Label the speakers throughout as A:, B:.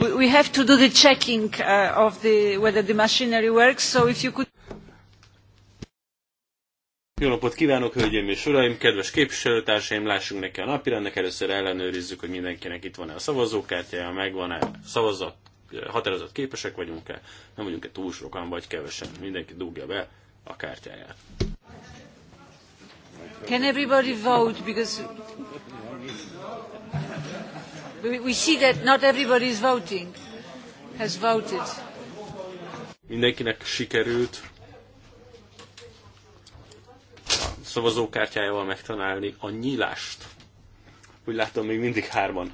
A: we have to do the checking uh, of the, whether the machinery works, so if you could...
B: Jó napot kívánok, hölgyeim és uraim, kedves képviselőtársaim, lássunk neki a napirendnek, először ellenőrizzük, hogy mindenkinek itt van-e a szavazókártyája, megvan-e szavazat, határozott képesek vagyunk-e, nem vagyunk-e túl sokan vagy kevesen, mindenki dugja be a kártyáját. Can everybody vote? Because Mindenkinek sikerült a szavazókártyájával megtanálni a nyílást. Úgy látom, még mindig hárman.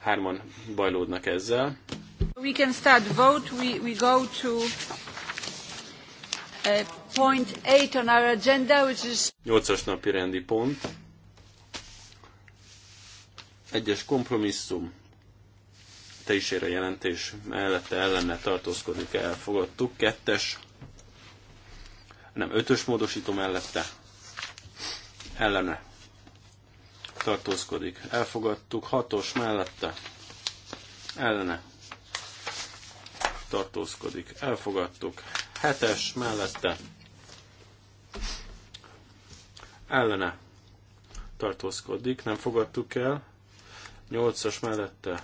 B: Hárman bajlódnak ezzel.
A: We can start vote. We, we go to uh, point 8 on our agenda, which is...
B: 8-as napi rendi pont egyes kompromisszum, teljesére jelentés mellette ellenne kell, elfogadtuk. Kettes, nem, ötös módosító mellette ellene tartózkodik. Elfogadtuk hatos mellette ellene tartózkodik. Elfogadtuk hetes mellette ellene tartózkodik. Nem fogadtuk el. 8-as mellette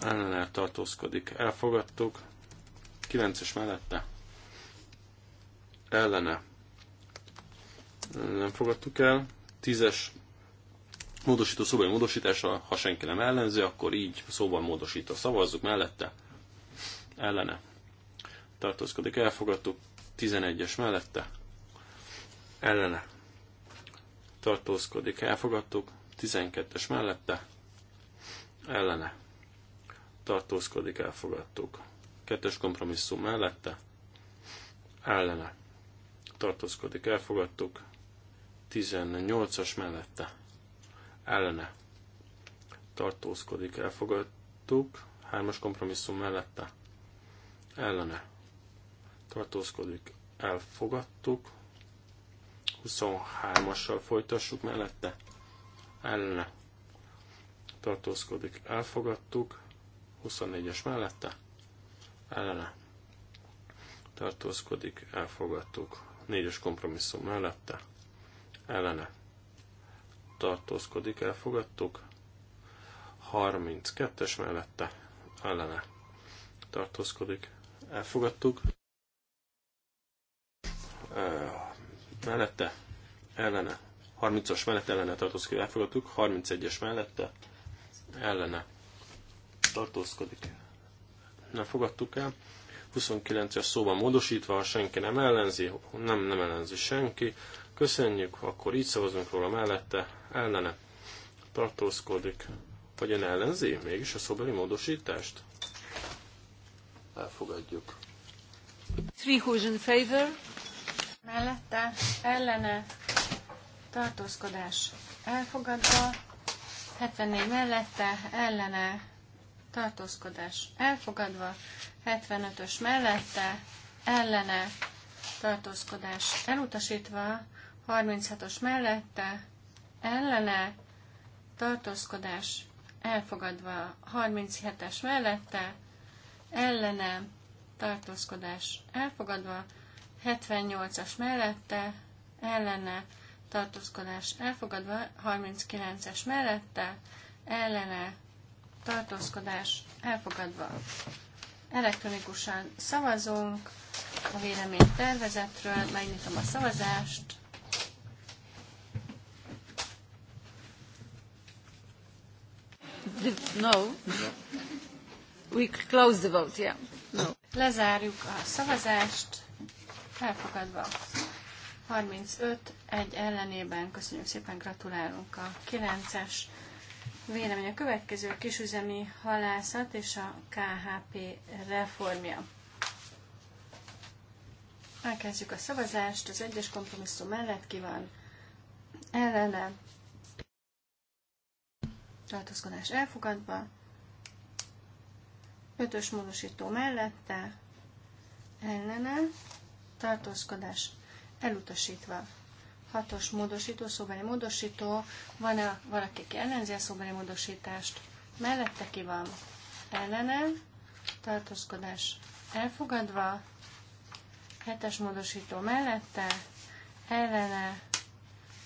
B: ellene tartózkodik. Elfogadtuk. 9-es mellette ellene nem fogadtuk el. 10-es módosító szóban módosítása, ha senki nem ellenzi, akkor így szóban módosító szavazzuk mellette ellene tartózkodik. Elfogadtuk. 11-es mellette ellene tartózkodik. Elfogadtuk. 12-es mellette ellene tartózkodik, elfogadtuk. Kettes kompromisszum mellette ellene tartózkodik, elfogadtuk. 18-as mellette ellene tartózkodik, elfogadtuk. Hármas kompromisszum mellette ellene tartózkodik, elfogadtuk. 23-assal folytassuk mellette ellene tartózkodik, elfogadtuk, 24-es mellette ellene tartózkodik, elfogadtuk, 4-es kompromisszum mellette ellene tartózkodik, elfogadtuk, 32-es mellette ellene tartózkodik, elfogadtuk, mellette ellene 30-as mellett ellene tartózkodik, elfogadtuk. 31-es mellette ellene tartózkodik, nem fogadtuk el. 29-es szóban módosítva, ha senki nem ellenzi, nem, nem ellenzi senki. Köszönjük, akkor így szavazunk róla mellette, ellene tartózkodik. Vagy ön ellenzi mégis a szóbeli módosítást? Elfogadjuk.
A: Three who's in favor? Mellette, ellene
C: tartózkodás elfogadva, 74 mellette, ellene, tartózkodás elfogadva, 75-ös mellette, ellene, tartózkodás elutasítva, 36-os mellette, ellene, tartózkodás elfogadva, 37-es mellette, ellene, tartózkodás elfogadva, 78-as mellette, ellene, tartózkodás elfogadva, 39-es mellette, ellene, tartózkodás elfogadva. Elektronikusan szavazunk a vélemény tervezetről, megnyitom a szavazást.
A: No. We close the vote, yeah. No. Lezárjuk
C: a szavazást, elfogadva. 35, egy ellenében. Köszönjük szépen, gratulálunk a 9-es vélemény. A következő a kisüzemi halászat és a KHP reformja. Elkezdjük a szavazást, az egyes kompromisszum mellett ki van ellene. Tartózkodás elfogadva. Ötös módosító mellette ellene. Tartózkodás elutasítva. Hatos módosító, szóbeli módosító, van-e valaki, aki ellenzi a szóbeli módosítást? Mellette ki van? Ellene, tartózkodás elfogadva, hetes módosító mellette, ellene,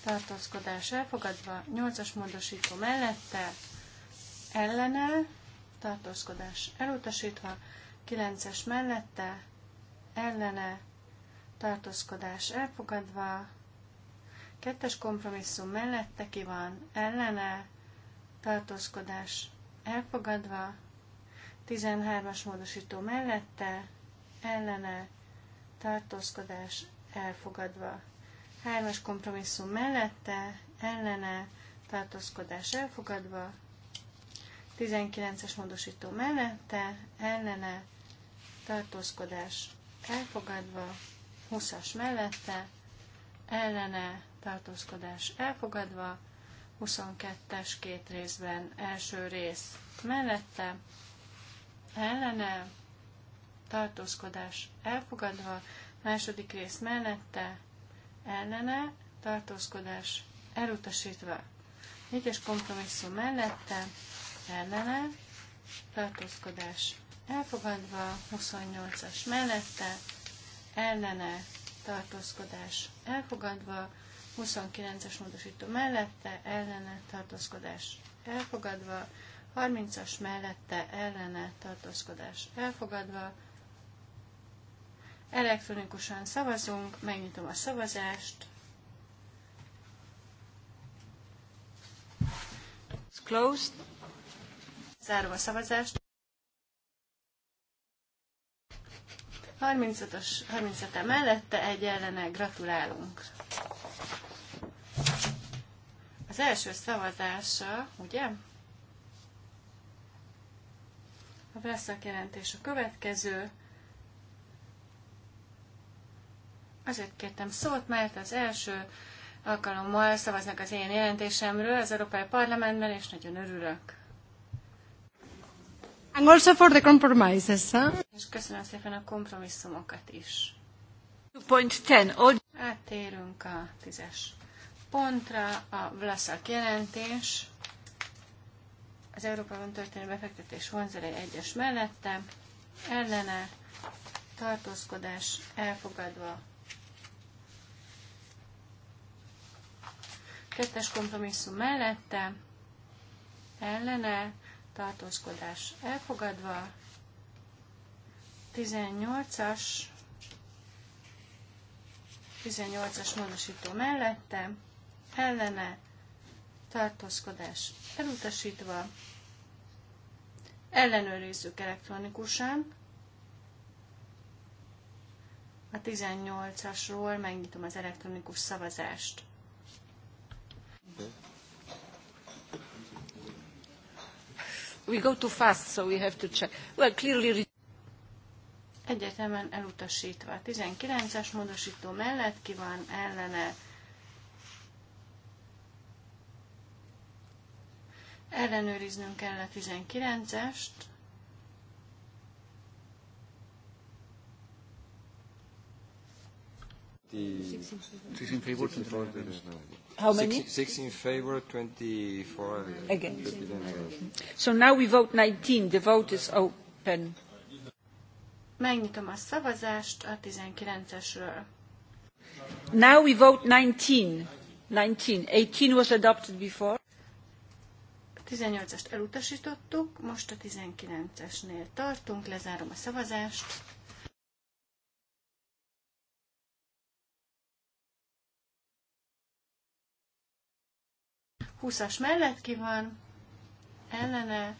C: tartózkodás elfogadva, nyolcas módosító mellette, ellene, tartózkodás elutasítva, kilences mellette, ellene, tartózkodás elfogadva, kettes kompromisszum mellette ki van, ellene, tartózkodás elfogadva, 13-as módosító mellette, ellene, tartózkodás elfogadva. 3-as kompromisszum mellette, ellene, tartózkodás elfogadva. 19-es módosító mellette, ellene, tartózkodás elfogadva. 20-as mellette, ellene tartózkodás elfogadva, 22-es két részben első rész mellette, ellene tartózkodás elfogadva, második rész mellette, ellene tartózkodás elutasítva, négyes kompromisszum mellette, ellene tartózkodás elfogadva, 28-as mellette, ellene tartózkodás elfogadva, 29-es módosító mellette ellene tartózkodás elfogadva, 30-as mellette ellene tartózkodás elfogadva. Elektronikusan szavazunk, megnyitom a szavazást. It's closed. Zárom a szavazást. 35-ös, -e mellette, egy ellene gratulálunk. Az első szavazása, ugye? A Vlaszak jelentés a következő. Azért kértem szót, mert az első alkalommal szavaznak az én jelentésemről az Európai Parlamentben, és nagyon örülök. And also for the compromises, huh? És köszönöm szépen a kompromisszumokat is. 2.10. Od- Áttérünk a tízes pontra, a Vlaszak jelentés, az Európában történő befektetés vonzerei egyes mellette, ellene, tartózkodás elfogadva. Kettes kompromisszum mellette, ellene, tartózkodás elfogadva, 18-as, 18-as módosító mellette, ellene, tartózkodás elutasítva, ellenőrizzük elektronikusan, a 18-asról megnyitom az elektronikus szavazást.
D: Okay.
A: we go too fast, so we have to check. Well, clearly... Egyetemen
C: elutasítva. 19-es módosító mellett ki van ellene ellenőriznünk kell a 19-est.
B: The... How many? Six, six in favor, 24 against.
A: So now we vote 19. The vote is open. Megnyitom a
C: szavazást a 19-esről.
A: Now we vote 19. 19. 18 was adopted before.
C: 18-est elutasítottuk, most a 19-esnél tartunk, lezárom a szavazást. 20-as mellett ki van, ellene,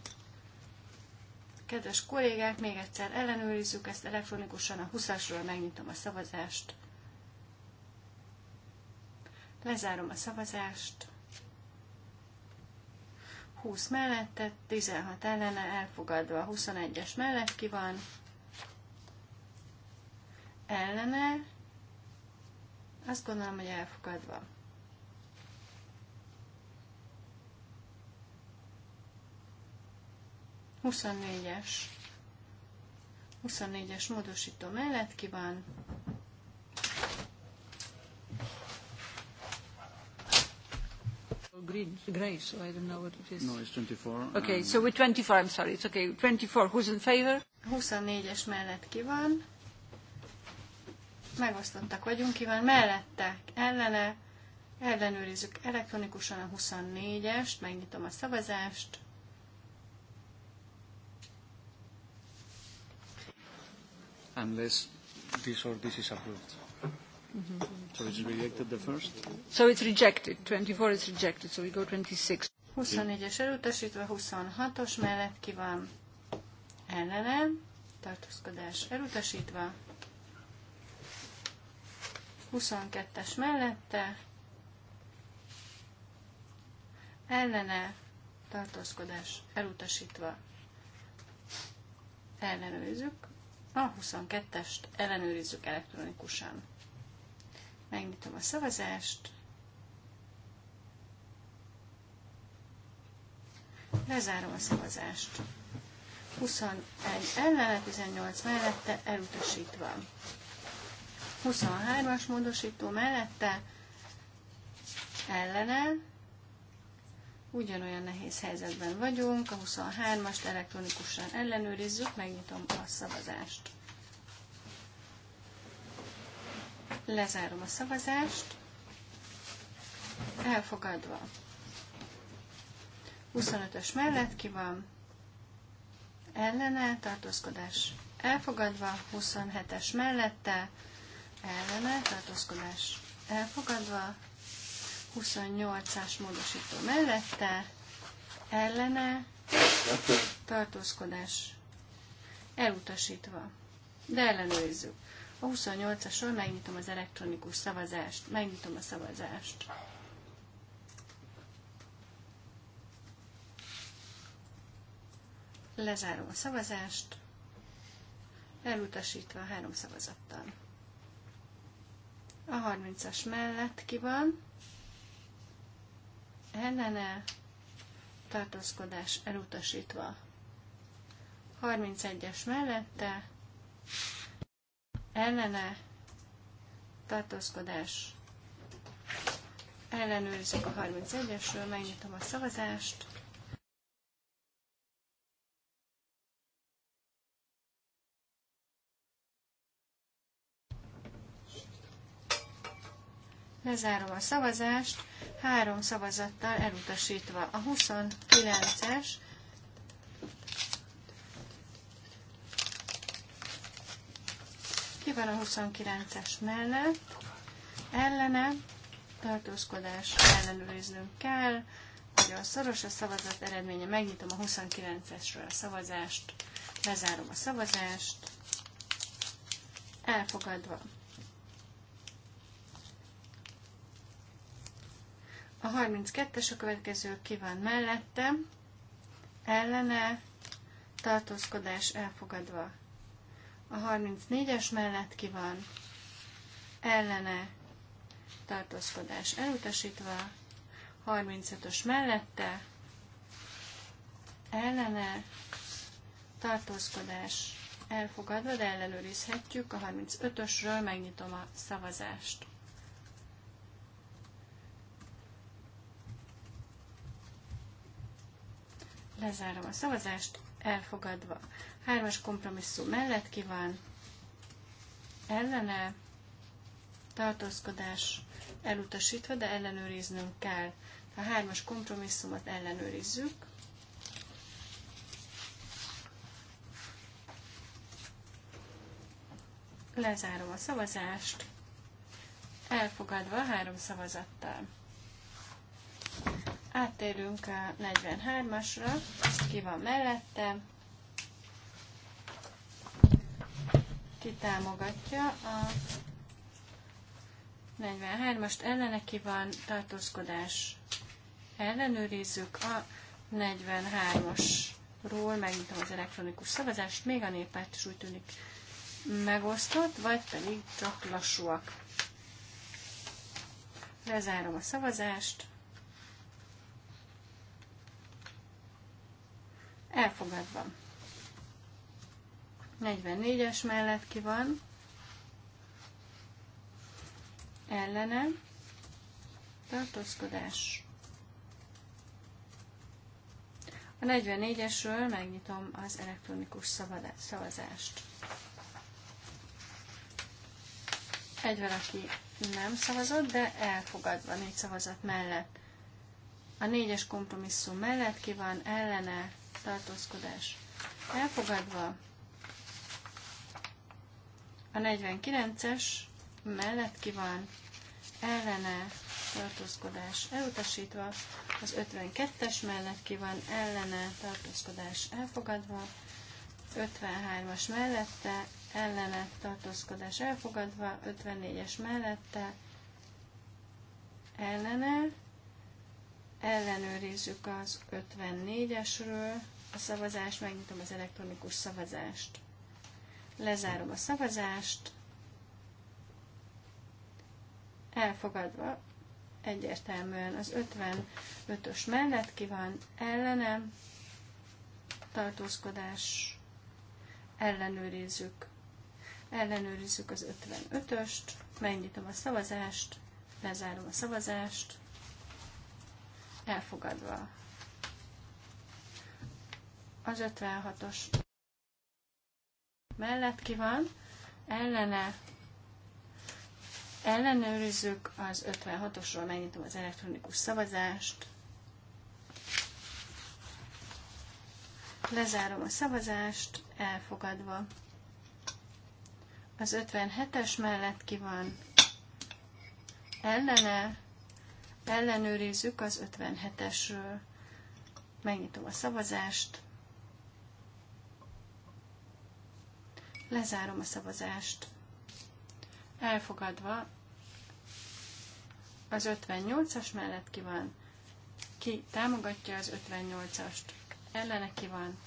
C: kedves kollégák, még egyszer ellenőrizzük ezt elektronikusan, a 20-asról megnyitom a szavazást, lezárom a szavazást, 20 mellett, 16 ellene, elfogadva a 21-es mellett ki van, ellene, azt gondolom, hogy elfogadva. 24-es. 24-es módosító
A: mellett ki van. Green, grey, so I don't know what it is. No, it's 24. Okay, um, so with 24, I'm sorry, it's okay. 24, who's in favor? 24-es mellett ki van.
C: Megosztottak vagyunk, ki van mellette, ellene. Ellenőrizzük elektronikusan a 24-est, megnyitom a szavazást.
A: unless this or this is approved. Mm-hmm. So it's rejected the first? So it's rejected. 24 is rejected, so we go 26. 24-es elutasítva, 26-os
C: mellett ki ellenem, tartózkodás elutasítva, 22-es mellette, ellene, tartózkodás elutasítva, ellenőrizzük, a 22-est ellenőrizzük elektronikusan. Megnyitom a szavazást. Lezárom a szavazást. 21 ellene, 18 mellette elutasítva. 23-as módosító mellette ellene Ugyanolyan nehéz helyzetben vagyunk, a 23-ast elektronikusan ellenőrizzük, megnyitom a szavazást. Lezárom a szavazást. Elfogadva. 25-ös mellett ki van. Ellene, tartózkodás elfogadva. 27-es mellette, ellene, tartózkodás elfogadva. 28-as módosító mellette, ellene, tartózkodás elutasítva. De ellenőrizzük. A 28-asról megnyitom az elektronikus szavazást, megnyitom a szavazást. Lezárom a szavazást, elutasítva három szavazattal. A 30-as mellett ki van, ellene, tartózkodás elutasítva. 31-es mellette, ellene, tartózkodás ellenőrizzük a 31-esről, megnyitom a szavazást. Lezárom a szavazást, három szavazattal elutasítva. A 29-es ki van a 29-es mellett, ellene, tartózkodás ellenőriznünk kell, a szoros a szavazat eredménye, megnyitom a 29-esről a szavazást, lezárom a szavazást, elfogadva. A 32-es a következő ki van mellette, ellene, tartózkodás elfogadva. A 34-es mellett ki van, ellene, tartózkodás elutasítva. 35-ös mellette, ellene, tartózkodás elfogadva, de ellenőrizhetjük. A 35-ösről megnyitom a szavazást. Lezárom a szavazást, elfogadva. Hármas kompromisszum mellett ki van, ellene, tartózkodás elutasítva, de ellenőriznünk kell. A hármas kompromisszumot ellenőrizzük. Lezárom a szavazást, elfogadva három szavazattal. Áttérünk a 43-asra, ki van mellette, ki támogatja a 43-ast, ellene ki van tartózkodás, ellenőrizzük a 43-asról, megnyitom az elektronikus szavazást, még a néppárt is úgy tűnik megosztott, vagy pedig csak lassúak. Lezárom a szavazást. Elfogadva. 44-es mellett ki van. Ellene. Tartózkodás. A 44-esről megnyitom az elektronikus szavazást. Egy valaki nem szavazott, de elfogadva négy szavazat mellett. A négyes kompromisszum mellett ki van ellene tartózkodás elfogadva. A 49-es mellett ki van ellene tartózkodás elutasítva, az 52-es mellett ki van ellene tartózkodás elfogadva, 53-as mellette ellene tartózkodás elfogadva, 54-es mellette ellene ellenőrizzük az 54-esről a szavazást, megnyitom az elektronikus szavazást. Lezárom a szavazást. Elfogadva egyértelműen az 55-ös mellett ki van ellenem, tartózkodás, ellenőrizzük. Ellenőrizzük az 55-öst, megnyitom a szavazást, lezárom a szavazást, elfogadva. Az 56-os mellett ki van, ellene ellenőrizzük az 56-osról, megnyitom az elektronikus szavazást, lezárom a szavazást, elfogadva. Az 57-es mellett ki van, ellene Ellenőrizzük az 57-esről. Megnyitom a szavazást. Lezárom a szavazást. Elfogadva az 58-as mellett ki van. Ki támogatja az 58-ast? Ellene ki van?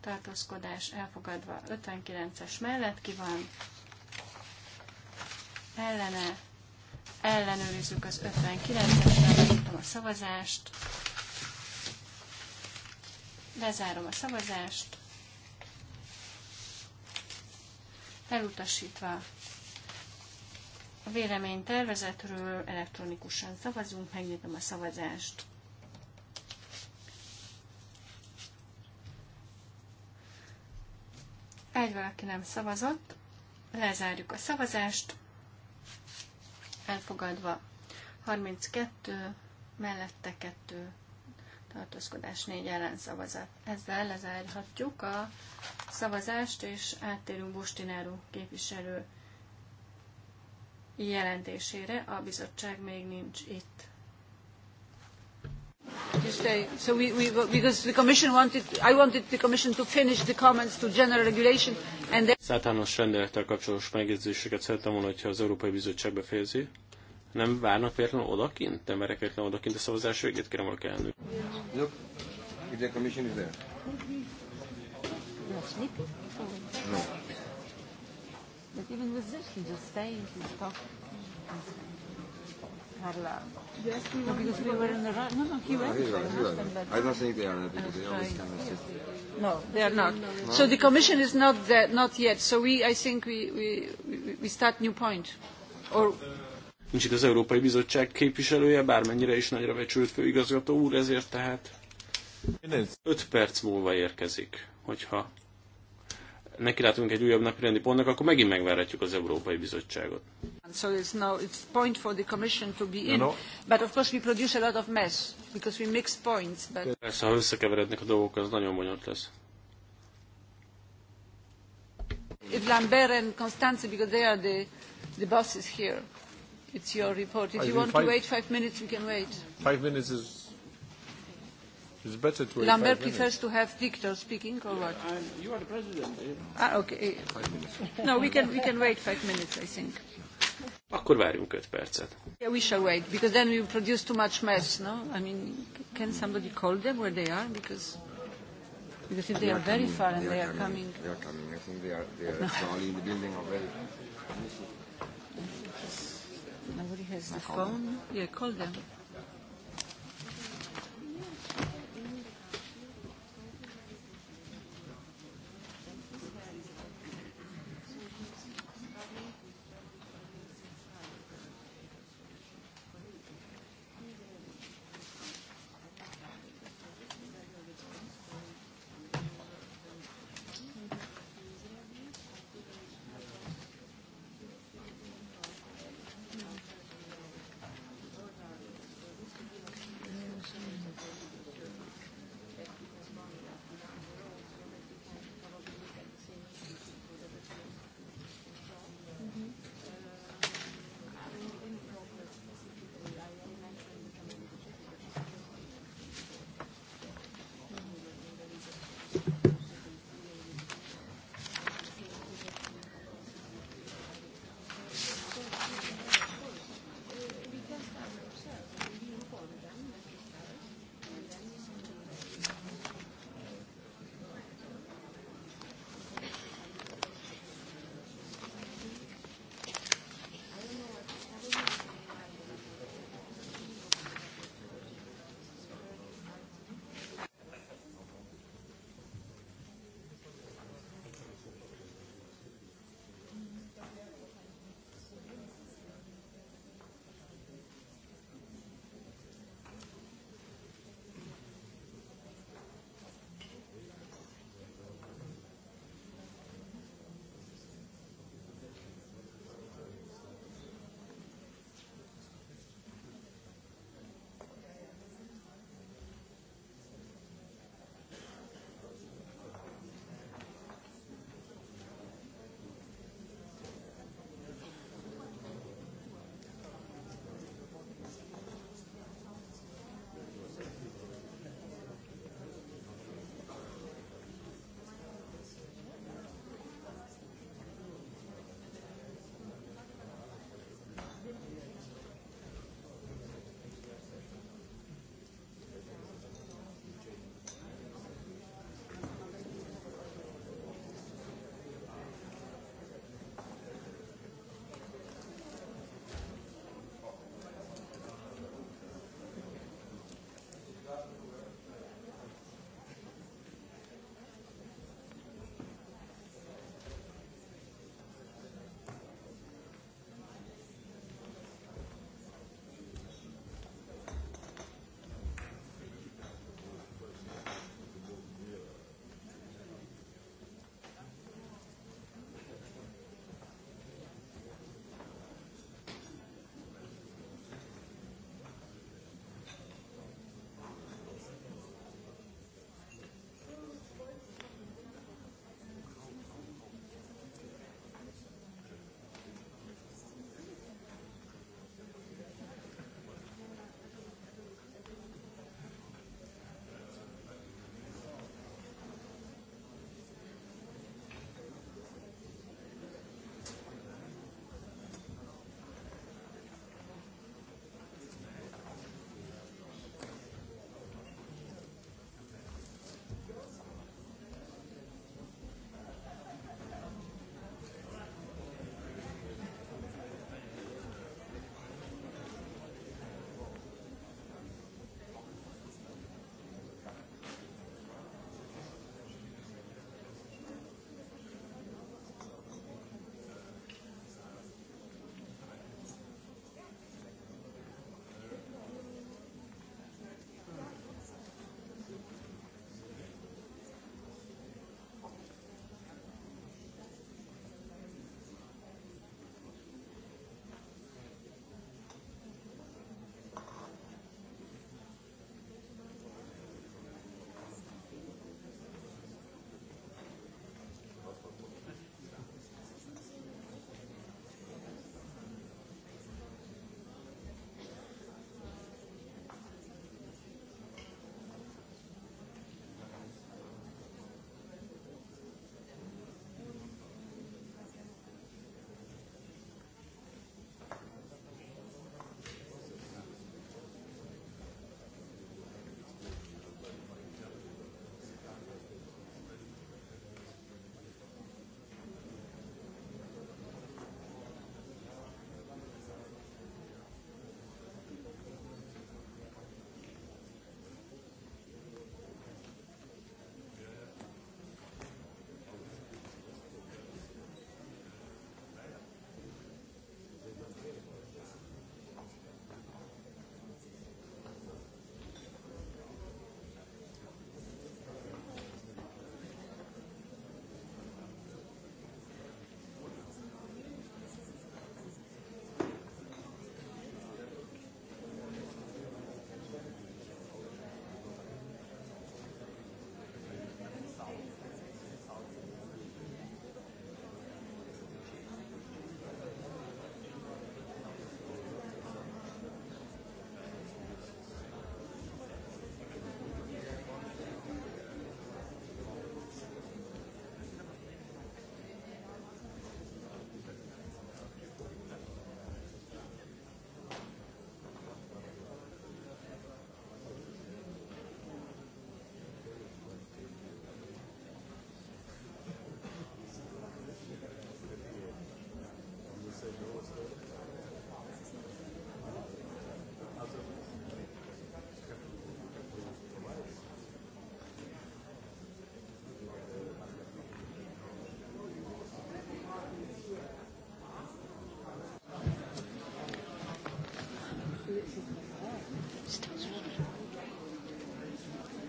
C: Tartózkodás elfogadva. 59-es mellett ki van? Ellene ellenőrizzük az 59-esre, megnyitom a szavazást, lezárom a szavazást, elutasítva a tervezetről elektronikusan szavazunk, megnyitom a szavazást. Egy valaki nem szavazott, lezárjuk a szavazást elfogadva. 32 mellette 2 tartózkodás 4 ellenszavazat. Ezzel lezárhatjuk a szavazást, és áttérünk Bustináru képviselő jelentésére. A bizottság még nincs itt
A: to say. So we, we, because the Commission wanted, I wanted the Commission to finish the comments to general regulation and then...
B: Az általános rendelettel kapcsolatos megjegyzéseket szerettem volna, hogyha az Európai Bizottság befejezi. Nem várnak véletlenül odakint? Nem várják véletlenül odakint a szavazás végét, kérem valaki elnök. Look, if the Commission is there. No.
A: But even with this, he just stays, he's talking no, because we were in the right. No, no, he went. Ah, no, went. I don't think they are No, they are not. No? So the Commission is not there, not yet. So we, I think we, we, we start new point. Or
B: Nincs itt az Európai Bizottság képviselője, bármennyire is nagyra becsült főigazgató úr, ezért tehát 5 perc múlva érkezik, hogyha nekilátunk egy újabb napirendi pontnak, akkor megint megvárhatjuk az Európai Bizottságot.
A: So it's now it's point for the Commission to be in, but of course we produce a lot of mess because we mix points. But... Persze,
B: ha összekeverednek a dolgok, az nagyon bonyolult lesz.
A: If Lambert and Constance, because they are the, the bosses here, it's your report. If you want to wait five minutes, we can wait.
B: Five minutes is It's better to Lambert prefers minutes.
A: to have Victor speaking or what? I'm, uh,
B: you are the president. Eh? Ah, okay. Five minutes.
A: No, we can, we can wait five minutes, I think.
B: Akkor várjunk öt percet.
A: Yeah, we shall wait, because then we produce too much mess, no? I mean, can somebody call them where they are? Because, because if they, they are, are coming, very far and they, they are, coming, coming.
B: They are coming. I think they are, they are actually in the building already.
A: Nobody has the phone. Yeah, call them.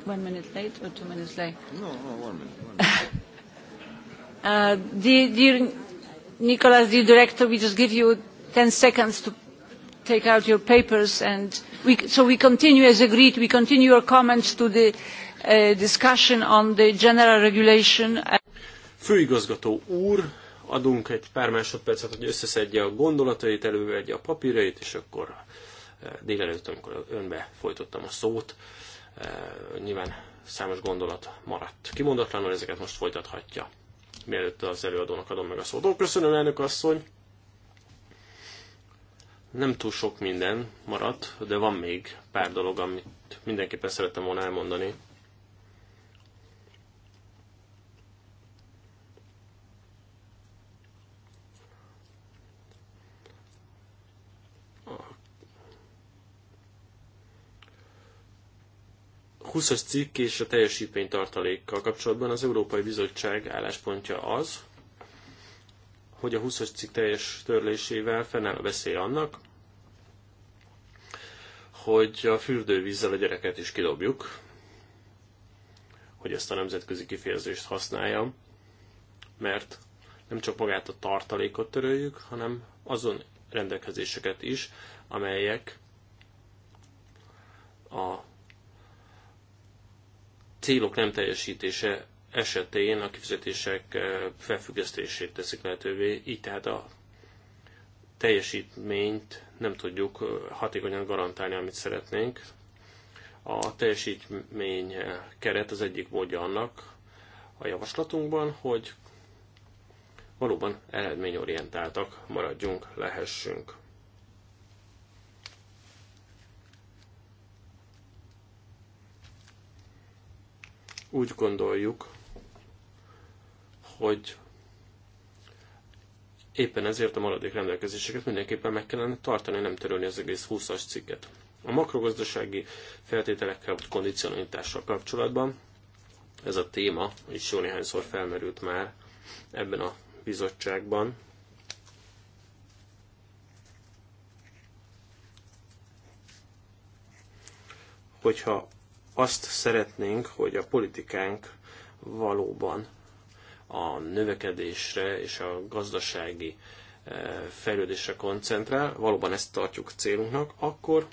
A: one minute late or two minutes late? No, no, one minute. One minute. uh, dear, dear Nicolas, dear director, we just give you 10 seconds to take out your papers, and we, so we continue as agreed. We continue your comments to the uh, discussion on the general regulation.
B: Főigazgató úr, adunk egy pár másodpercet, hogy összeszedje a gondolatait, elővegye a papírait, és akkor uh, délelőtt, amikor önbe folytottam a szót, Eh, nyilván számos gondolat maradt kimondatlanul, ezeket most folytathatja. Mielőtt az előadónak adom meg a szót. Ó, köszönöm, elnök asszony! Nem túl sok minden maradt, de van még pár dolog, amit mindenképpen szerettem volna elmondani 20-as cikk és a teljesítmény tartalékkal kapcsolatban az Európai Bizottság álláspontja az, hogy a 20-as cikk teljes törlésével fennáll a veszély annak, hogy a fürdővízzel a gyereket is kidobjuk, hogy ezt a nemzetközi kifejezést használjam, mert nem csak magát a tartalékot töröljük, hanem azon rendelkezéseket is, amelyek a célok nem teljesítése esetén a kifizetések eh, felfüggesztését teszik lehetővé, így tehát a teljesítményt nem tudjuk eh, hatékonyan garantálni, amit szeretnénk. A teljesítmény eh, keret az egyik módja annak a javaslatunkban, hogy valóban eredményorientáltak maradjunk, lehessünk. Úgy gondoljuk, hogy éppen ezért a maradék rendelkezéseket mindenképpen meg kellene tartani, nem törölni az egész 20-as cikket. A makrogazdasági feltételekkel vagy kondicionalitással kapcsolatban ez a téma is jó néhányszor felmerült már ebben a bizottságban. Hogyha azt szeretnénk, hogy a politikánk valóban a növekedésre és a gazdasági eh, fejlődésre koncentrál, valóban ezt tartjuk célunknak, akkor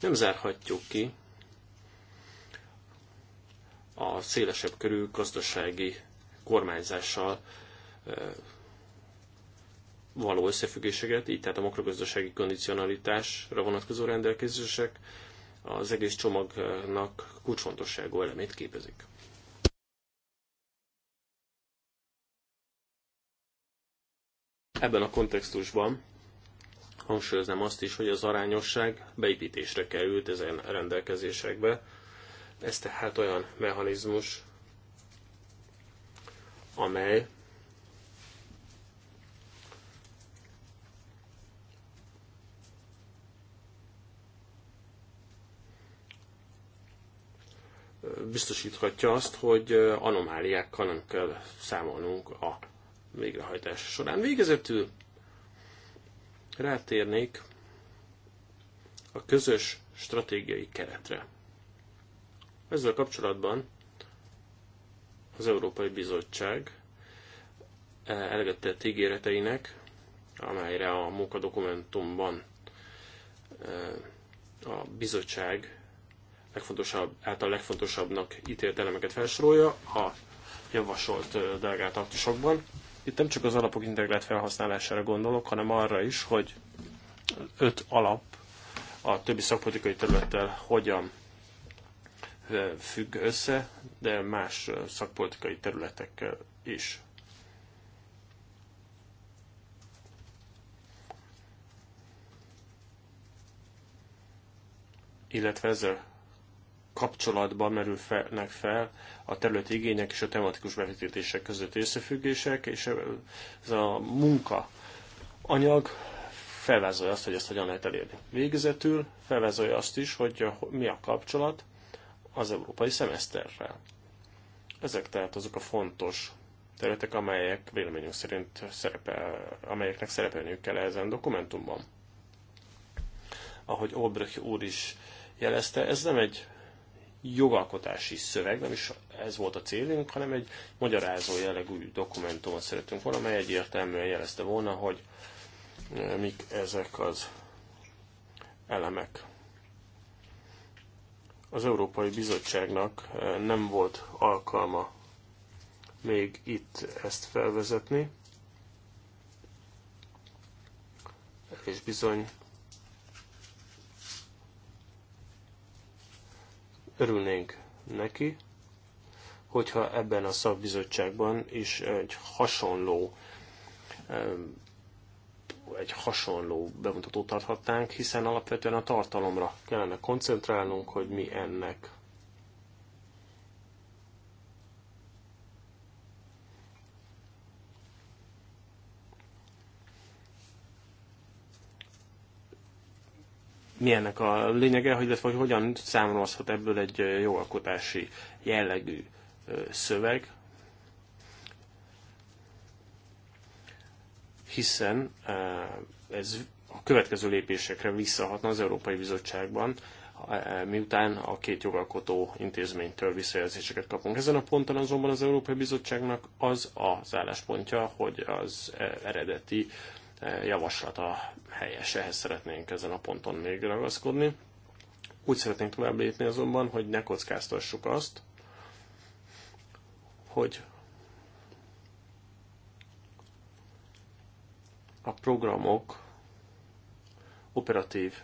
B: nem zárhatjuk ki a szélesebb körű gazdasági kormányzással eh, való összefüggéseket, így tehát a makrogazdasági kondicionalitásra vonatkozó rendelkezések az egész csomagnak kulcsfontosságú elemét képezik. Ebben a kontextusban hangsúlyoznám azt is, hogy az arányosság beépítésre került ezen rendelkezésekbe. Ez tehát olyan mechanizmus, amely biztosíthatja azt, hogy anomáliákkal nem kell számolnunk a végrehajtás során. Végezetül rátérnék a közös stratégiai keretre. Ezzel kapcsolatban az Európai Bizottság eleget ígéreteinek, amelyre a munkadokumentumban a bizottság legfontosabb, által legfontosabbnak ítélt elemeket felsorolja a javasolt delegált aktusokban. Itt nem csak az alapok integrált felhasználására gondolok, hanem arra is, hogy öt alap a többi szakpolitikai területtel hogyan függ össze, de más szakpolitikai területekkel is. Illetve ezzel kapcsolatban merülnek fel a területi igények és a tematikus befektetések közötti összefüggések, és ez a munka anyag felvázolja azt, hogy ezt hogyan lehet elérni. Végezetül felvázolja azt is, hogy mi a kapcsolat az európai szemeszterrel. Ezek tehát azok a fontos területek, amelyek véleményünk szerint szerepel, amelyeknek szerepelniük kell ezen dokumentumban. Ahogy Olbrich úr is jelezte, ez nem egy jogalkotási szöveg, nem is ez volt a célunk, hanem egy magyarázó jellegű dokumentumot szeretünk volna, amely egyértelműen jelezte volna, hogy mik ezek az elemek. Az Európai Bizottságnak nem volt alkalma még itt ezt felvezetni, és bizony örülnénk neki, hogyha ebben a szakbizottságban is egy hasonló egy hasonló bemutatót tarthatnánk, hiszen alapvetően a tartalomra kellene koncentrálnunk, hogy mi ennek milyennek a lényege, hogy, illetve, hogy hogyan számolhat ebből egy jogalkotási jellegű szöveg, hiszen ez a következő lépésekre visszahatna az Európai Bizottságban, miután a két jogalkotó intézménytől visszajelzéseket kapunk. Ezen a ponton azonban az Európai Bizottságnak az az álláspontja, hogy az eredeti javaslata helyes, ehhez szeretnénk ezen a ponton még ragaszkodni. Úgy szeretnénk tovább lépni azonban, hogy ne kockáztassuk azt, hogy a programok operatív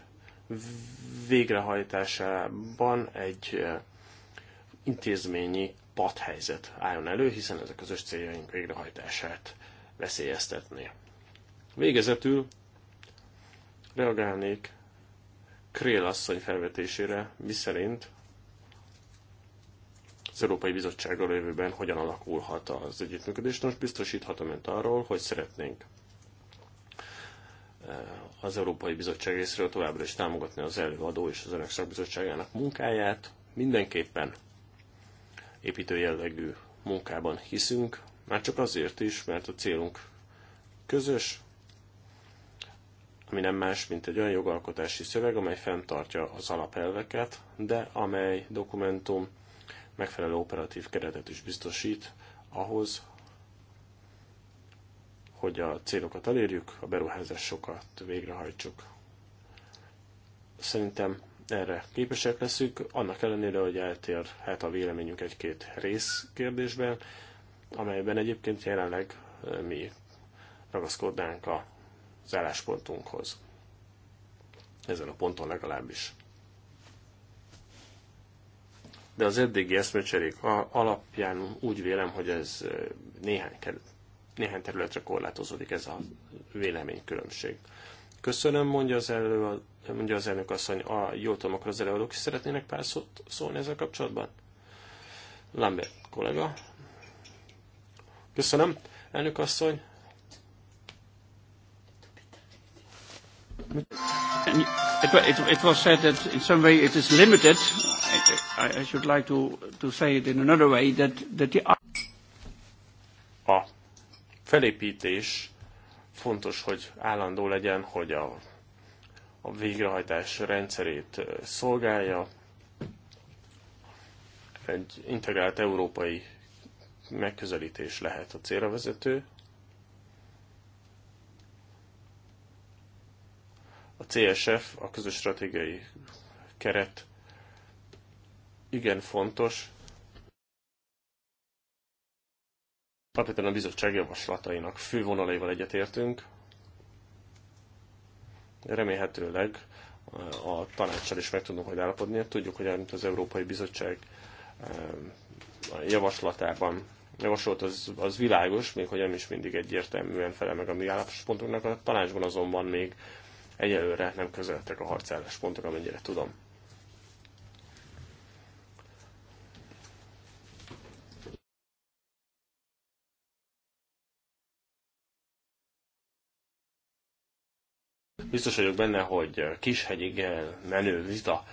B: végrehajtásában egy intézményi padhelyzet álljon elő, hiszen ez a közös céljaink végrehajtását veszélyeztetné. Végezetül reagálnék Krél asszony felvetésére, miszerint az Európai Bizottsággal jövőben hogyan alakulhat az együttműködés. Most biztosíthatom önt arról, hogy szeretnénk eh, az Európai Bizottság részéről továbbra is támogatni az előadó és az Önök Szakbizottságának munkáját. Mindenképpen építő jellegű munkában hiszünk, már csak azért is, mert a célunk közös, ami nem más, mint egy olyan jogalkotási szöveg, amely fenntartja az alapelveket, de amely dokumentum megfelelő operatív keretet is biztosít ahhoz, hogy a célokat elérjük, a beruházásokat végrehajtsuk. Szerintem erre képesek leszünk, annak ellenére, hogy eltérhet a véleményünk egy-két rész kérdésben, amelyben egyébként jelenleg eh, mi ragaszkodnánk a az álláspontunkhoz. Ezen a ponton legalábbis. De az eddigi eszmecserék alapján úgy vélem, hogy ez néhány, néhány területre korlátozódik ez a véleménykülönbség. Köszönöm, mondja az, elő, mondja az elnök asszony, a, jól tudom, akkor az előadók is szeretnének pár szót szólni ezzel kapcsolatban? Lambert kollega. Köszönöm, elnök asszony. It, it, it was said that in some way it is limited. I, I should like to, to say it in another way that, that the... A felépítés fontos, hogy állandó legyen, hogy a, a végrehajtás rendszerét szolgálja. Egy integrált európai megközelítés lehet a célra vezető, A CSF, a közös stratégiai keret igen fontos, alapvetően a bizottság javaslatainak fővonalaival egyetértünk. Remélhetőleg eh, a tanácssal is meg tudunk majd állapodni. Tudjuk, hogy amit az Európai Bizottság eh, javaslatában javasolt, az, az világos, még hogy nem is mindig egyértelműen felel meg a mi álláspontunknak. A tanácsban azonban még Egyelőre nem közeledtek a harcállás pontok, amennyire tudom. Biztos vagyok benne, hogy kishegyig menő vita,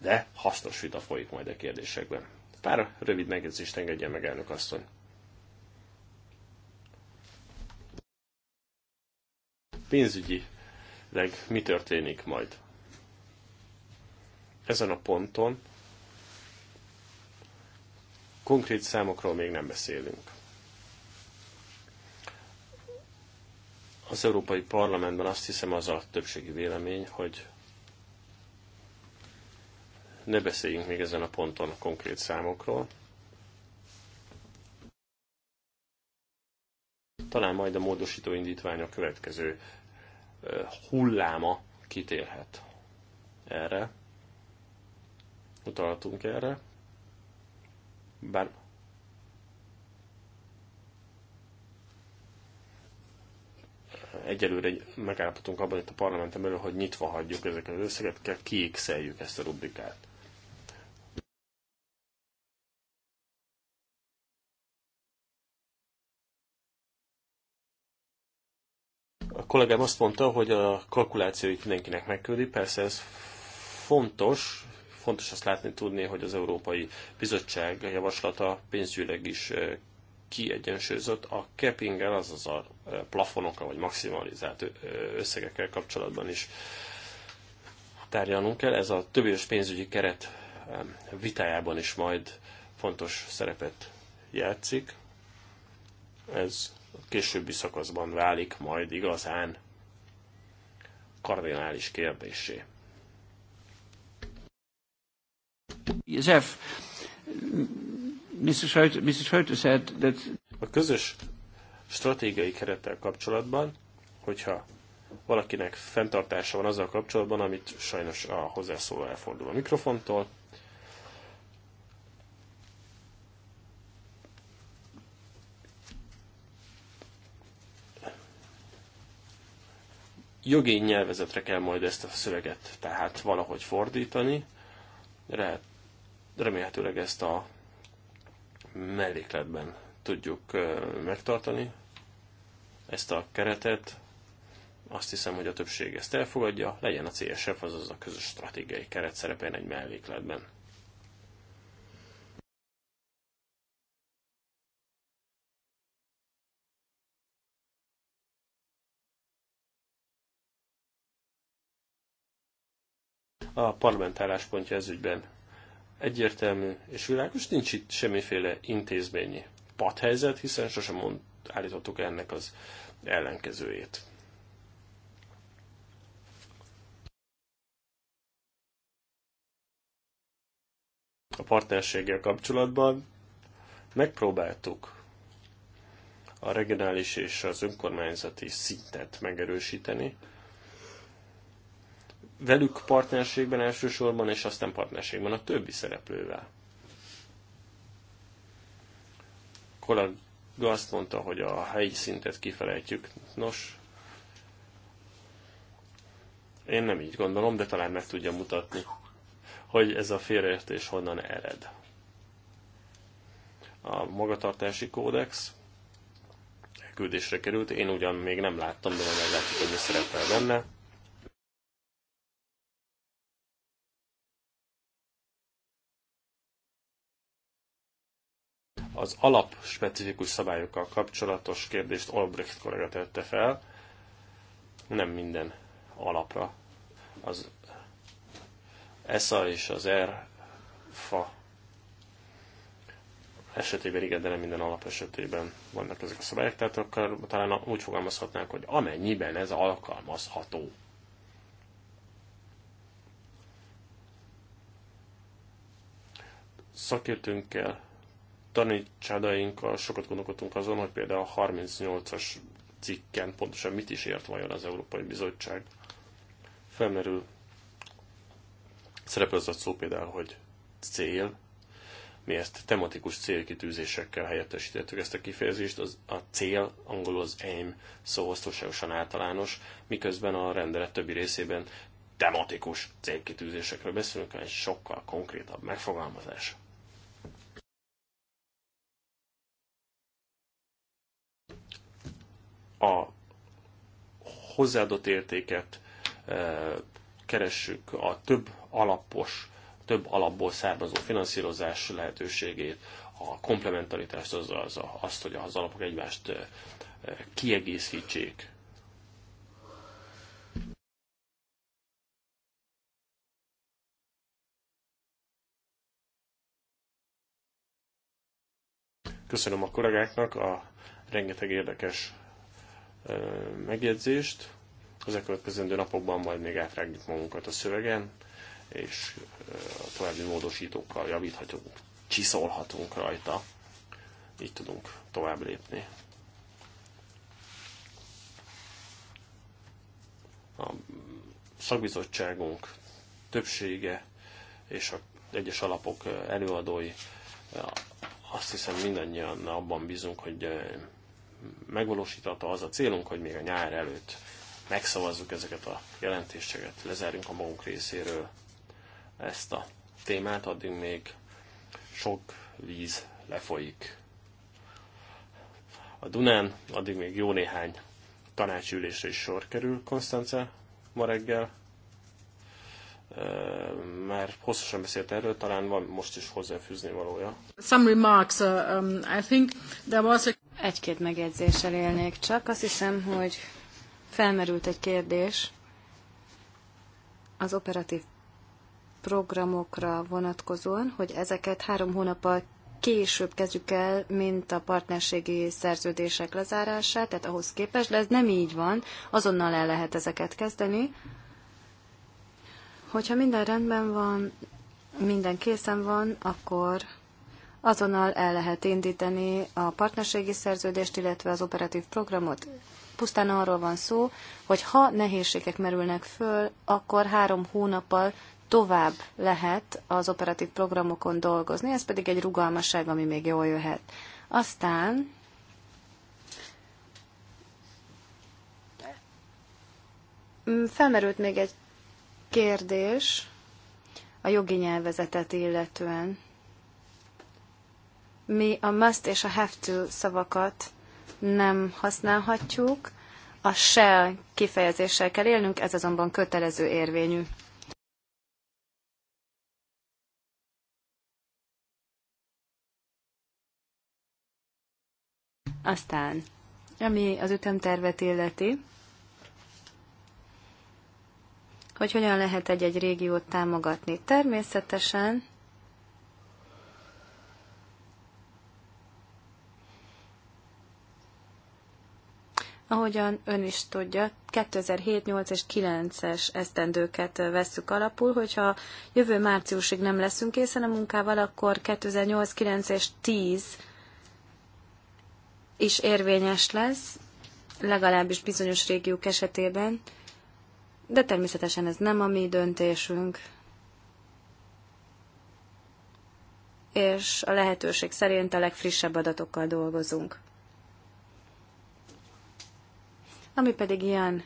B: de hasznos vita folyik majd a kérdésekben. Pár rövid megjegyzést engedjen meg, elnök asszony. pénzügyi leg mi történik majd. Ezen a ponton konkrét számokról még nem beszélünk. Az Európai Parlamentben azt hiszem az a többségi vélemény, hogy ne beszéljünk még ezen a ponton a konkrét számokról. Talán majd a módosító indítvány a következő hulláma kitérhet erre. Utalhatunk erre. Bár egyelőre megállapodtunk abban itt a parlamenten belül, hogy nyitva hagyjuk ezeket az összeget, kell kiékszeljük ezt a rubrikát. kollégám azt mondta, hogy a kalkulációit mindenkinek megküldi. Persze ez fontos, fontos azt látni tudni, hogy az Európai Bizottság javaslata pénzügyileg is kiegyensúlyozott a cappinggel, azaz a plafonokkal vagy maximalizált összegekkel kapcsolatban is tárgyalnunk kell. Ez a többiös pénzügyi keret vitájában is majd fontos szerepet játszik. Ez későbbi szakaszban válik majd igazán kardinális kérdésé. Jeff, Mr. Schroeder, Mr. Schroeder said that... A közös stratégiai kerettel kapcsolatban, hogyha valakinek fenntartása van azzal kapcsolatban, amit sajnos a hozzászóló elfordul a mikrofontól, jogi nyelvezetre kell majd ezt a szöveget tehát valahogy fordítani. Re, remélhetőleg ezt a mellékletben tudjuk megtartani, ezt a keretet. Azt hiszem, hogy a többség ezt elfogadja, legyen a CSF, azaz a közös stratégiai keret szerepeljen egy mellékletben. a parlament álláspontja ez ügyben. Egyértelmű és világos, nincs itt semmiféle intézményi padhelyzet, hiszen sosem mond, állítottuk ennek az ellenkezőjét. A partnerséggel kapcsolatban megpróbáltuk a regionális és az önkormányzati szintet megerősíteni, velük partnerségben elsősorban, és aztán partnerségben a többi szereplővel. A kollega azt mondta, hogy a helyi szintet kifelejtjük. Nos, én nem így gondolom, de talán meg tudja mutatni, hogy ez a félreértés honnan ered. A magatartási kódex küldésre került, én ugyan még nem láttam, de majd meglátjuk, hogy mi szerepel benne. az alap specifikus szabályokkal kapcsolatos kérdést Albrecht kollega tette fel. Nem minden alapra. Az ESA és az ERFA esetében igen, de nem minden alap esetében vannak ezek a szabályok, tehát akkor talán úgy fogalmazhatnánk, hogy amennyiben ez alkalmazható. Szakértőnkkel tanítsádainkkal sokat gondolkodtunk azon, hogy például a 38-as cikken pontosan mit is ért vajon az Európai Bizottság. Felmerül szerepel az a szó például, hogy cél, mi ezt tematikus célkitűzésekkel helyettesítettük ezt a kifejezést, az, a cél, angolul az aim szóhoz túlságosan általános, miközben a rendelet többi részében tematikus célkitűzésekről beszélünk, egy sokkal konkrétabb megfogalmazás. a hozzáadott értéket e, keressük a több alapos, több alapból származó finanszírozás lehetőségét, a komplementaritást, az, az, azt, hogy az alapok egymást e, kiegészítsék. Köszönöm a kollégáknak a rengeteg érdekes megjegyzést. Az következő napokban majd még átrágjuk magunkat a szövegen, és a további módosítókkal javíthatunk, csiszolhatunk rajta. Így tudunk tovább lépni. A szakbizottságunk többsége és a egyes alapok előadói azt hiszem mindannyian abban bízunk, hogy megvalósítható az a célunk, hogy még a nyár előtt megszavazzuk ezeket a jelentéseket, lezárjunk a magunk részéről ezt a témát, addig még sok víz lefolyik. A Dunán addig még jó néhány tanácsülésre is sor kerül Konstance ma reggel. Már hosszasan beszélt erről, talán van most is hozzáfűzni valója.
D: Some remarks, uh, um, I think there was a... Egy-két megjegyzéssel élnék csak. Azt hiszem, hogy felmerült egy kérdés az operatív programokra vonatkozóan, hogy ezeket három hónappal később kezdjük el, mint a partnerségi szerződések lezárását, tehát ahhoz képest, de ez nem így van, azonnal el lehet ezeket kezdeni. Hogyha minden rendben van, minden készen van, akkor azonnal el lehet indítani a partnerségi szerződést, illetve az operatív programot. Pusztán arról van szó, hogy ha nehézségek merülnek föl, akkor három hónappal tovább lehet az operatív programokon dolgozni, ez pedig egy rugalmasság, ami még jól jöhet. Aztán felmerült még egy kérdés a jogi nyelvezetet illetően mi a must és a have to szavakat nem használhatjuk, a shall kifejezéssel kell élnünk, ez azonban kötelező érvényű. Aztán, ami az ütemtervet illeti, hogy hogyan lehet egy-egy régiót támogatni. Természetesen Ahogyan ön is tudja, 2007, 8 és 9-es esztendőket veszük alapul, hogyha jövő márciusig nem leszünk készen a munkával, akkor 2008, 9 és 10 is érvényes lesz, legalábbis bizonyos régiók esetében, de természetesen ez nem a mi döntésünk. És a lehetőség szerint a legfrissebb adatokkal dolgozunk. Ami pedig ilyen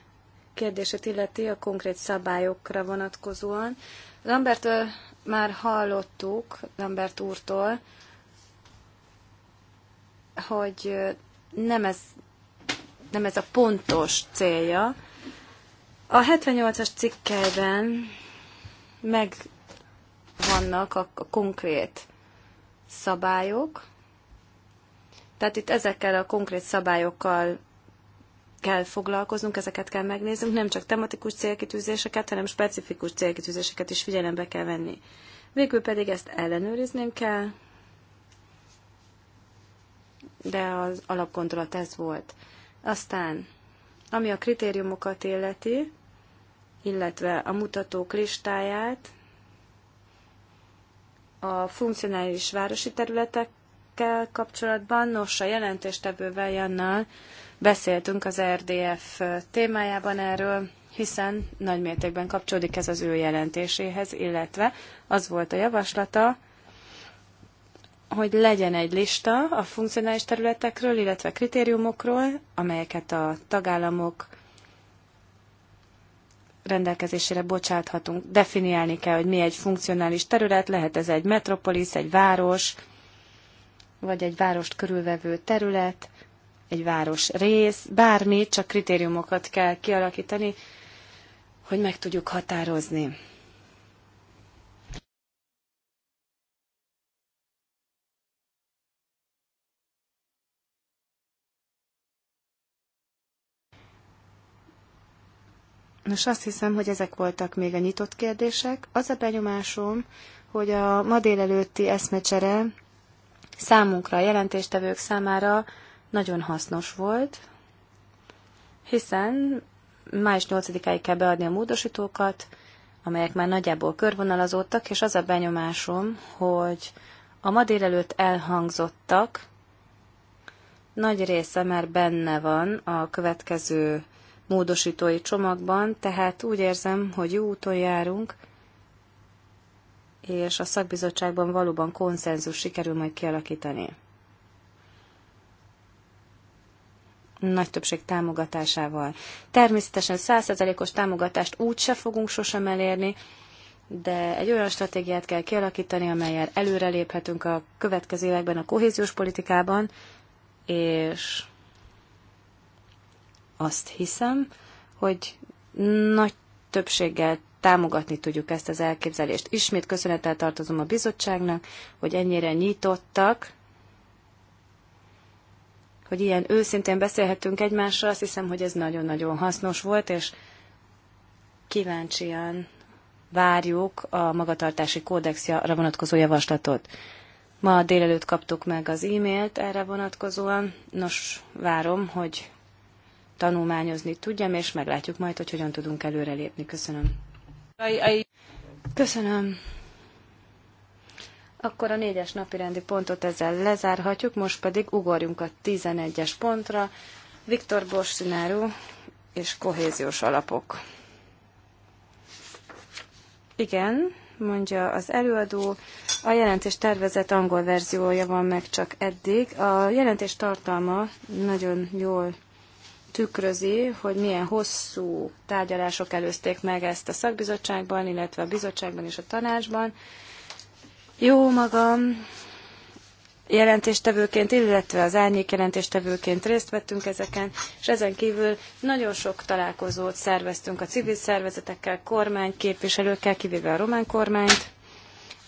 D: kérdéset illeti a konkrét szabályokra vonatkozóan. Lambert már hallottuk, Lambert úrtól, hogy nem ez, nem ez a pontos célja. A 78-as cikkelben meg vannak a, a konkrét szabályok, tehát itt ezekkel a konkrét szabályokkal kell foglalkoznunk, ezeket kell megnéznünk, nem csak tematikus célkitűzéseket, hanem specifikus célkitűzéseket is figyelembe kell venni. Végül pedig ezt ellenőriznünk kell, de az alapgondolat ez volt. Aztán, ami a kritériumokat illeti, illetve a mutatók listáját, a funkcionális városi területek ezekkel kapcsolatban, nos, a jelentéstevővel Jannal beszéltünk az RDF témájában erről, hiszen nagymértékben kapcsolódik ez az ő jelentéséhez, illetve az volt a javaslata, hogy legyen egy lista a funkcionális területekről, illetve kritériumokról, amelyeket a tagállamok rendelkezésére bocsáthatunk. Definiálni kell, hogy mi egy funkcionális terület, lehet ez egy metropolis, egy város, vagy egy várost körülvevő terület, egy város rész, bármi, csak kritériumokat kell kialakítani, hogy meg tudjuk határozni. Nos, azt hiszem, hogy ezek voltak még a nyitott kérdések. Az a benyomásom, hogy a ma délelőtti eszmecsere számunkra, a jelentéstevők számára nagyon hasznos volt, hiszen május 8-áig kell beadni a módosítókat, amelyek már nagyjából körvonalazódtak, és az a benyomásom, hogy a ma délelőtt elhangzottak nagy része már benne van a következő módosítói csomagban, tehát úgy érzem, hogy jó úton járunk, és a szakbizottságban valóban konszenzus sikerül majd kialakítani. nagy többség támogatásával. Természetesen százszerzalékos támogatást úgy se fogunk sosem elérni, de egy olyan stratégiát kell kialakítani, amelyel előreléphetünk a következő években a kohéziós politikában, és azt hiszem, hogy nagy többséggel támogatni tudjuk ezt az elképzelést. Ismét köszönettel tartozom a bizottságnak, hogy ennyire nyitottak, hogy ilyen őszintén beszélhetünk egymással, azt hiszem, hogy ez nagyon-nagyon hasznos volt, és kíváncsian várjuk a magatartási kódexra vonatkozó javaslatot. Ma délelőtt kaptuk meg az e-mailt erre vonatkozóan. Nos, várom, hogy tanulmányozni tudjam, és meglátjuk majd, hogy hogyan tudunk előrelépni. Köszönöm. Köszönöm. Akkor a négyes napi rendi pontot ezzel lezárhatjuk, most pedig ugorjunk a 11-es pontra. Viktor Borsináru és kohéziós alapok. Igen, mondja az előadó. A jelentés tervezett angol verziója van meg csak eddig. A jelentés tartalma nagyon jól tükrözi, hogy milyen hosszú tárgyalások előzték meg ezt a szakbizottságban, illetve a bizottságban és a tanácsban. Jó magam, jelentéstevőként, illetve az árnyék jelentéstevőként részt vettünk ezeken, és ezen kívül nagyon sok találkozót szerveztünk a civil szervezetekkel, kormány, képviselőkkel, kivéve a román kormányt,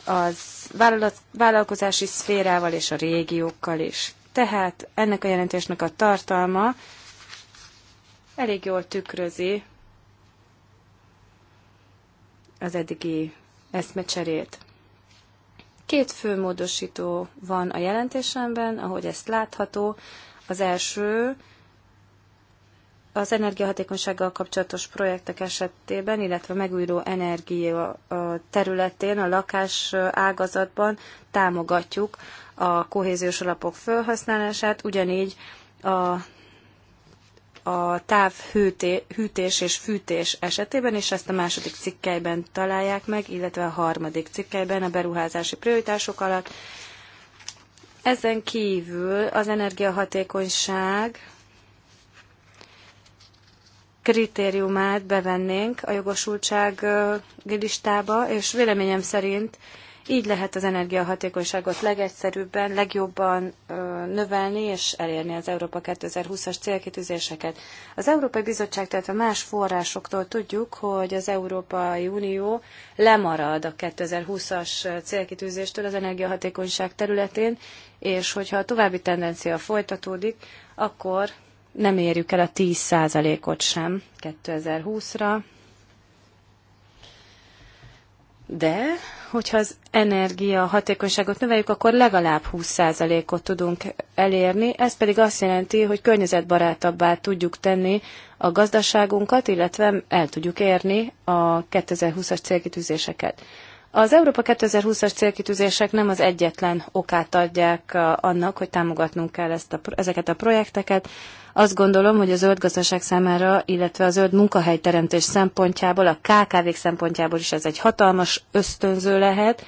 D: az vállalkozási szférával és a régiókkal is. Tehát ennek a jelentésnek a tartalma elég jól tükrözi az eddigi eszmecserét. Két fő módosító van a jelentésemben, ahogy ezt látható. Az első az energiahatékonysággal kapcsolatos projektek esetében, illetve megújuló energia területén, a lakás ágazatban támogatjuk a kohéziós alapok felhasználását, ugyanígy a a távhűtés és fűtés esetében, és ezt a második cikkelyben találják meg, illetve a harmadik cikkelyben a beruházási prioritások alatt. Ezen kívül az energiahatékonyság kritériumát bevennénk a jogosultság listába, és véleményem szerint így lehet az energiahatékonyságot legegyszerűbben, legjobban növelni és elérni az Európa 2020-as célkitűzéseket. Az Európai Bizottság, tehát a más forrásoktól tudjuk, hogy az Európai Unió lemarad a 2020-as célkitűzéstől az energiahatékonyság területén, és hogyha a további tendencia folytatódik, akkor nem érjük el a 10%-ot sem 2020-ra, de hogyha az energia hatékonyságot növeljük, akkor legalább 20%-ot tudunk elérni. Ez pedig azt jelenti, hogy környezetbarátabbá tudjuk tenni a gazdaságunkat, illetve el tudjuk érni a 2020-as célkitűzéseket. Az Európa 2020-as célkitűzések nem az egyetlen okát adják annak, hogy támogatnunk kell ezt a, ezeket a projekteket. Azt gondolom, hogy a zöld gazdaság számára, illetve a zöld munkahelyteremtés szempontjából, a KKV-k szempontjából is ez egy hatalmas ösztönző lehet.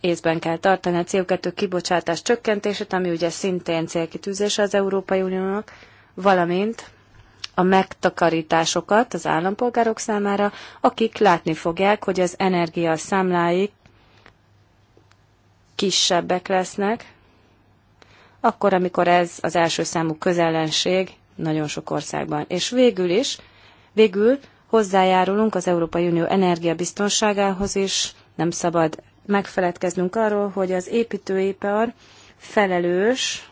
D: Észben kell tartani a CO2 kibocsátás csökkentését, ami ugye szintén célkitűzése az Európai Uniónak, valamint a megtakarításokat az állampolgárok számára, akik látni fogják, hogy az energia számláik kisebbek lesznek, akkor, amikor ez az első számú közellenség nagyon sok országban. És végül is, végül hozzájárulunk az Európai Unió energiabiztonságához is, nem szabad megfeledkeznünk arról, hogy az építőipar felelős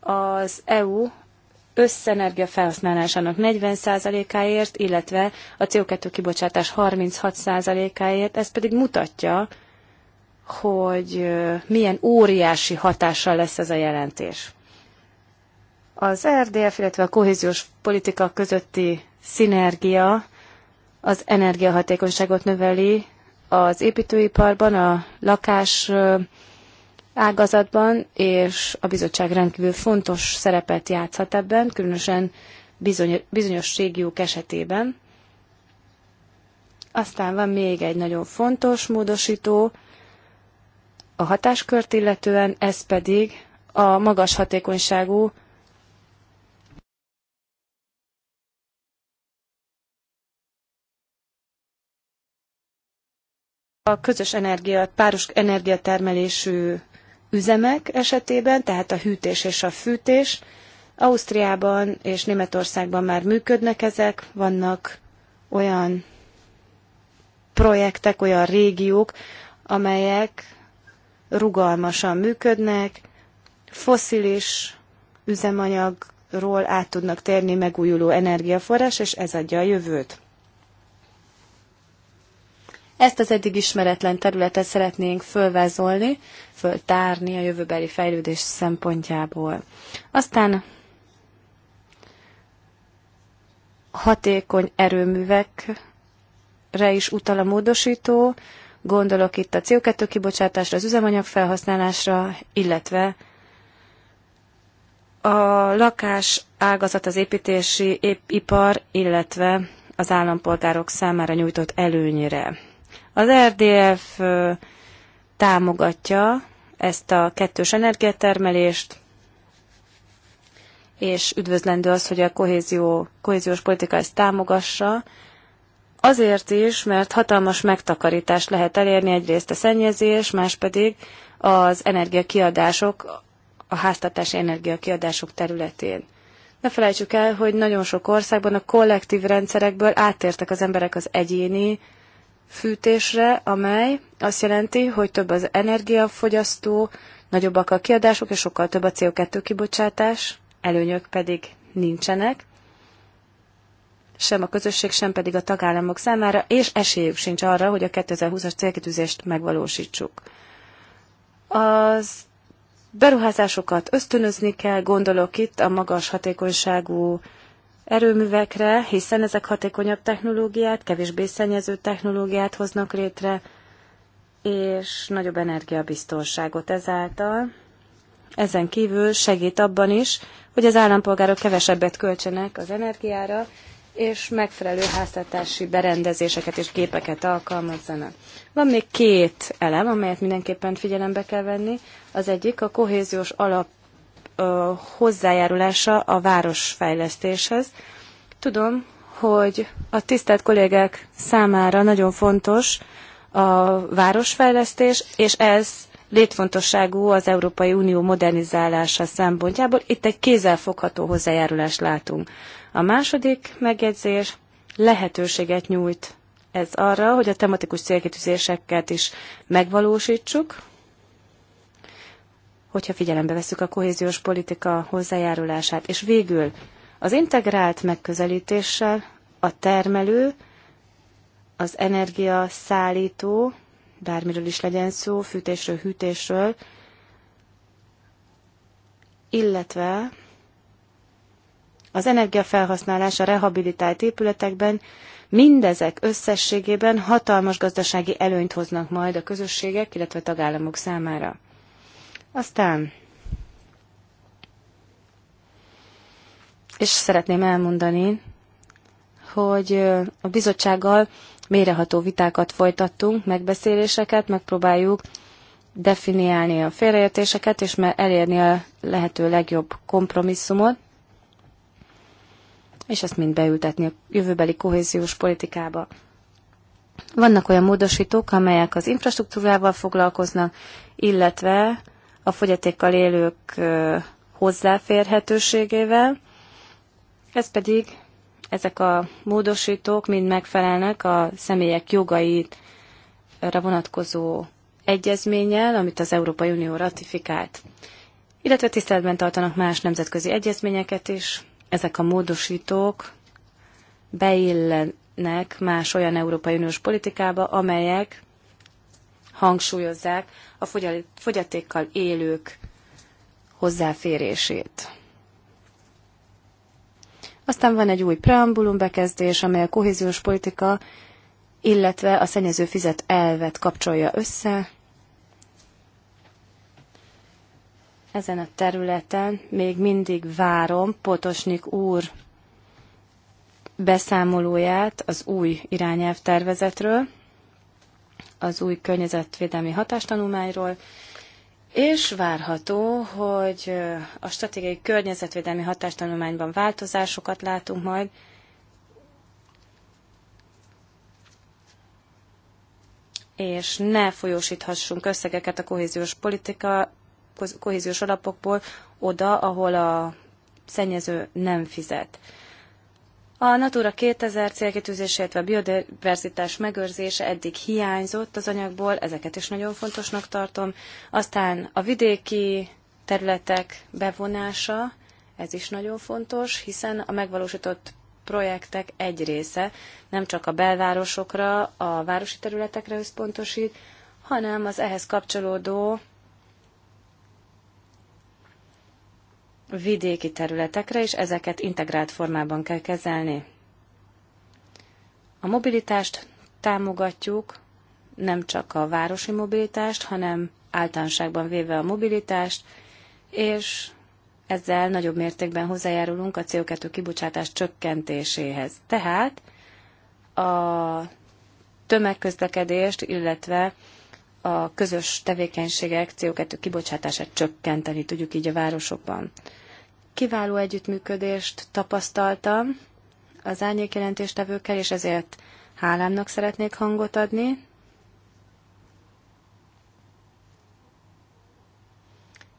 D: az EU összenergia felhasználásának 40%-áért, illetve a CO2 kibocsátás 36%-áért. Ez pedig mutatja, hogy milyen óriási hatással lesz ez a jelentés. Az RDF, illetve a kohéziós politika közötti szinergia az energiahatékonyságot növeli az építőiparban, a lakás ágazatban, és a bizottság rendkívül fontos szerepet játszhat ebben, különösen bizony, bizonyos régiók esetében. Aztán van még egy nagyon fontos módosító a hatáskört illetően, ez pedig a magas hatékonyságú a közös energia, páros energiatermelésű üzemek esetében, tehát a hűtés és a fűtés. Ausztriában és Németországban már működnek ezek, vannak olyan projektek, olyan régiók, amelyek rugalmasan működnek, foszilis üzemanyagról át tudnak térni megújuló energiaforrás, és ez adja a jövőt. Ezt az eddig ismeretlen területet szeretnénk fölvázolni, föltárni a jövőbeli fejlődés szempontjából. Aztán hatékony erőművekre is utal a módosító, gondolok itt a CO2 kibocsátásra, az üzemanyag felhasználásra, illetve a lakás ágazat, az építési ipar, illetve az állampolgárok számára nyújtott előnyére. Az RDF támogatja ezt a kettős energiatermelést, és üdvözlendő az, hogy a kohézió, kohéziós politika ezt támogassa, Azért is, mert hatalmas megtakarítást lehet elérni, egyrészt a szennyezés, más pedig az energiakiadások, a háztartási energiakiadások területén. Ne felejtsük el, hogy nagyon sok országban a kollektív rendszerekből áttértek az emberek az egyéni fűtésre, amely azt jelenti, hogy több az energiafogyasztó, nagyobbak a kiadások, és sokkal több a CO2 kibocsátás, előnyök pedig nincsenek, sem a közösség, sem pedig a tagállamok számára, és esélyük sincs arra, hogy a 2020-as célkitűzést megvalósítsuk. Az beruházásokat ösztönözni kell, gondolok itt a magas hatékonyságú erőművekre, hiszen ezek hatékonyabb technológiát, kevésbé szennyező technológiát hoznak létre, és nagyobb energiabiztonságot ezáltal. Ezen kívül segít abban is, hogy az állampolgárok kevesebbet költsenek az energiára, és megfelelő háztartási berendezéseket és gépeket alkalmazzanak. Van még két elem, amelyet mindenképpen figyelembe kell venni. Az egyik a kohéziós alap hozzájárulása a városfejlesztéshez. Tudom, hogy a tisztelt kollégák számára nagyon fontos a városfejlesztés, és ez létfontosságú az Európai Unió modernizálása szempontjából. Itt egy kézzelfogható hozzájárulást látunk. A második megjegyzés lehetőséget nyújt ez arra, hogy a tematikus célkitűzéseket is megvalósítsuk, hogyha figyelembe veszük a kohéziós politika hozzájárulását. És végül az integrált megközelítéssel a termelő, az energia szállító, bármiről is legyen szó, fűtésről, hűtésről, illetve az energiafelhasználás a rehabilitált épületekben mindezek összességében hatalmas gazdasági előnyt hoznak majd a közösségek, illetve a tagállamok számára. Aztán, és szeretném elmondani, hogy a bizottsággal méreható vitákat folytattunk, megbeszéléseket, megpróbáljuk definiálni a félreértéseket, és elérni a lehető legjobb kompromisszumot, és ezt mind beültetni a jövőbeli kohéziós politikába. Vannak olyan módosítók, amelyek az infrastruktúrával foglalkoznak, illetve a fogyatékkal élők hozzáférhetőségével. Ez pedig ezek a módosítók mind megfelelnek a személyek jogaira vonatkozó egyezménnyel, amit az Európai Unió ratifikált, illetve tiszteletben tartanak más nemzetközi egyezményeket is. Ezek a módosítók beillenek más olyan Európai Uniós politikába, amelyek hangsúlyozzák a fogyatékkal élők hozzáférését. Aztán van egy új preambulum bekezdés, amely a kohéziós politika, illetve a szennyező fizet elvet kapcsolja össze. Ezen a területen még mindig várom Potosnik úr beszámolóját az új irányelv tervezetről az új környezetvédelmi hatástanulmányról, és várható, hogy a stratégiai környezetvédelmi hatástanulmányban változásokat látunk majd, és ne folyósíthassunk összegeket a kohéziós politika, kohéziós alapokból oda, ahol a szennyező nem fizet. A Natura 2000 célkitűzése, illetve a biodiverzitás megőrzése eddig hiányzott az anyagból, ezeket is nagyon fontosnak tartom. Aztán a vidéki területek bevonása, ez is nagyon fontos, hiszen a megvalósított projektek egy része nem csak a belvárosokra, a városi területekre összpontosít, hanem az ehhez kapcsolódó vidéki területekre, és ezeket integrált formában kell kezelni. A mobilitást támogatjuk, nem csak a városi mobilitást, hanem általánosságban véve a mobilitást, és ezzel nagyobb mértékben hozzájárulunk a CO2 kibocsátás csökkentéséhez. Tehát a tömegközlekedést, illetve a közös tevékenységek CO2 kibocsátását csökkenteni tudjuk így a városokban. Kiváló együttműködést tapasztaltam az árnyékjelentéstevőkkel, és ezért hálámnak szeretnék hangot adni.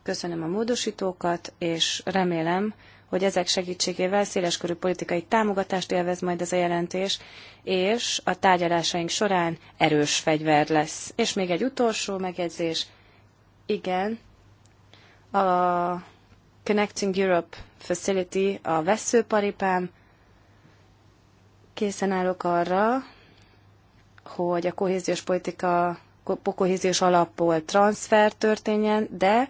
D: Köszönöm a módosítókat, és remélem, hogy ezek segítségével széleskörű politikai támogatást élvez majd ez a jelentés, és a tárgyalásaink során erős fegyver lesz. És még egy utolsó megjegyzés. Igen, a Connecting Europe Facility a veszőparipám. Készen állok arra, hogy a kohéziós politika, kohéziós alapból transfer történjen, de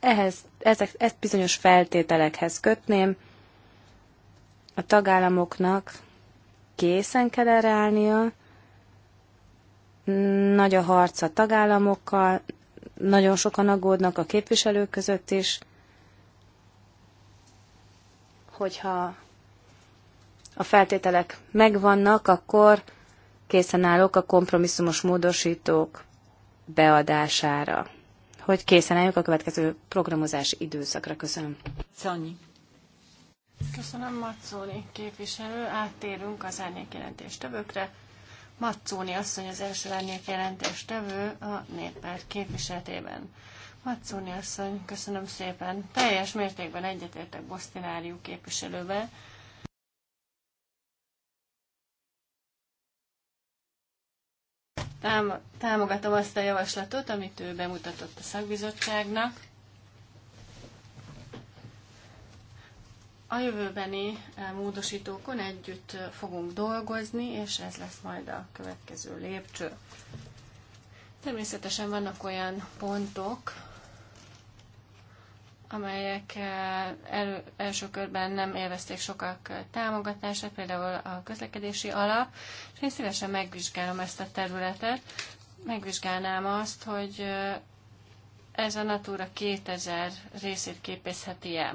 D: ehhez, ezek, ezt bizonyos feltételekhez kötném. A tagállamoknak készen kell erre állnia, nagy a harc a tagállamokkal, nagyon sokan aggódnak a képviselők között is, hogyha a feltételek megvannak, akkor készen állok a kompromisszumos módosítók beadására, hogy készen álljunk a következő programozási időszakra. Köszönöm. Szanyi.
C: Köszönöm, Matszóni képviselő. Áttérünk az jelentés tövökre. Matszóni asszony az első árnyék jelentés tevő a néppárt képviseletében. Matszóni asszony, köszönöm szépen. Teljes mértékben egyetértek Bosztináriú képviselővel. Támogatom azt a javaslatot, amit ő bemutatott a szakbizottságnak A jövőbeni eh, módosítókon együtt eh, fogunk dolgozni, és ez lesz majd a következő lépcső. Természetesen vannak olyan pontok, amelyek eh, elő, első körben nem élvezték sokak támogatását, például a közlekedési alap, és én szívesen megvizsgálom ezt a területet. Megvizsgálnám azt, hogy ez a Natura 2000 részét képezheti-e.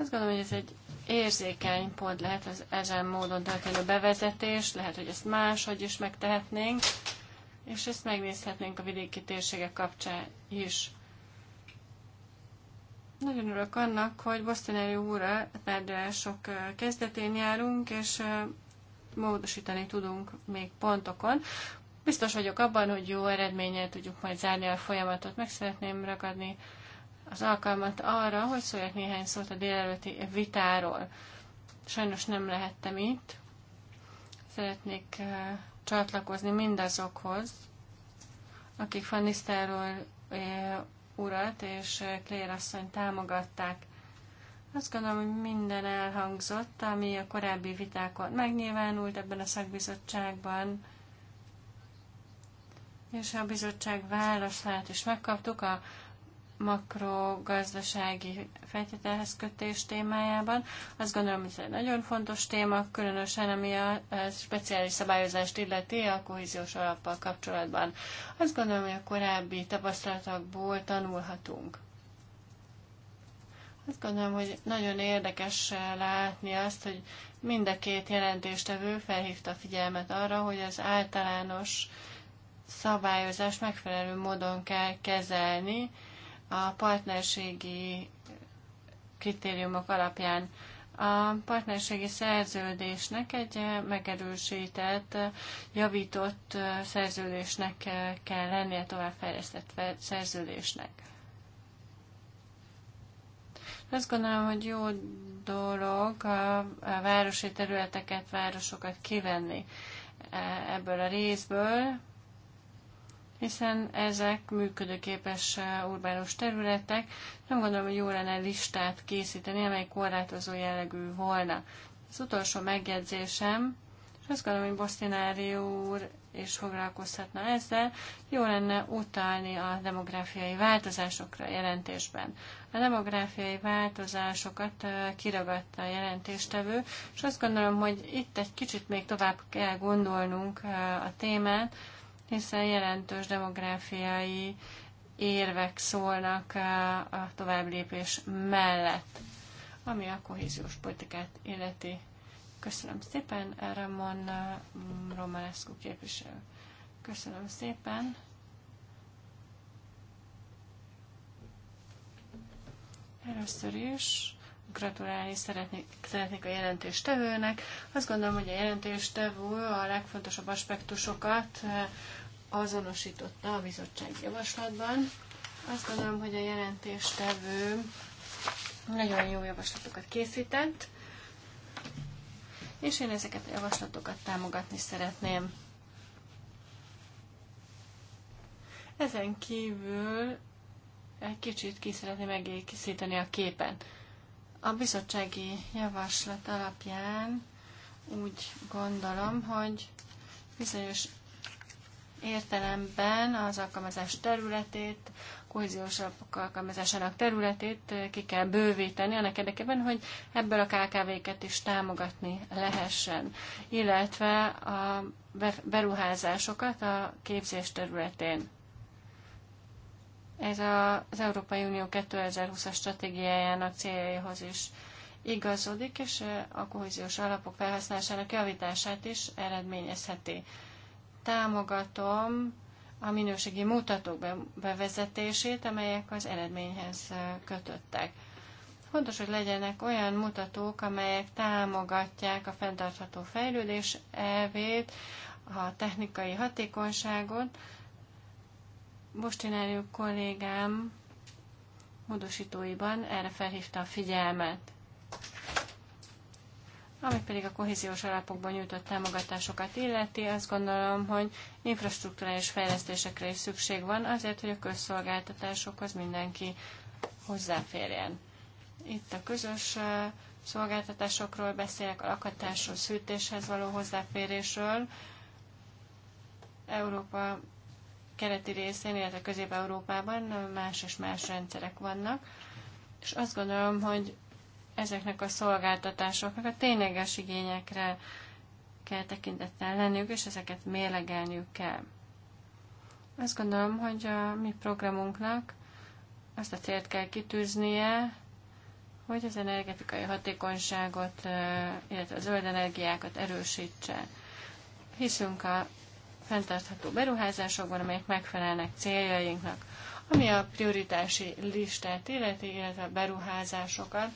C: Azt gondolom, hogy ez egy érzékeny pont lehet az ezen módon történő bevezetés, lehet, hogy ezt máshogy is megtehetnénk, és ezt megnézhetnénk a vidéki térségek kapcsán is. Nagyon örülök annak, hogy Bosztonelli úrra sok kezdetén járunk, és módosítani tudunk még pontokon. Biztos vagyok abban, hogy jó eredménnyel tudjuk majd zárni a folyamatot. Meg szeretném ragadni az alkalmat arra, hogy szóljak néhány szót a délelőtti vitáról. Sajnos nem lehettem itt. Szeretnék eh, csatlakozni mindazokhoz, akik Van Nisztelről eh, urat és eh, Claire asszony támogatták. Azt gondolom, hogy minden elhangzott, ami a korábbi vitákon megnyilvánult ebben a szakbizottságban, és a bizottság válaszát is megkaptuk a makrogazdasági feltételhez kötés témájában. Azt gondolom, hogy ez egy nagyon fontos téma, különösen ami a speciális szabályozást illeti a kohéziós alappal kapcsolatban. Azt gondolom, hogy a korábbi tapasztalatokból tanulhatunk. Azt gondolom, hogy nagyon érdekes látni azt, hogy mind a két jelentéstevő felhívta figyelmet arra, hogy az általános szabályozást megfelelő módon kell kezelni, a partnerségi kritériumok alapján. A partnerségi szerződésnek egy megerősített, javított szerződésnek kell lennie, továbbfejlesztett szerződésnek. Azt gondolom, hogy jó dolog a városi területeket, városokat kivenni e, ebből a részből, hiszen ezek működőképes eh, urbános területek. Nem gondolom, hogy jó lenne listát készíteni, amely korlátozó jellegű volna. Az utolsó megjegyzésem, és azt gondolom, hogy Bosztinári úr és foglalkozhatna ezzel, jó lenne utalni a demográfiai változásokra a jelentésben. A demográfiai változásokat eh, kiragadta a jelentéstevő, és azt gondolom, hogy itt egy kicsit még tovább kell gondolnunk eh, a témát, hiszen jelentős demográfiai érvek szólnak eh, a továbblépés mellett, ami a kohéziós politikát illeti. Köszönöm szépen, Ramon eh, Romanescu képviselő. Köszönöm szépen. Először is gratulálni szeretnék, szeretnék a jelentéstevőnek. Azt gondolom, hogy a jelentéstevő a legfontosabb aspektusokat eh, azonosította a bizottság javaslatban. Azt gondolom, hogy a jelentéstevő nagyon jó javaslatokat készített, és én ezeket a javaslatokat támogatni szeretném. Ezen kívül egy kicsit ki szeretném egészíteni a képen. A bizottsági javaslat alapján úgy gondolom, hogy bizonyos értelemben az alkalmazás területét, kohéziós alapok alkalmazásának területét eh, ki kell bővíteni annak érdekében, hogy ebből a KKV-ket is támogatni lehessen, illetve a beruházásokat a képzés területén. Ez az Európai Unió 2020-as stratégiájának céljaihoz is igazodik, és eh, a kohéziós alapok felhasználásának javítását is eredményezheti támogatom a minőségi mutatók bevezetését, amelyek az eredményhez kötöttek. Fontos, hogy legyenek olyan mutatók, amelyek támogatják a fenntartható fejlődés elvét, a technikai hatékonyságot. Bostinárió kollégám módosítóiban erre felhívta a figyelmet. Ami pedig a kohéziós alapokban nyújtott támogatásokat illeti, azt gondolom, hogy infrastruktúrális fejlesztésekre is szükség van azért, hogy a közszolgáltatásokhoz mindenki hozzáférjen. Itt a közös szolgáltatásokról beszélek, a lakatásról, szűtéshez való hozzáférésről. Európa keleti részén, illetve Közép-Európában más és más rendszerek vannak, és azt gondolom, hogy ezeknek a szolgáltatásoknak a tényleges igényekre kell tekintettel lennünk, és ezeket mérlegelniük kell. Azt gondolom, hogy a mi programunknak azt a célt kell kitűznie, hogy az energetikai hatékonyságot, illetve a zöld energiákat erősítse. Hiszünk a fenntartható beruházásokban, amelyek megfelelnek céljainknak. Ami a prioritási listát illeti, illetve a beruházásokat,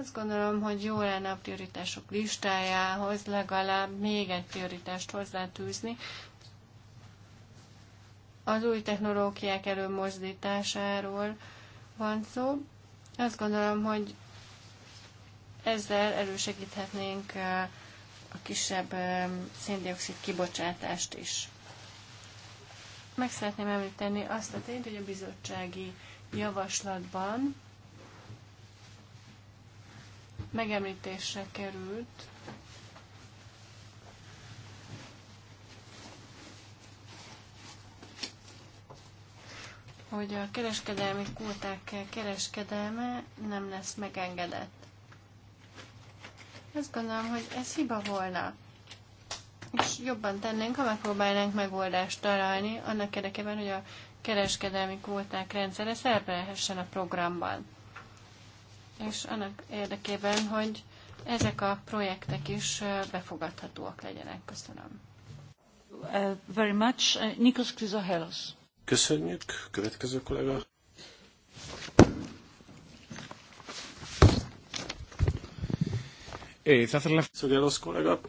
C: azt gondolom, hogy jó lenne a prioritások listájához legalább még egy prioritást hozzátűzni. Az új technológiák előmozdításáról van szó. Azt gondolom, hogy ezzel elősegíthetnénk a kisebb széndiokszid kibocsátást is. Meg szeretném említeni azt a tényt, hogy a bizottsági javaslatban megemlítésre került, hogy a kereskedelmi kvóták kereskedelme nem lesz megengedett. Azt gondolom, hogy ez hiba volna. És jobban tennénk, ha megpróbálnánk megoldást találni annak érdekében, hogy a kereskedelmi kvóták rendszere szerepelhessen a programban és annak érdekében, hogy ezek a
A: projektek is befogadhatóak legyenek. Köszönöm. Uh, very much. Uh, Nikos Krizohelos.
B: Köszönjük. Következő kollega. É, kollega.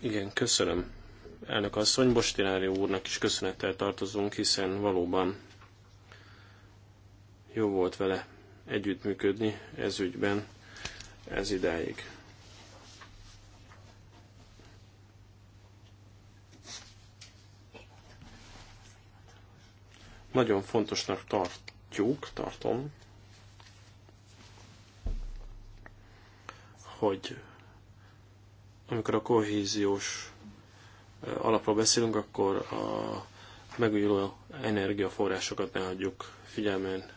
B: Igen, köszönöm. Elnök asszony, Bostinári úrnak is köszönettel tartozunk, hiszen valóban jó volt vele együttműködni ez ügyben ez idáig. Nagyon fontosnak tartjuk, tartom, hogy amikor a kohéziós alapról beszélünk, akkor a megújuló energiaforrásokat ne hagyjuk figyelmen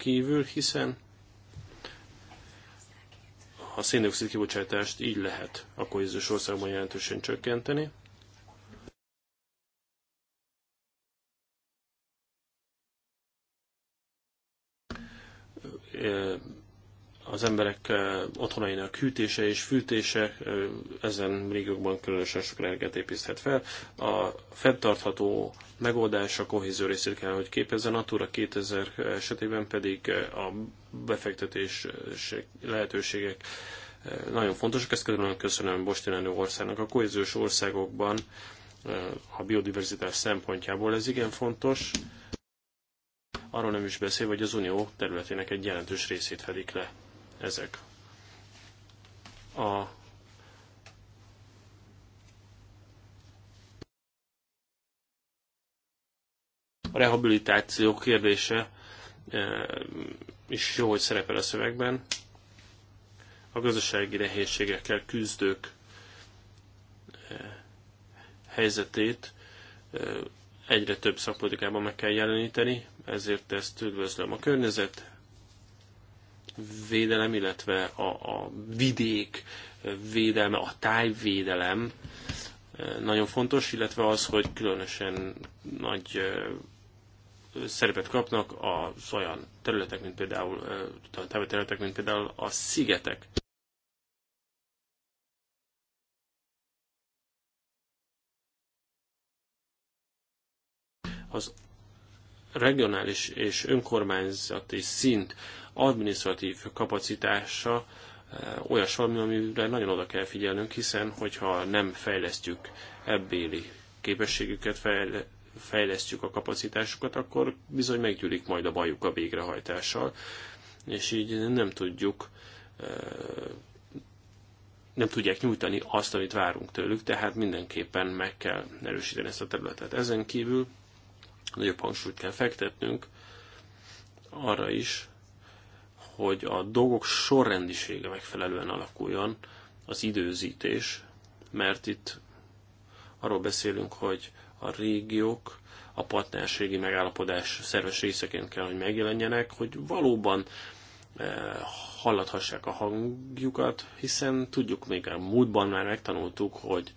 B: kívül, hiszen a széndiokszid kibocsátást így lehet a kohéziós országban jelentősen csökkenteni az emberek otthonainak hűtése és fűtése ezen régiókban különösen sok energiát építhet fel. A fenntartható megoldás a kohézió részét kell, hogy képezze. Natura 2000 esetében pedig a befektetés lehetőségek nagyon fontosak. Ezt nagyon köszönöm Bostinánő országnak. A kohéziós országokban a biodiverzitás szempontjából ez igen fontos arról nem is beszél, hogy az unió területének egy jelentős részét fedik le ezek. A a rehabilitáció kérdése e, is jó, hogy szerepel a szövegben. A gazdasági nehézségekkel küzdők e, helyzetét e, egyre több szakpolitikában meg kell jeleníteni, ezért ezt üdvözlöm. A környezet védelem, illetve a, a vidék védelme, a tájvédelem nagyon fontos, illetve az, hogy különösen nagy szerepet kapnak az olyan területek, mint például, olyan területek, mint például a szigetek. Az regionális és önkormányzati szint administratív kapacitása eh, olyas valami, amire nagyon oda kell figyelnünk, hiszen hogyha nem fejlesztjük ebbéli képességüket, fejlesztjük a kapacitásukat, akkor bizony meggyűlik majd a bajuk a végrehajtással, és így nem tudjuk eh, nem tudják nyújtani azt, amit várunk tőlük, tehát mindenképpen meg kell erősíteni ezt a területet. Ezen kívül nagyobb hangsúlyt kell fektetnünk arra is, hogy a dolgok sorrendisége megfelelően alakuljon, az időzítés, mert itt arról beszélünk, hogy a régiók a partnerségi megállapodás szerves részeként kell, hogy megjelenjenek, hogy valóban eh, hallathassák a hangjukat, hiszen tudjuk, még a múltban már megtanultuk, hogy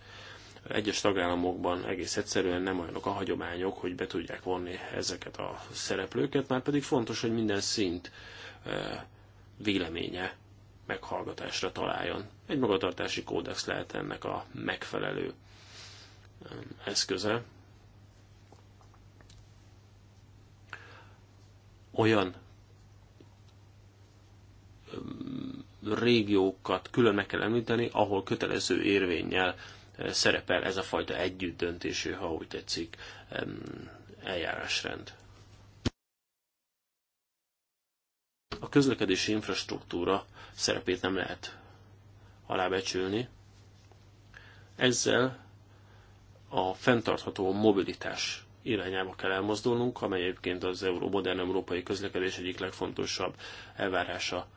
B: egyes tagállamokban egész egyszerűen nem olyanok a hagyományok, hogy be tudják vonni ezeket a szereplőket, már pedig fontos, hogy minden szint eh, véleménye meghallgatásra találjon. Egy magatartási kódex lehet ennek a megfelelő eh, eszköze. Olyan eh, régiókat külön meg kell említeni, ahol kötelező érvényel szerepel ez a fajta együttdöntésű, ha úgy tetszik, eljárásrend. A közlekedési infrastruktúra szerepét nem lehet alábecsülni. Ezzel a fenntartható mobilitás irányába kell elmozdulnunk, amely egyébként az Euró, modern európai közlekedés egyik legfontosabb elvárása.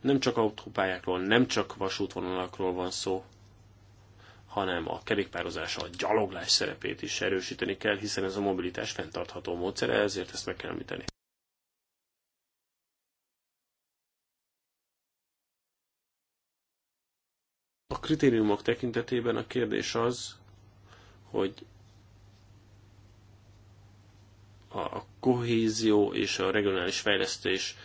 B: Nem csak autópályákról, nem csak vasútvonalakról van szó, hanem a kerékpározás, a gyaloglás szerepét is erősíteni kell, hiszen ez a mobilitás fenntartható módszere, ezért ezt meg kell említeni. A kritériumok tekintetében a kérdés az, hogy a kohézió és a regionális fejlesztés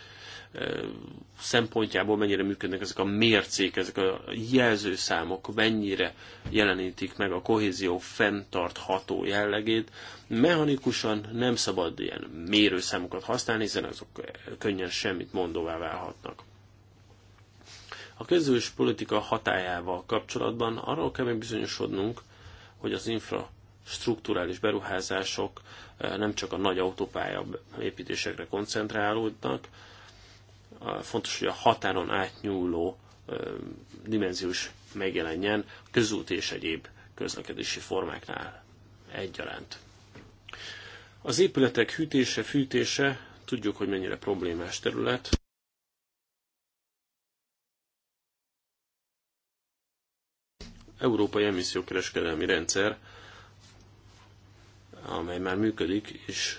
B: szempontjából mennyire működnek ezek a mércék, ezek a jelzőszámok, mennyire jelenítik meg a kohézió fenntartható jellegét. Mechanikusan nem szabad ilyen mérőszámokat használni, hiszen azok könnyen semmit mondóvá válhatnak. A közös politika hatájával kapcsolatban arról kell megbizonyosodnunk, hogy az infrastruktúrális beruházások nem csak a nagy autópálya építésekre koncentrálódnak, fontos, hogy a határon átnyúló dimenziós megjelenjen a közút és egyéb közlekedési formáknál egyaránt. Az épületek hűtése, fűtése, tudjuk, hogy mennyire problémás terület. Európai Emissziókereskedelmi Rendszer, amely már működik, és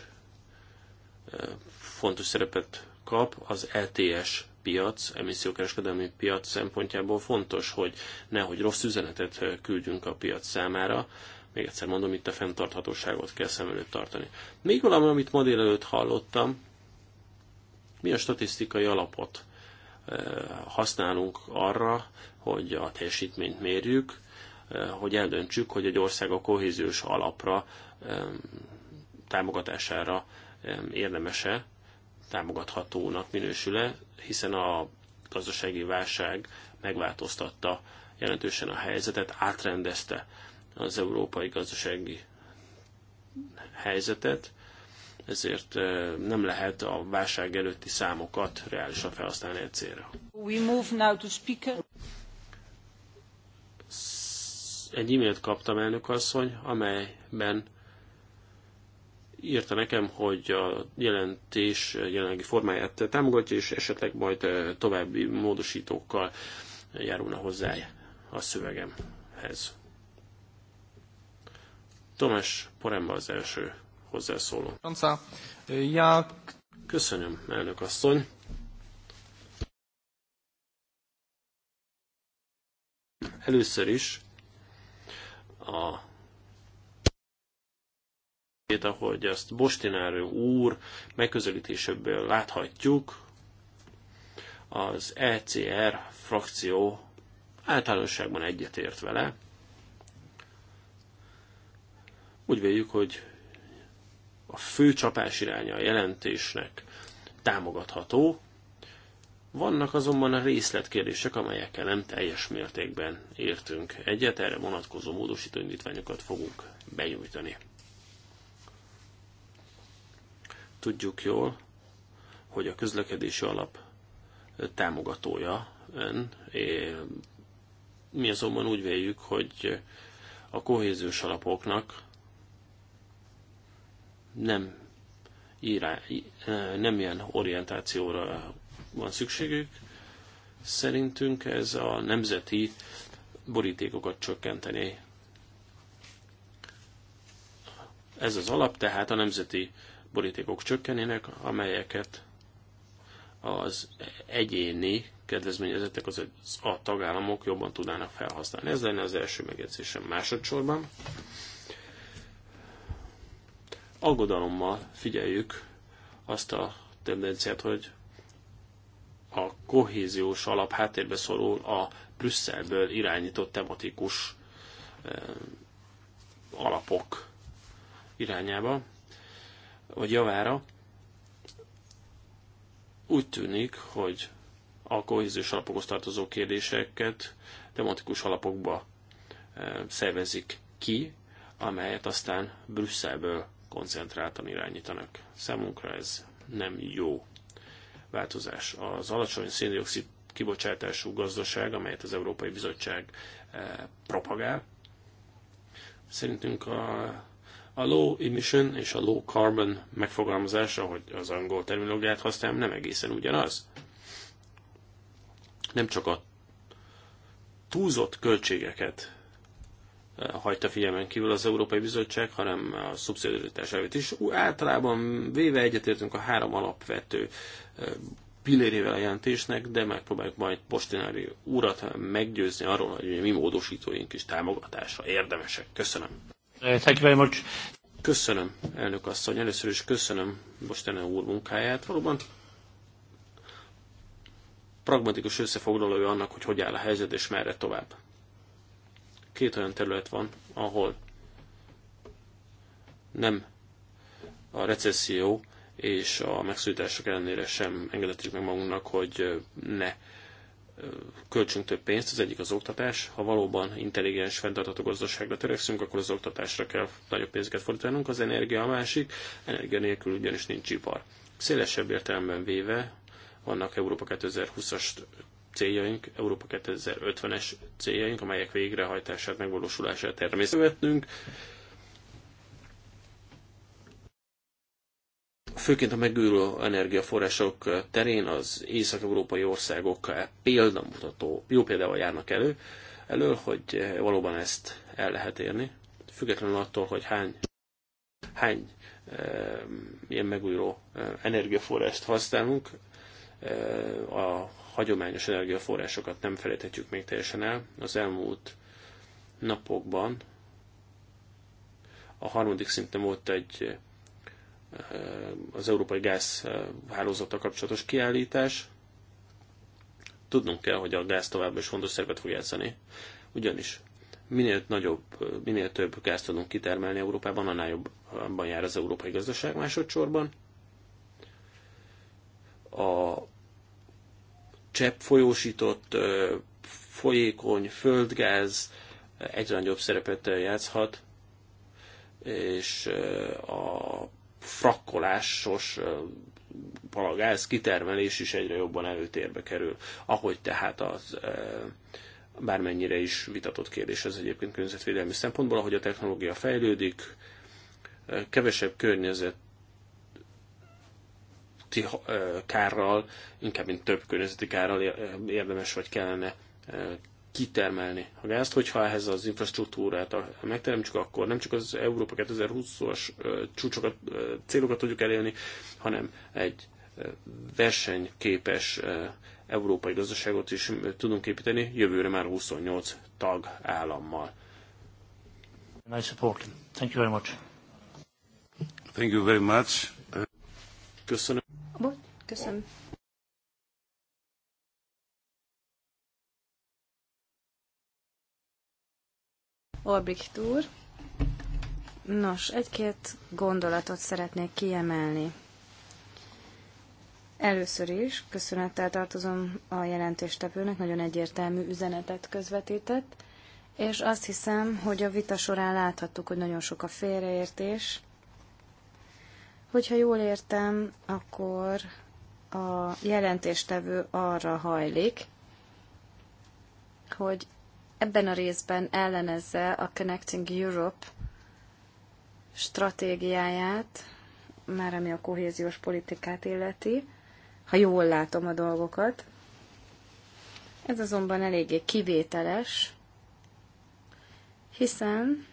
B: fontos szerepet kap, az ETS piac, emissziókereskedelmi piac szempontjából fontos, hogy nehogy rossz üzenetet küldjünk a piac számára. Még egyszer mondom, itt a fenntarthatóságot kell szem előtt tartani. Még valami, amit ma délelőtt hallottam, mi a statisztikai alapot használunk arra, hogy a teljesítményt mérjük, hogy eldöntsük, hogy egy ország a kohéziós alapra támogatására érdemese támogathatónak minősül-e, hiszen a gazdasági válság megváltoztatta jelentősen a helyzetet, átrendezte az európai gazdasági helyzetet, ezért nem lehet a válság előtti számokat reálisan felhasználni egy célra.
A: We move now to speaker.
B: Egy e-mailt kaptam elnök asszony, amelyben írta nekem, hogy a jelentés jelenlegi formáját támogatja, és esetleg majd eh, további módosítókkal járulna hozzá a szövegemhez. Tomás Poremba az első hozzászóló. Ja. Köszönöm, elnök asszony. Először is a ahogy azt Bostinárő úr megközelítéséből láthatjuk, az ECR frakció általánosságban egyetért vele. Úgy véljük, hogy a fő csapás iránya a jelentésnek támogatható, vannak azonban a részletkérdések, amelyekkel nem teljes mértékben értünk egyet, erre vonatkozó módosító indítványokat fogunk benyújtani. Tudjuk jól, hogy a közlekedési alap támogatója ön. Mi azonban úgy véljük, hogy a kohéziós alapoknak nem, írá, nem ilyen orientációra van szükségük. Szerintünk ez a nemzeti borítékokat csökkenteni. Ez az alap tehát a nemzeti borítékok csökkenének, amelyeket az egyéni kedvezményezettek, az a tagállamok jobban tudnának felhasználni. Ez lenne az első megjegyzésem másodszorban. Aggodalommal figyeljük azt a tendenciát, hogy a kohéziós alap háttérbe szorul a Brüsszelből irányított tematikus eh, alapok irányába vagy javára. Úgy tűnik, hogy a kohéziós alapokhoz tartozó kérdéseket tematikus alapokba e, szervezik ki, amelyet aztán Brüsszelből koncentráltan irányítanak. Számunkra ez nem jó változás. Az alacsony széndiokszid kibocsátású gazdaság, amelyet az Európai Bizottság e, propagál, szerintünk a a low emission és a low carbon megfogalmazása, hogy az angol terminológiát használom, nem egészen ugyanaz. Nem csak a túlzott költségeket eh, hagyta figyelmen kívül az Európai Bizottság, hanem a szubszidiaritás elvét is. Általában véve egyetértünk a három alapvető eh, pillérével a jelentésnek, de megpróbáljuk majd Postinári urat meggyőzni arról, hogy mi módosítóink is támogatásra érdemesek. Köszönöm. Uh, thank you very much. Köszönöm, elnök asszony. Először is köszönöm Bostenő úr munkáját. Valóban pragmatikus összefoglalója annak, hogy hogy áll a helyzet és merre tovább. Két olyan terület van, ahol nem a recesszió és a megszűjtások ellenére sem engedhetjük meg magunknak, hogy ne költsünk több pénzt, az egyik az oktatás. Ha valóban intelligens, fenntartható gazdaságra törekszünk, akkor az oktatásra kell nagyobb pénzeket fordítanunk, az energia a másik, energia nélkül ugyanis nincs ipar. Szélesebb értelemben véve vannak Európa 2020-as céljaink, Európa 2050-es céljaink, amelyek végrehajtását, megvalósulását természetesen vetnünk főként a megújuló energiaforrások terén az észak-európai országok példamutató, jó példával járnak elő, elő, hogy valóban ezt el lehet érni, függetlenül attól, hogy hány, hány e, ilyen megújuló eh, energiaforrást használunk, e, a hagyományos energiaforrásokat nem felejthetjük még teljesen el. Az elmúlt napokban a harmadik szinten volt egy az európai gázhálózata eh, kapcsolatos kiállítás. Tudnunk kell, hogy a gáz továbbra is fontos szerepet fog játszani. Ugyanis minél nagyobb, eh, minél több gázt tudunk kitermelni Európában, annál jobban jár az európai gazdaság másodszorban. A csepp folyósított, eh, folyékony földgáz egyre nagyobb szerepet játszhat, és a frakkolásos palagáz kitermelés is egyre jobban előtérbe kerül. Ahogy tehát az bármennyire is vitatott kérdés ez egyébként környezetvédelmi szempontból, ahogy a technológia fejlődik, kevesebb környezet kárral, inkább mint több környezeti kárral érdemes vagy kellene kitermelni a gázt, hogyha ehhez az infrastruktúrát megteremtsük, akkor nem csak az Európa 2020-as csúcsokat, célokat tudjuk elérni, hanem egy versenyképes európai gazdaságot is tudunk építeni, jövőre már 28 tagállammal. Nice support. Thank you very much. Thank you very much. Köszönöm. Köszönöm.
D: Olbricht úr. Nos, egy-két gondolatot szeretnék kiemelni. Először is köszönettel tartozom a jelentéstevőnek, nagyon egyértelmű üzenetet közvetített, és azt hiszem, hogy a vita során láthattuk, hogy nagyon sok a félreértés. Hogyha jól értem, akkor a jelentéstevő arra hajlik, hogy ebben a részben ellenezze a Connecting Europe stratégiáját, már ami a kohéziós politikát illeti, ha jól látom a dolgokat. Ez azonban eléggé kivételes, hiszen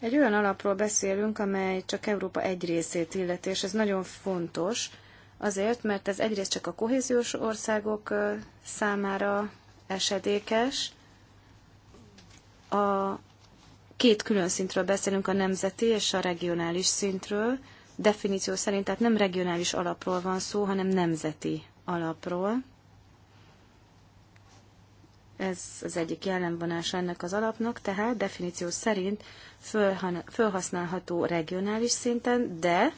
D: egy olyan alapról beszélünk, amely csak Európa egy részét illeti, és ez nagyon fontos, Azért, mert ez egyrészt csak a kohéziós országok számára esedékes. A két külön szintről beszélünk, a nemzeti és a regionális szintről. Definíció szerint tehát nem regionális alapról van szó, hanem nemzeti alapról. Ez az egyik jellemvonása ennek az alapnak, tehát definíció szerint fölhasználható regionális szinten, de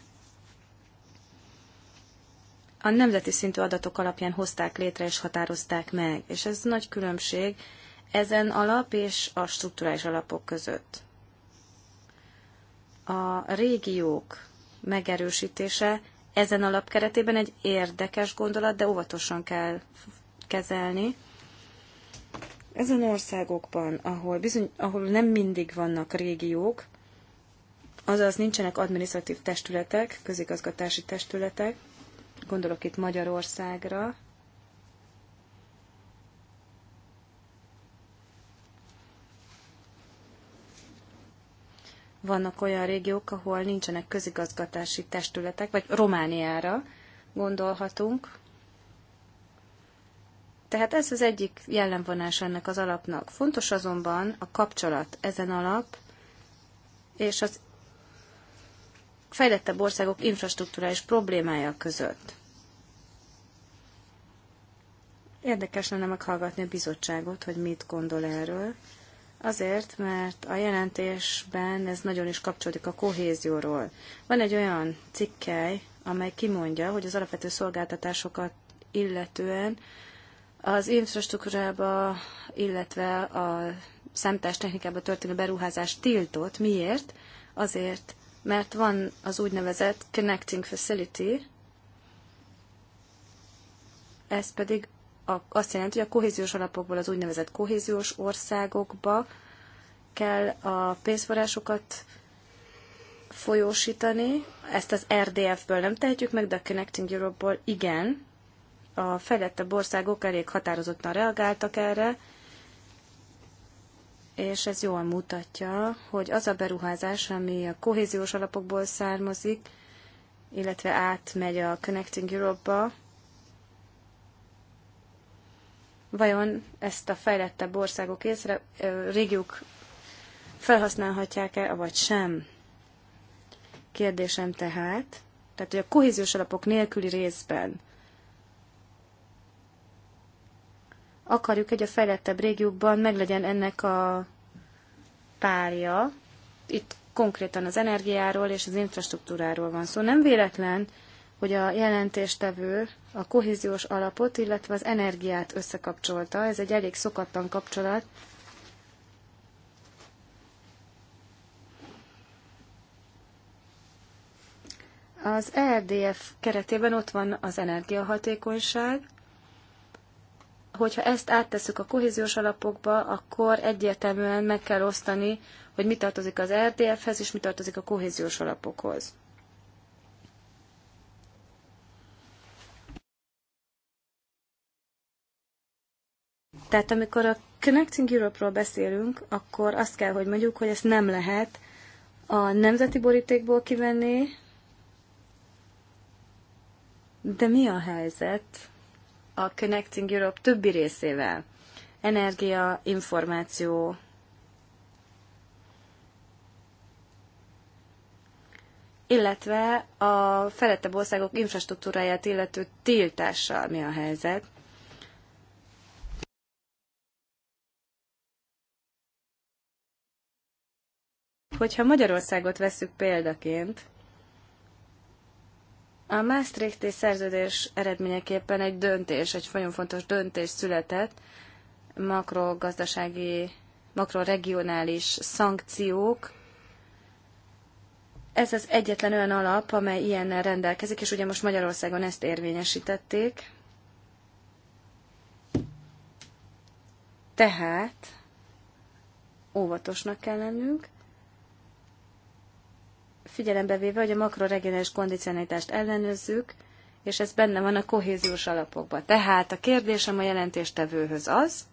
D: a nemzeti szintű adatok alapján hozták létre és határozták meg, és ez nagy különbség ezen alap és a strukturális alapok között. A régiók megerősítése ezen alap keretében egy érdekes gondolat, de óvatosan kell kezelni. Ezen országokban, ahol, bizony, ahol nem mindig vannak régiók, azaz nincsenek adminisztratív testületek, közigazgatási testületek, Gondolok itt Magyarországra. Vannak olyan régiók, ahol nincsenek közigazgatási testületek, vagy Romániára gondolhatunk. Tehát ez az egyik jellemvonás ennek az alapnak. Fontos azonban a kapcsolat ezen alap és az fejlettebb országok infrastruktúrális problémája között. Érdekes lenne meghallgatni a bizottságot, hogy mit gondol erről. Azért, mert a jelentésben ez nagyon is kapcsolódik a kohézióról. Van egy olyan cikkely, amely kimondja, hogy az alapvető szolgáltatásokat illetően az infrastruktúrába, illetve a számítástechnikába történő beruházás tiltott. Miért? Azért, mert van az úgynevezett Connecting Facility, ez pedig azt jelenti, hogy a kohéziós alapokból az úgynevezett kohéziós országokba kell a pénzforrásokat folyósítani. Ezt az RDF-ből nem tehetjük meg, de a Connecting Europe-ból igen. A fejlettebb országok elég határozottan reagáltak erre, és ez jól mutatja, hogy az a beruházás, ami a kohéziós alapokból származik, illetve átmegy a Connecting Europe-ba, vajon ezt a fejlettebb országok észre, régiók felhasználhatják-e, vagy sem? Kérdésem tehát, tehát hogy a kohéziós alapok nélküli részben akarjuk, hogy a fejlettebb régiókban meglegyen ennek a párja. Itt konkrétan az energiáról és az infrastruktúráról van szó. Szóval nem véletlen, hogy a jelentéstevő a kohéziós alapot, illetve az energiát összekapcsolta. Ez egy elég szokatlan kapcsolat. Az RDF e keretében ott van az energiahatékonyság, hogyha ezt áttesszük a kohéziós alapokba, akkor egyértelműen meg kell osztani, hogy mi tartozik az RDF-hez, és mi tartozik a kohéziós alapokhoz. Tehát amikor a Connecting Europe-ról beszélünk, akkor azt kell, hogy mondjuk, hogy ezt nem lehet a nemzeti borítékból kivenni, de mi a helyzet a Connecting Europe többi részével. Energia, információ, illetve a felettebb országok infrastruktúráját illető tiltással mi a helyzet. Hogyha Magyarországot veszük példaként, a Maastrichti szerződés eredményeképpen egy döntés, egy nagyon fontos döntés született, makrogazdasági, makroregionális szankciók. Ez az egyetlen olyan alap, amely ilyennel rendelkezik, és ugye most Magyarországon ezt érvényesítették. Tehát óvatosnak kell lennünk figyelembe véve, hogy a makroregionális kondicionalitást ellenőrzzük, és ez benne van a kohéziós alapokban. Tehát a kérdésem a jelentéstevőhöz az,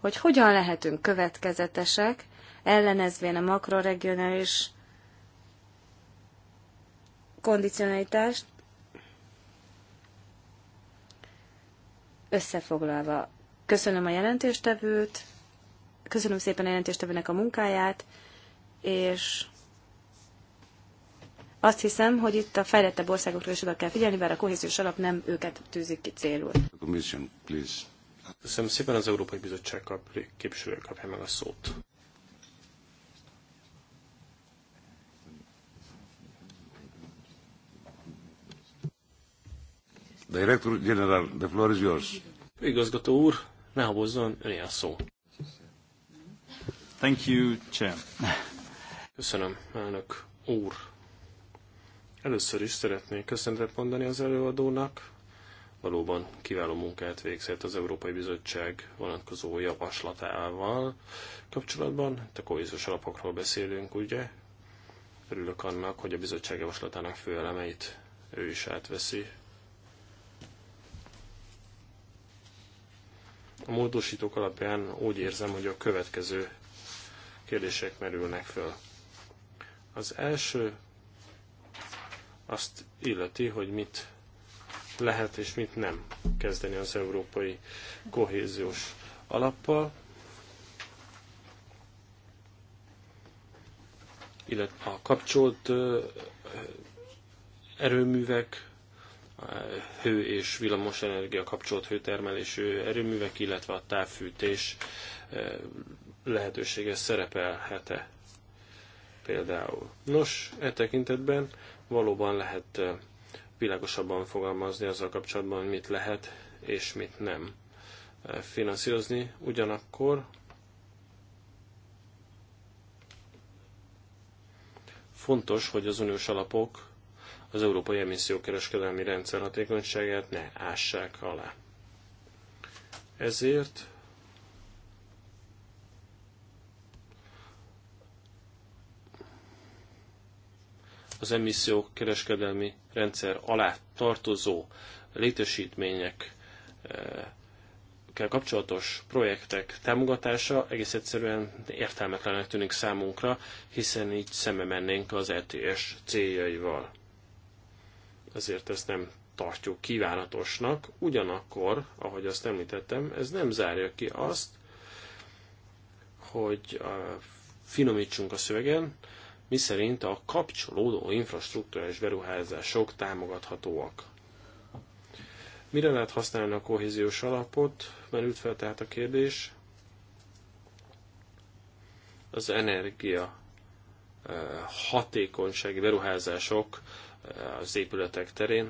D: hogy hogyan lehetünk következetesek, ellenezvén a makroregionális kondicionalitást, összefoglalva. Köszönöm a jelentéstevőt, köszönöm szépen a jelentéstevőnek a munkáját, és azt hiszem, hogy itt a fejlettebb országokra is oda kell figyelni, bár a kohéziós alap nem őket tűzik ki célul.
B: Commission, please. Köszönöm szépen az Európai Bizottság kap, képviselője kapja meg a szót.
A: Director General, the floor is yours.
B: Igazgató úr, ne habozzon, öné a szó.
A: Thank you, Chair.
B: Köszönöm, elnök úr. Először is szeretnék köszönetet mondani az előadónak. Valóban kiváló munkát végzett az Európai Bizottság vonatkozó javaslatával kapcsolatban. A kohéziós alapokról beszélünk, ugye? Örülök annak, hogy a bizottság javaslatának fő elemeit ő is átveszi. A módosítók alapján úgy érzem, hogy a következő kérdések merülnek föl. Az első azt illeti, hogy mit lehet és mit nem kezdeni az európai kohéziós alappal, illetve a kapcsolt erőművek, hő és villamos energia kapcsolt hőtermelésű erőművek, illetve a távfűtés lehetősége szerepelhet-e például. Nos, e tekintetben valóban lehet világosabban fogalmazni azzal kapcsolatban, mit lehet és mit nem finanszírozni. Ugyanakkor fontos, hogy az uniós alapok az európai emissziókereskedelmi rendszer hatékonyságát ne ássák alá. Ezért az emissziók kereskedelmi rendszer alá tartozó létesítmények eh, kapcsolatos projektek támogatása egész egyszerűen értelmetlenek tűnik számunkra, hiszen így szembe mennénk az ETS céljaival. Ezért ezt nem tartjuk kívánatosnak, ugyanakkor, ahogy azt említettem, ez nem zárja ki azt, hogy eh, finomítsunk a szövegen, miszerint a kapcsolódó infrastruktúrás beruházások támogathatóak. Mire lehet használni a kohéziós alapot? Merült fel tehát a kérdés. Az energia eh, hatékonysági beruházások eh, az épületek terén.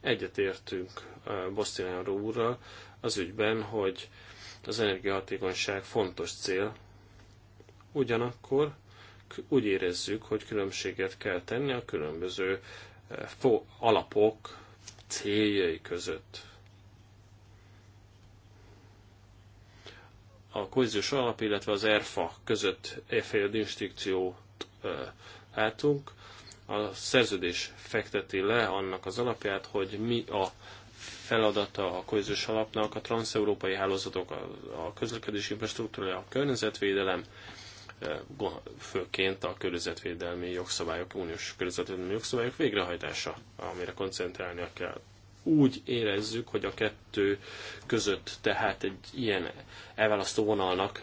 B: Egyetértünk eh, Bosztináró úrral az ügyben, hogy az energiahatékonyság fontos cél. Ugyanakkor úgy érezzük, hogy különbséget kell tenni a különböző eh, alapok céljai között. A kohéziós alap, illetve az ERFA között EFA distinkciót eh, látunk. A szerződés fekteti le annak az alapját, hogy mi a feladata a kohéziós alapnak, a transeurópai hálózatok, a, a közlekedési infrastruktúra, a környezetvédelem, főként a környezetvédelmi jogszabályok, uniós környezetvédelmi jogszabályok végrehajtása, amire koncentrálnia kell. Úgy érezzük, hogy a kettő között tehát egy ilyen elválasztó vonalnak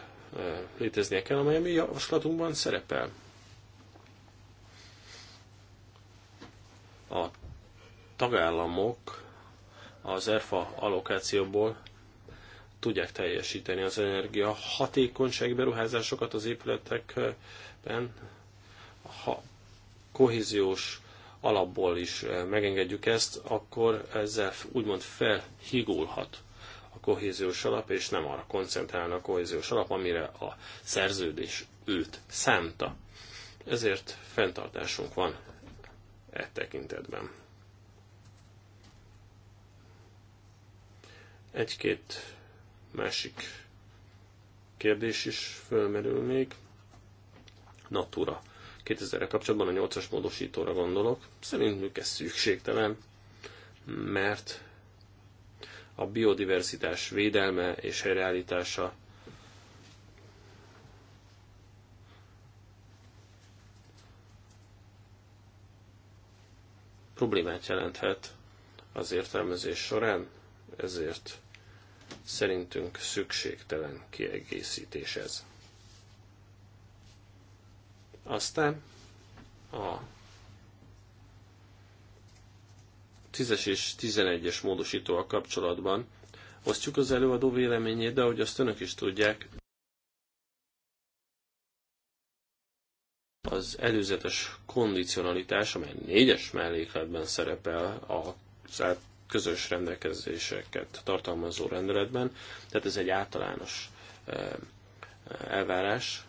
B: léteznie kell, amely a mi javaslatunkban szerepel. A tagállamok az ERFA allokációból tudják teljesíteni az energia hatékonyság beruházásokat az épületekben, ha kohéziós alapból is eh, megengedjük ezt, akkor ezzel úgymond felhigulhat a kohéziós alap, és nem arra koncentrálna a kohéziós alap, amire a szerződés őt szánta. Ezért fenntartásunk van e tekintetben. Egy-két másik kérdés is fölmerül még. Natura. 2000-re kapcsolatban a 8-as módosítóra gondolok. Szerintünk ez szükségtelen, mert a biodiverzitás védelme és helyreállítása problémát jelenthet az értelmezés során, ezért Szerintünk szükségtelen kiegészítés ez. Aztán a 10-es és 11-es módosítóval kapcsolatban osztjuk az előadó véleményét, de ahogy azt önök is tudják, az előzetes kondicionalitás, amely négyes mellékletben szerepel a közös rendelkezéseket tartalmazó rendeletben, tehát ez egy általános elvárás.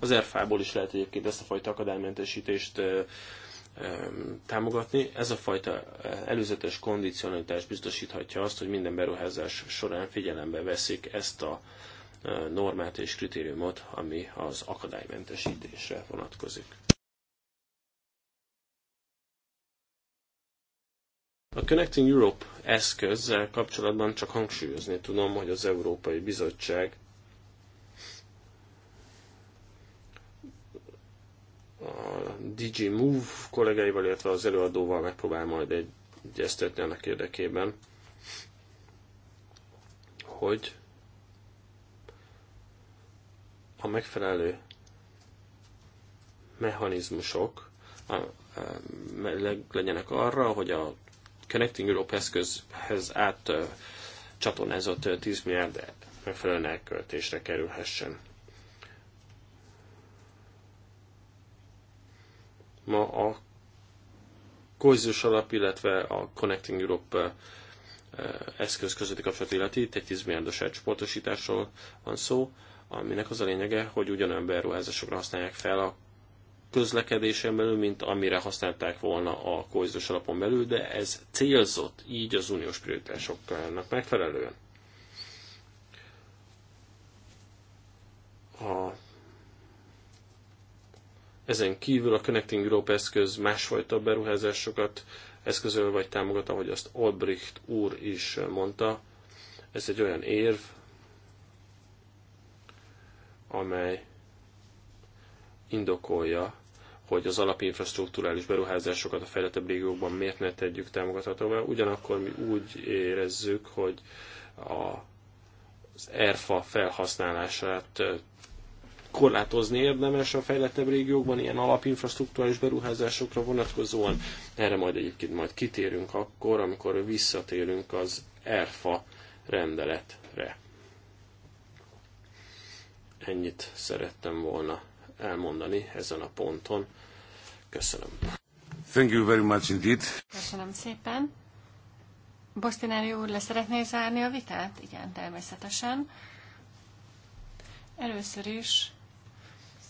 B: Az erfából is lehet egyébként ezt a fajta akadálymentesítést támogatni. Ez a fajta eh, előzetes kondicionalitás biztosíthatja azt, hogy minden beruházás során figyelembe veszik ezt a eh, normát és kritériumot, ami az akadálymentesítésre vonatkozik. A Connecting Europe eszközzel kapcsolatban csak hangsúlyozni tudom, hogy az Európai Bizottság a DJ Move kollégáival, illetve az előadóval megpróbál majd egyeztetni annak érdekében, hogy a megfelelő mechanizmusok legyenek arra, hogy a Connecting Europe eszközhez át csatornázott 10 milliárd megfelelően elköltésre kerülhessen. ma a kohéziós alap, illetve a Connecting Europe eh, eszköz közötti kapcsolat illeti, itt egy 10 milliárdos elcsoportosításról van szó, aminek az a lényege, hogy ugyanolyan beruházásokra használják fel a közlekedésen belül, mint amire használták volna a kohéziós alapon belül, de ez célzott így az uniós prioritásoknak megfelelően. Ezen kívül a Connecting Europe eszköz másfajta beruházásokat eszközöl vagy támogat, ahogy azt Albrecht úr is mondta. Ez egy olyan érv, amely indokolja, hogy az alapinfrastruktúrális beruházásokat a fejlettebb régiókban miért ne tegyük támogathatóvá. Ugyanakkor mi úgy érezzük, hogy a, az ERFA felhasználását korlátozni érdemes a fejlettebb régiókban ilyen alapinfrastruktúrális beruházásokra vonatkozóan. Erre majd egyébként majd kitérünk akkor, amikor visszatérünk az ERFA rendeletre. Ennyit szerettem volna elmondani ezen a ponton. Köszönöm. Thank
A: you very much indeed.
C: Köszönöm szépen. Bostinelli úr, le szeretné zárni a vitát? Igen, természetesen. Először is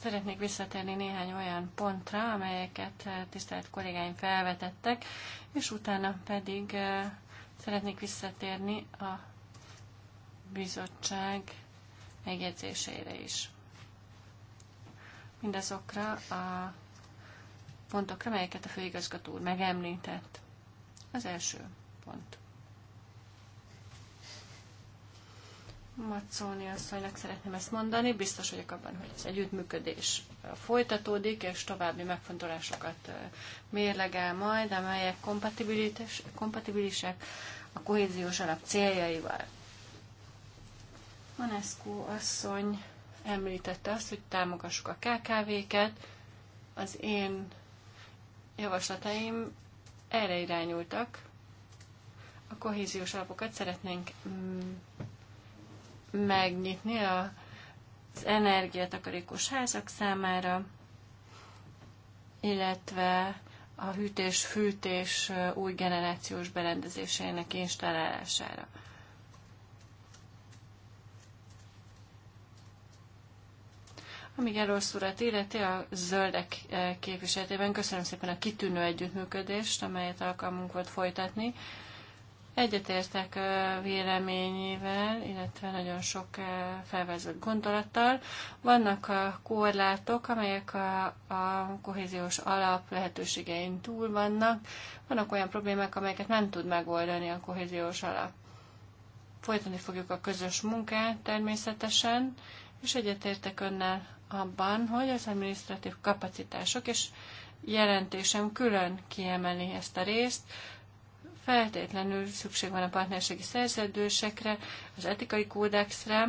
C: Szeretnék visszatérni néhány olyan pontra, amelyeket eh, tisztelt kollégáim felvetettek, és utána pedig eh, szeretnék visszatérni a bizottság megjegyzéseire is. Mindazokra a pontokra, melyeket a főigazgató úr megemlített. Az első pont. Macóni asszonynak szeretném ezt mondani. Biztos vagyok abban, hogy az együttműködés folytatódik, és további megfontolásokat mérlegel majd, amelyek kompatibilisek a kohéziós alap céljaival. Manescu asszony említette azt, hogy támogassuk a KKV-ket. Az én javaslataim erre irányultak. A kohéziós alapokat szeretnénk mm, megnyitni az energiatakarékos házak számára, illetve a hűtés-fűtés új generációs berendezéseinek installálására. Amíg Erosz urat illeti a zöldek képviseletében, köszönöm szépen a kitűnő együttműködést, amelyet alkalmunk volt folytatni. Egyetértek véleményével, illetve nagyon sok felvezett gondolattal. Vannak a korlátok, amelyek a, a kohéziós alap lehetőségein túl vannak. Vannak olyan problémák, amelyeket nem tud megoldani a kohéziós alap. Folytani fogjuk a közös munkát természetesen, és egyetértek önnel abban, hogy az administratív kapacitások, és jelentésem külön kiemeli ezt a részt, Feltétlenül szükség van a partnerségi szerződősekre, az etikai kódexre,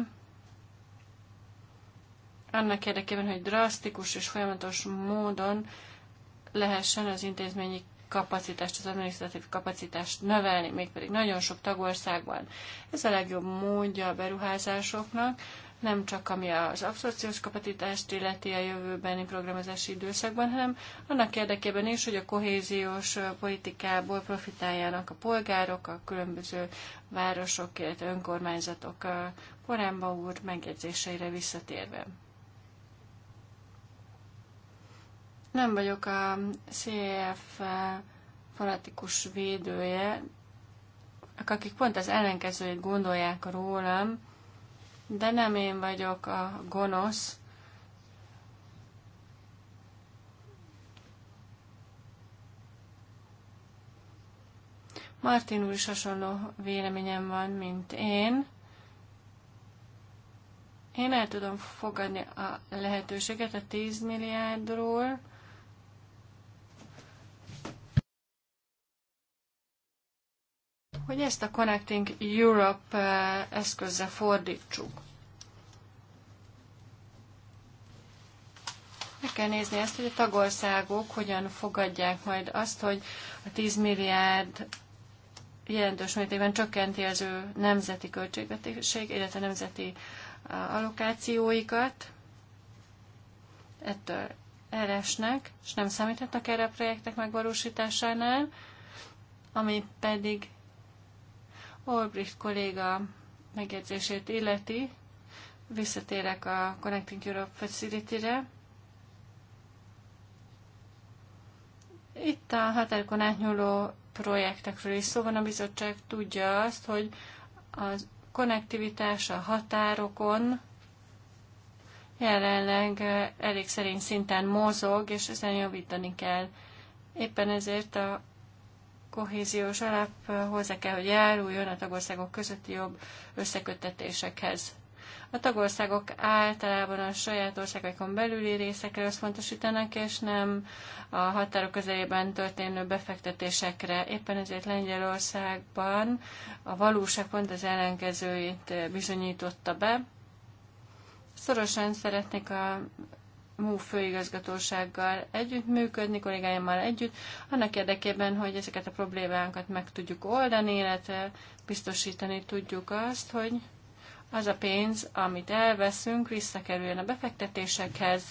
C: annak érdekében, hogy drasztikus és folyamatos módon lehessen az intézményi kapacitást, az adminisztratív kapacitást növelni, mégpedig nagyon sok tagországban. Ez a legjobb módja a beruházásoknak, nem csak ami az abszorciós kapacitást illeti a jövőbeni programozási időszakban, hanem annak érdekében is, hogy a kohéziós politikából profitáljanak a polgárok, a különböző városok, illetve önkormányzatok Porámba úr megjegyzéseire visszatérve. Nem vagyok a CEF fanatikus védője, akik pont az ellenkezőjét gondolják rólam, de nem én vagyok a gonosz. Martin úr is hasonló véleményem van, mint én. Én el tudom fogadni a lehetőséget a 10 milliárdról, hogy ezt a Connecting Europe eh, eszközre fordítsuk. Meg kell nézni ezt, hogy a tagországok hogyan fogadják majd azt, hogy a 10 milliárd jelentős mértékben csökkenti az ő nemzeti költségvetéség, illetve nemzeti eh, allokációikat. Ettől elesnek, és nem számíthatnak erre a projektek megvalósításánál, ami pedig Olbricht kolléga megjegyzését illeti, visszatérek a Connecting Europe Facility-re. Itt a határokon átnyúló projektekről is szó van, a bizottság tudja azt, hogy a konnektivitás a határokon jelenleg eh, elég szerint szinten mozog, és ezen javítani kell. Éppen ezért a kohéziós alap hozzá kell, hogy járuljon a tagországok közötti jobb összeköttetésekhez. A tagországok általában a saját országaikon belüli részekre összpontosítanak, és nem a határok közelében történő befektetésekre. Éppen ezért Lengyelországban a valóság pont az ellenkezőjét bizonyította be. Szorosan szeretnék a MU főigazgatósággal együttműködni, kollégáimmal együtt, annak érdekében, hogy ezeket a problémákat meg tudjuk oldani, illetve biztosítani tudjuk azt, hogy az a pénz, amit elveszünk, visszakerüljön a befektetésekhez,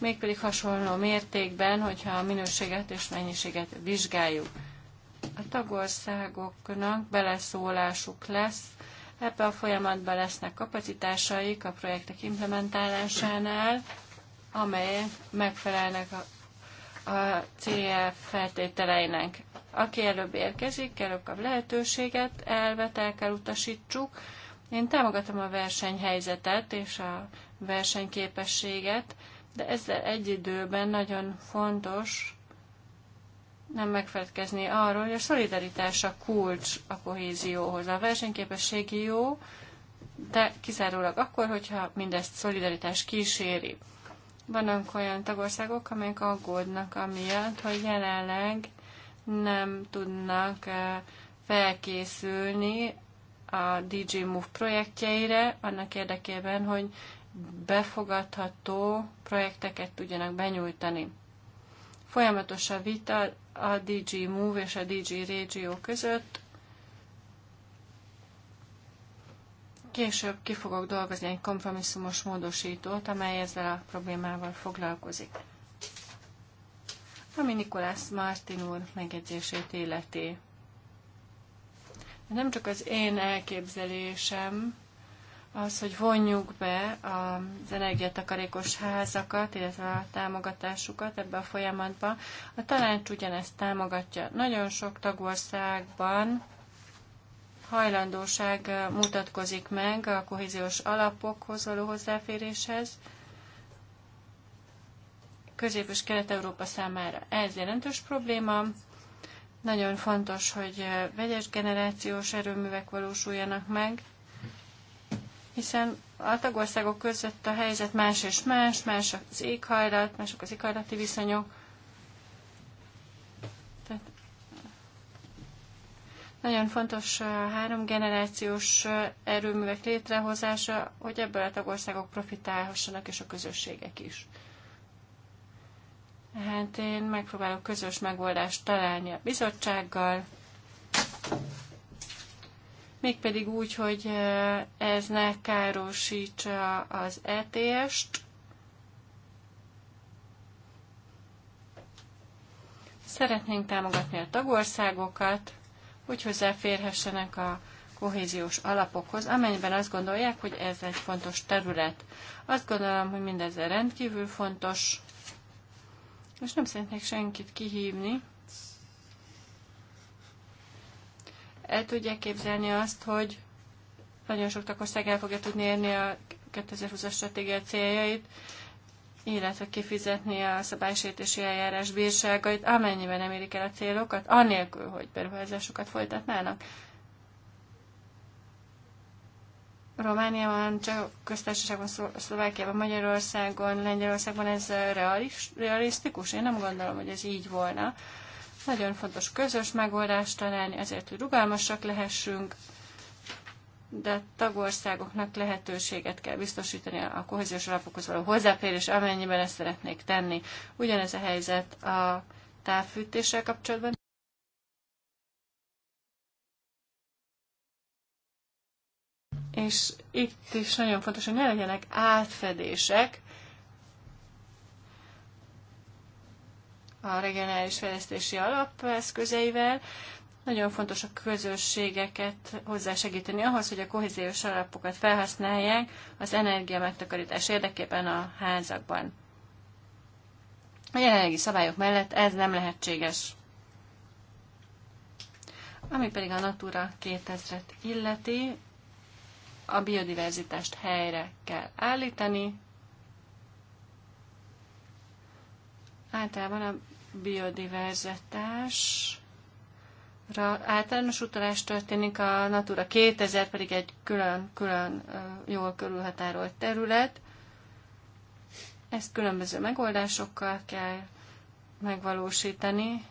C: mégpedig hasonló mértékben, hogyha a minőséget és mennyiséget vizsgáljuk. A tagországoknak beleszólásuk lesz Ebben a folyamatban lesznek kapacitásaik a projektek implementálásánál, amelyek megfelelnek a, a CF feltételeinek. Aki előbb érkezik, előbb kap lehetőséget, elvet el kell utasítsuk. Én támogatom a versenyhelyzetet és a versenyképességet, de ezzel egy időben nagyon fontos nem megfelelkezni arról, hogy a szolidaritás a kulcs a kohézióhoz. A versenyképességi jó, de kizárólag akkor, hogyha mindezt szolidaritás kíséri. Vannak olyan tagországok, amelyek aggódnak amiatt, hogy jelenleg nem tudnak eh, felkészülni a DJ Move projektjeire, annak érdekében, hogy befogadható projekteket tudjanak benyújtani. Folyamatos a vita a DG Move és a DG Regio között. Később ki fogok dolgozni egy kompromisszumos módosítót, amely ezzel a problémával foglalkozik. Ami Nikolász Martin úr megjegyzését életé. Nem csak az én elképzelésem, az, hogy vonjuk be az energiatakarékos házakat, illetve a támogatásukat ebbe a folyamatba. A tanács ugyanezt támogatja. Nagyon sok tagországban hajlandóság mutatkozik meg a kohéziós alapokhoz való hozzáféréshez. Közép- és Kelet-Európa számára ez jelentős probléma. Nagyon fontos, hogy vegyes generációs erőművek valósuljanak meg, hiszen a tagországok között a helyzet más és más, más az éghajlat, mások az éghajlati viszonyok. Tehát nagyon fontos a uh, három generációs uh, erőművek létrehozása, hogy ebből a tagországok profitálhassanak, és a közösségek is. Hát én megpróbálok közös megoldást találni a bizottsággal, mégpedig úgy, hogy eh, ez ne károsítsa az ETS-t. Szeretnénk támogatni a tagországokat, hogy hozzáférhessenek a kohéziós alapokhoz, amennyiben azt gondolják, hogy ez egy fontos terület. Azt gondolom, hogy mindez rendkívül fontos, és nem szeretnék senkit kihívni, El tudják képzelni azt, hogy nagyon sok tagország el fogja tudni érni a 2020-as stratégia céljait, illetve kifizetni a szabálysértési eljárás bírságait, amennyiben nem érik el a célokat, anélkül, hogy beruházásokat folytatnának. Romániában, csak köztársaságban, Szlovákiában, Magyarországon, Lengyelországban ez realis, realisztikus? Én nem gondolom, hogy ez így volna. Nagyon fontos közös megoldást találni, azért, hogy rugalmasak lehessünk, de tagországoknak lehetőséget kell biztosítani a kohéziós alapokhoz való hozzáférés, amennyiben ezt szeretnék tenni. Ugyanez a helyzet a távfűtéssel kapcsolatban. És itt is nagyon fontos, hogy ne legyenek átfedések, a regionális fejlesztési alap eszközeivel. Nagyon fontos a közösségeket hozzásegíteni ahhoz, hogy a kohéziós alapokat felhasználják az energia megtakarítás érdekében a házakban. A jelenlegi szabályok mellett ez nem lehetséges. Ami pedig a Natura 2000-et illeti, a biodiverzitást helyre kell állítani. Általában a biodiverzitás általános utalás történik, a Natura 2000 pedig egy külön-külön jól körülhatárolt terület. Ezt különböző megoldásokkal kell megvalósítani.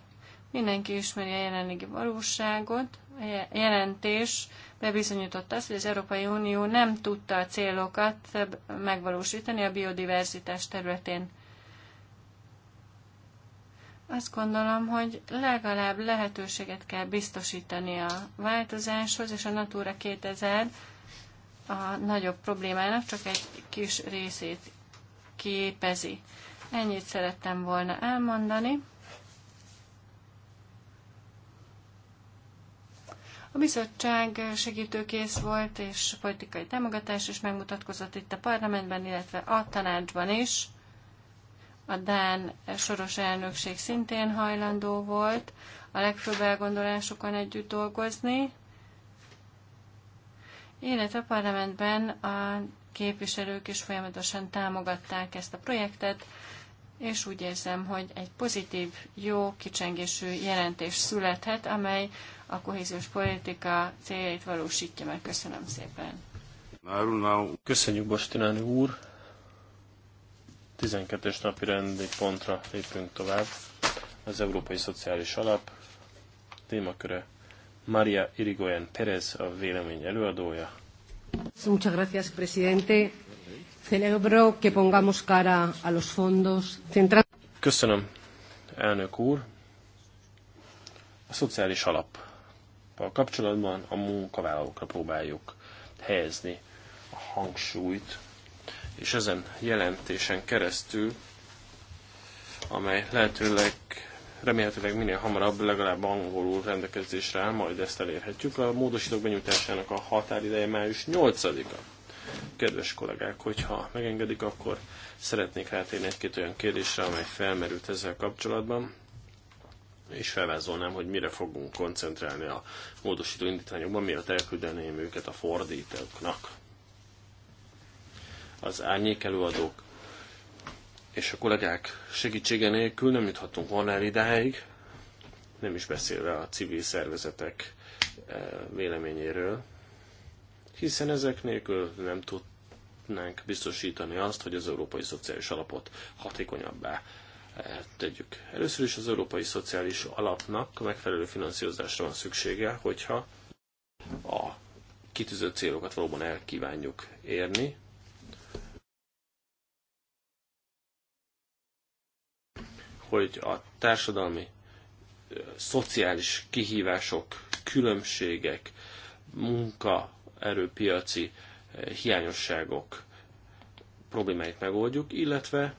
C: Mindenki ismeri a jelenlegi valóságot. A jelentés bebizonyította azt, hogy az Európai Unió nem tudta a célokat megvalósítani a biodiverzitás területén. Azt gondolom, hogy legalább lehetőséget kell biztosítani a változáshoz, és a Natura 2000 a nagyobb problémának csak egy kis részét képezi. Ennyit szerettem volna elmondani. A bizottság segítőkész volt, és politikai támogatás is megmutatkozott itt a parlamentben, illetve a tanácsban is. A Dán soros elnökség szintén hajlandó volt a legfőbb elgondolásokon együtt dolgozni, illetve a parlamentben a képviselők is folyamatosan támogatták ezt a projektet, és úgy érzem, hogy egy pozitív, jó, kicsengésű jelentés születhet, amely a kohéziós politika céljait valósítja meg. Köszönöm szépen.
B: Köszönjük, Bostinán úr! 12-es napi rendi pontra lépünk tovább. Az Európai Szociális Alap témaköre Maria Irigoyen Perez a vélemény előadója.
A: Muchas gracias, presidente. Celebro que pongamos cara a los fondos.
B: Köszönöm, elnök úr. A szociális alap, a kapcsolatban a munkavállalókra próbáljuk helyezni a hangsúlyt, és ezen jelentésen keresztül, amely lehetőleg remélhetőleg minél hamarabb, legalább angolul rendelkezésre áll, majd ezt elérhetjük. A módosítók benyújtásának a határideje május 8-a. Kedves kollégák, hogyha megengedik, akkor szeretnék rátérni egy-két olyan kérdésre, amely felmerült ezzel kapcsolatban, és felvázolnám, hogy mire fogunk koncentrálni a módosító indítványokban, mielőtt elküldeném őket a fordítóknak az árnyékelőadók és a kollégák segítsége nélkül nem juthatunk volna el idáig, nem is beszélve a civil szervezetek eh, véleményéről, hiszen ezek nélkül nem tudnánk biztosítani azt, hogy az Európai Szociális Alapot hatékonyabbá eh, tegyük. Először is az Európai Szociális Alapnak megfelelő finanszírozásra van szüksége, hogyha a kitűzött célokat valóban elkívánjuk érni, hogy a társadalmi, szociális kihívások, különbségek, munkaerőpiaci hiányosságok problémáit megoldjuk, illetve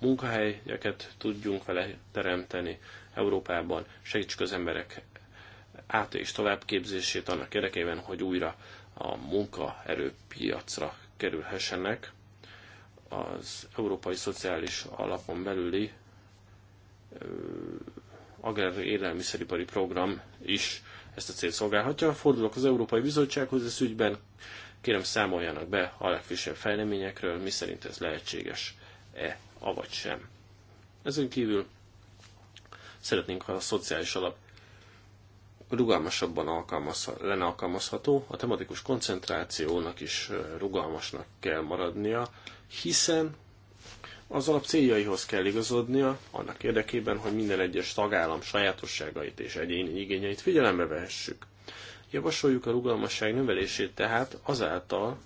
B: munkahelyeket tudjunk vele teremteni Európában, segítsük az emberek át- és továbbképzését annak érdekében, hogy újra a munkaerőpiacra kerülhessenek. Az Európai Szociális Alapon belüli agrár élelmiszeripari program is ezt a célt szolgálhatja. Fordulok az Európai Bizottsághoz ez ügyben, kérem számoljanak be a legfrissebb fejleményekről, mi szerint ez lehetséges-e, avagy sem. Ezen kívül szeretnénk, ha a szociális alap rugalmasabban alkalmaz, lenne alkalmazható, a tematikus koncentrációnak is rugalmasnak kell maradnia, hiszen az alap céljaihoz kell igazodnia, annak érdekében, hogy minden egyes tagállam sajátosságait és egyéni igényeit figyelembe vehessük. Javasoljuk a rugalmasság növelését tehát azáltal,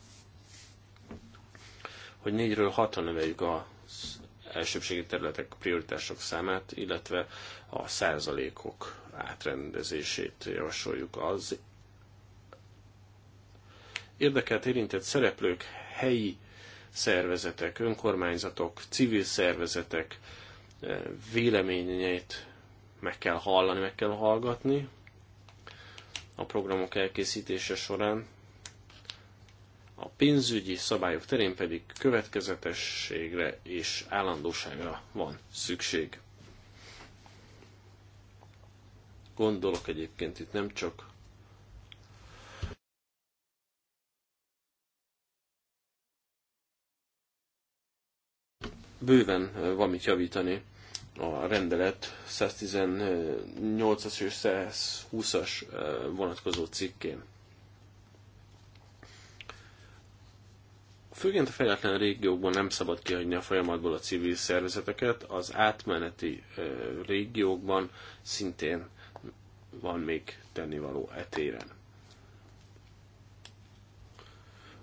B: hogy négyről hatra növeljük az elsőbségi területek prioritások számát, illetve a százalékok átrendezését javasoljuk. Az érdekelt érintett szereplők helyi szervezetek, önkormányzatok, civil szervezetek eh, véleményeit meg kell hallani, meg kell hallgatni a programok elkészítése során. A pénzügyi szabályok terén pedig következetességre és állandóságra van szükség. Gondolok egyébként itt nem csak bőven van mit javítani a rendelet 118-as és 120-as vonatkozó cikkén. Főként a fejletlen régiókban nem szabad kihagyni a folyamatból a civil szervezeteket, az átmeneti régiókban szintén van még tennivaló etéren.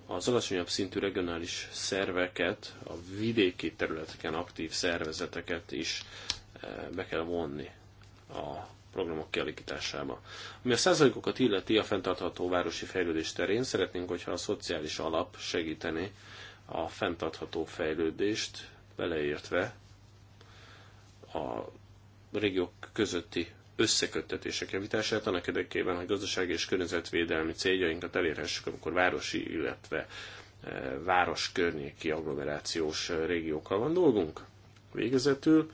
B: az alacsonyabb szintű regionális szerveket, a vidéki területeken aktív szervezeteket is eh, be kell vonni a programok kialakításába. Ami a százalékokat illeti a fenntartható városi fejlődés terén, szeretnénk, hogyha a szociális alap segíteni a fenntartható fejlődést, beleértve a régiók közötti összeköttetések javítását annak érdekében, hogy gazdasági és környezetvédelmi céljainkat elérhessük, amikor városi, illetve eh, város környéki agglomerációs eh, régiókkal van dolgunk. Végezetül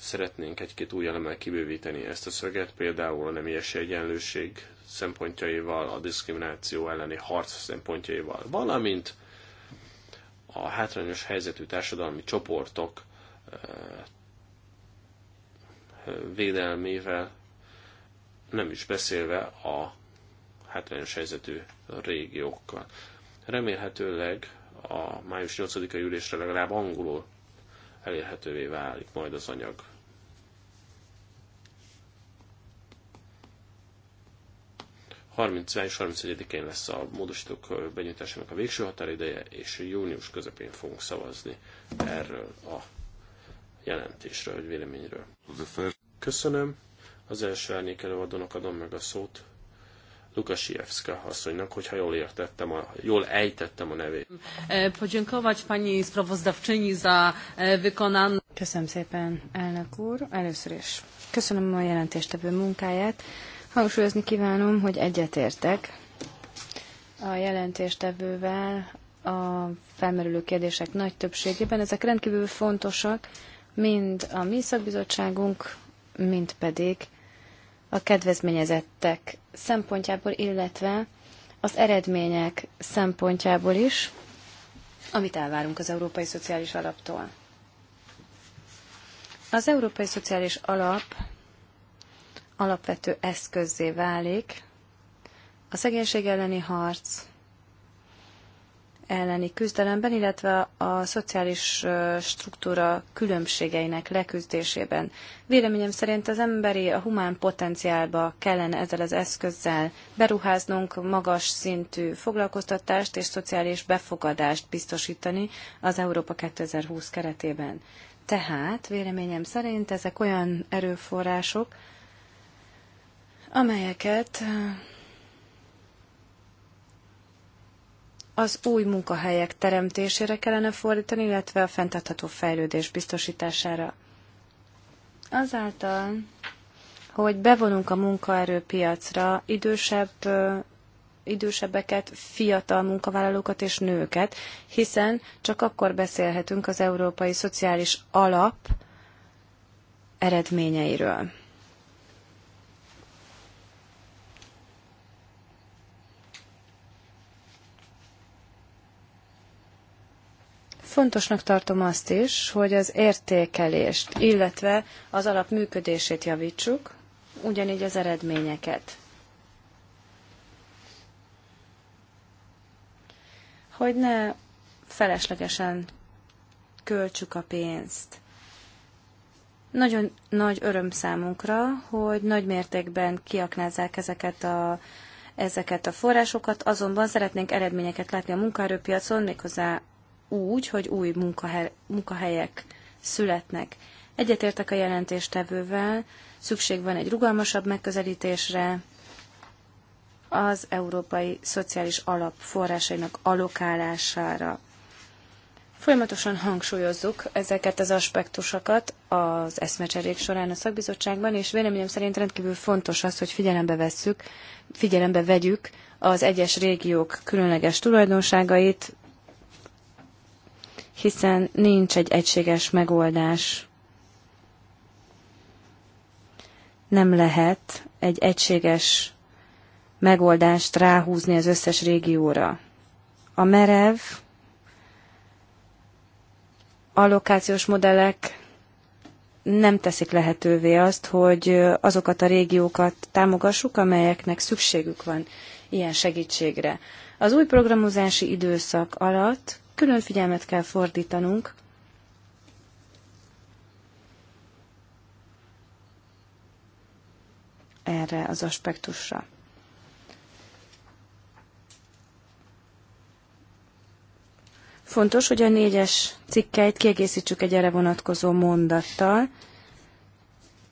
B: szeretnénk egy-két új elemmel kibővíteni ezt a szöget, például a nemies egyenlőség szempontjaival, a diszkrimináció elleni harc szempontjaival, valamint a hátrányos helyzetű társadalmi csoportok eh, védelmével, nem is beszélve a hátrányos helyzetű régiókkal. Remélhetőleg a május 8-a ülésre legalább angolul elérhetővé válik majd az anyag. és 31-én lesz a módosítók benyújtásának a végső határideje, és június közepén fogunk szavazni erről a jelentésről, vagy véleményről. Köszönöm. Az első árnyék előadónak adom meg a szót. Lukasiewska asszonynak, hogyha jól értettem, a, jól ejtettem a nevét.
D: E, podziękować pani sprawozdawczyni za e, wykonan. Köszönöm szépen, elnök úr. Először is köszönöm a jelentéstevő munkáját. Hangsúlyozni kívánom, hogy egyetértek a jelentéstevővel a felmerülő kérdések nagy többségében. Ezek rendkívül fontosak, mind a mi szakbizottságunk mint pedig a kedvezményezettek szempontjából, illetve az eredmények szempontjából is, amit elvárunk az Európai Szociális Alaptól. Az Európai Szociális Alap alapvető eszközzé válik a szegénység elleni harc, elleni küzdelemben, illetve a szociális struktúra különbségeinek leküzdésében. Véleményem szerint az emberi, a humán potenciálba kellene ezzel az eszközzel beruháznunk, magas szintű foglalkoztatást és szociális befogadást biztosítani az Európa 2020 keretében. Tehát véleményem szerint ezek olyan erőforrások, amelyeket az új munkahelyek teremtésére kellene fordítani, illetve a fenntartható fejlődés biztosítására. Azáltal, hogy bevonunk a munkaerőpiacra idősebb, idősebbeket, fiatal munkavállalókat és nőket, hiszen csak akkor beszélhetünk az Európai Szociális Alap eredményeiről. Fontosnak tartom azt is, hogy az értékelést, illetve az alap működését javítsuk, ugyanígy az eredményeket. Hogy ne feleslegesen költsük a pénzt. Nagyon nagy öröm számunkra, hogy nagy mértékben kiaknázzák ezeket a, ezeket a forrásokat, azonban szeretnénk eredményeket látni a munkaerőpiacon, méghozzá úgy, hogy új munkahely, munkahelyek születnek. Egyetértek a jelentéstevővel, szükség van egy rugalmasabb megközelítésre, az Európai Szociális Alap forrásainak alokálására. Folyamatosan hangsúlyozzuk ezeket az aspektusokat az eszmecserék során a szakbizottságban, és véleményem szerint rendkívül fontos az, hogy figyelembe vesszük, figyelembe vegyük az egyes régiók különleges tulajdonságait, hiszen nincs egy egységes megoldás. Nem lehet egy egységes megoldást ráhúzni az összes régióra. A merev allokációs modellek nem teszik lehetővé azt, hogy azokat a régiókat támogassuk, amelyeknek szükségük van ilyen segítségre. Az új programozási időszak alatt külön figyelmet kell fordítanunk erre az aspektusra. Fontos, hogy a négyes cikkeit kiegészítsük egy erre vonatkozó mondattal,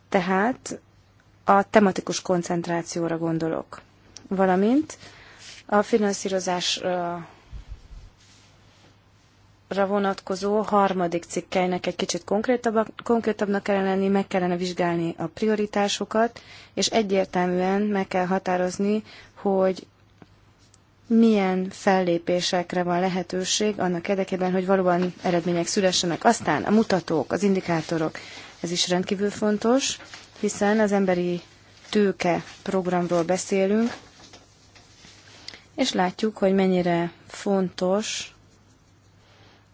D: tehát a tematikus koncentrációra gondolok, valamint a finanszírozás vonatkozó harmadik cikkelynek egy kicsit konkrétabb, konkrétabbnak kellene lenni, meg kellene vizsgálni a prioritásokat, és egyértelműen meg kell határozni, hogy milyen fellépésekre van lehetőség annak érdekében, hogy valóban eredmények szülessenek. Aztán a mutatók, az indikátorok, ez is rendkívül fontos, hiszen az emberi tőke programról beszélünk, és látjuk, hogy mennyire fontos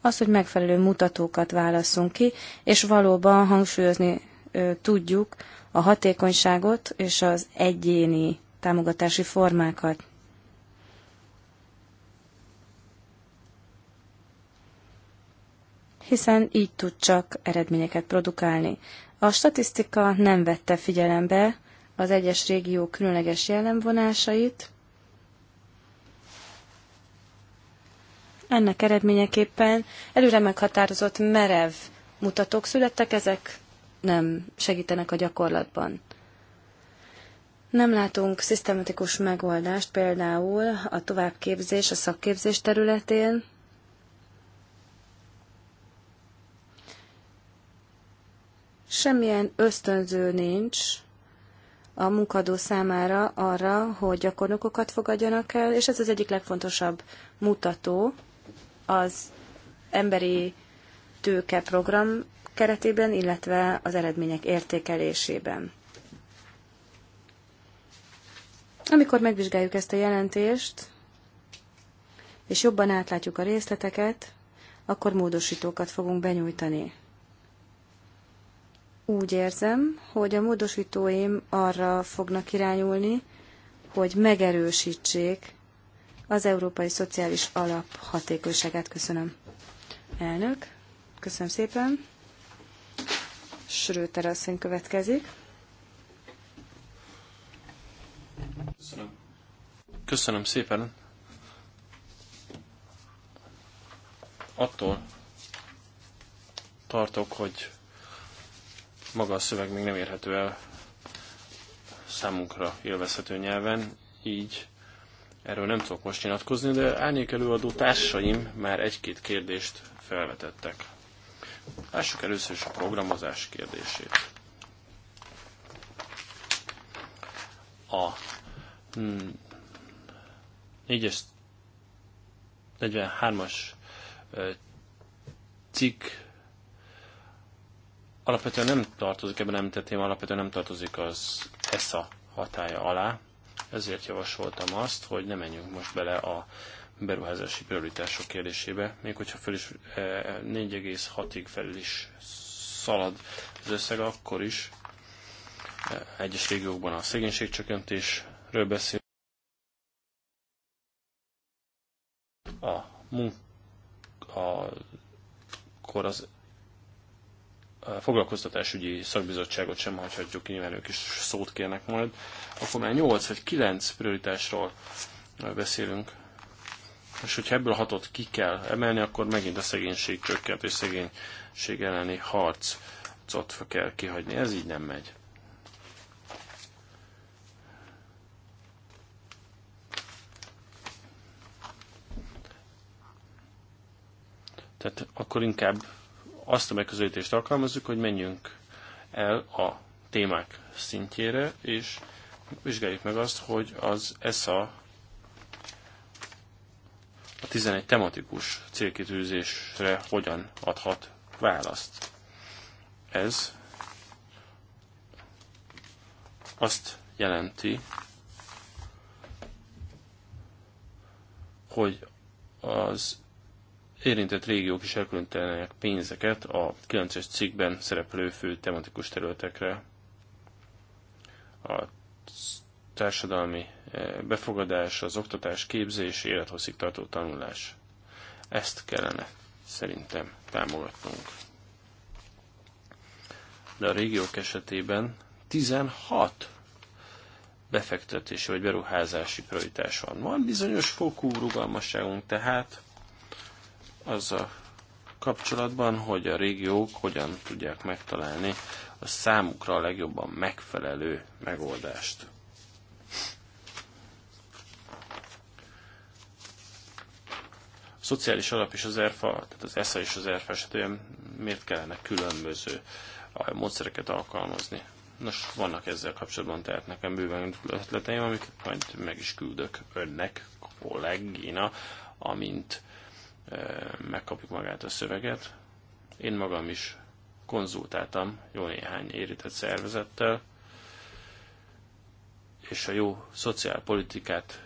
D: az, hogy megfelelő mutatókat válasszunk ki, és valóban hangsúlyozni tudjuk a hatékonyságot és az egyéni támogatási formákat. hiszen így tud csak eredményeket produkálni. A statisztika nem vette figyelembe az egyes régió különleges jellemvonásait, Ennek eredményeképpen előre meghatározott merev mutatók születtek, ezek nem segítenek a gyakorlatban. Nem látunk szisztematikus megoldást például a továbbképzés, a szakképzés területén. Semmilyen ösztönző nincs a munkadó számára arra, hogy gyakornokokat fogadjanak el, és ez az egyik legfontosabb mutató, az emberi tőke program keretében, illetve az eredmények értékelésében. Amikor megvizsgáljuk ezt a jelentést, és jobban átlátjuk a részleteket, akkor módosítókat fogunk benyújtani. Úgy érzem, hogy a módosítóim arra fognak irányulni, hogy megerősítsék az Európai Szociális Alap hatékonyságát. Köszönöm. Elnök, köszönöm szépen. Schröter asszony következik.
B: Köszönöm. Köszönöm szépen. Attól tartok, hogy maga a szöveg még nem érhető el számunkra élvezhető nyelven, így erről nem tudok most nyilatkozni, de árnyék előadó társaim már egy-két kérdést felvetettek. Lássuk először is a programozás kérdését. A 4-es hmm, 43-as cikk alapvetően nem tartozik, ebben tettém, alapvetően nem tartozik az ESA hatája alá, ezért javasoltam azt, hogy ne menjünk most bele a beruházási prioritások kérdésébe, még hogyha eh, fel is 4,6-ig felül is szalad az összeg, akkor is eh, egyes régiókban a szegénységcsökkentésről beszél, a munk, a, akkor az foglalkoztatásügyi szakbizottságot sem hagyhatjuk, nyilván ők is szót kérnek majd, akkor már 8 vagy 9 prioritásról beszélünk. És hogyha ebből a hatot ki kell emelni, akkor megint a szegénység csökkent és szegénység elleni harcot kell kihagyni. Ez így nem megy. Tehát akkor inkább azt a megközelítést alkalmazzuk, hogy menjünk el a témák szintjére, és vizsgáljuk meg azt, hogy az ESA a 11 tematikus célkitűzésre hogyan adhat választ. Ez azt jelenti, hogy az érintett régiók is elkülönítenek pénzeket a 9-es cikkben szereplő fő tematikus területekre. A társadalmi eh, befogadás, az oktatás, képzés, élethosszig tartó tanulás. Ezt kellene szerintem támogatnunk. De a régiók esetében 16 befektetési vagy beruházási prioritás van. Van bizonyos fokú rugalmasságunk tehát, azzal kapcsolatban, hogy a régiók hogyan tudják megtalálni a számukra a legjobban megfelelő megoldást. A szociális alap és az ERFA, tehát az ESZA és az ERFA esetében miért kellene különböző módszereket alkalmazni? Nos, vannak ezzel kapcsolatban tehát nekem bőven ötleteim, amiket majd meg is küldök önnek, kollégina, amint megkapjuk magát a szöveget. Én magam is konzultáltam jó néhány érített szervezettel, és a jó szociálpolitikát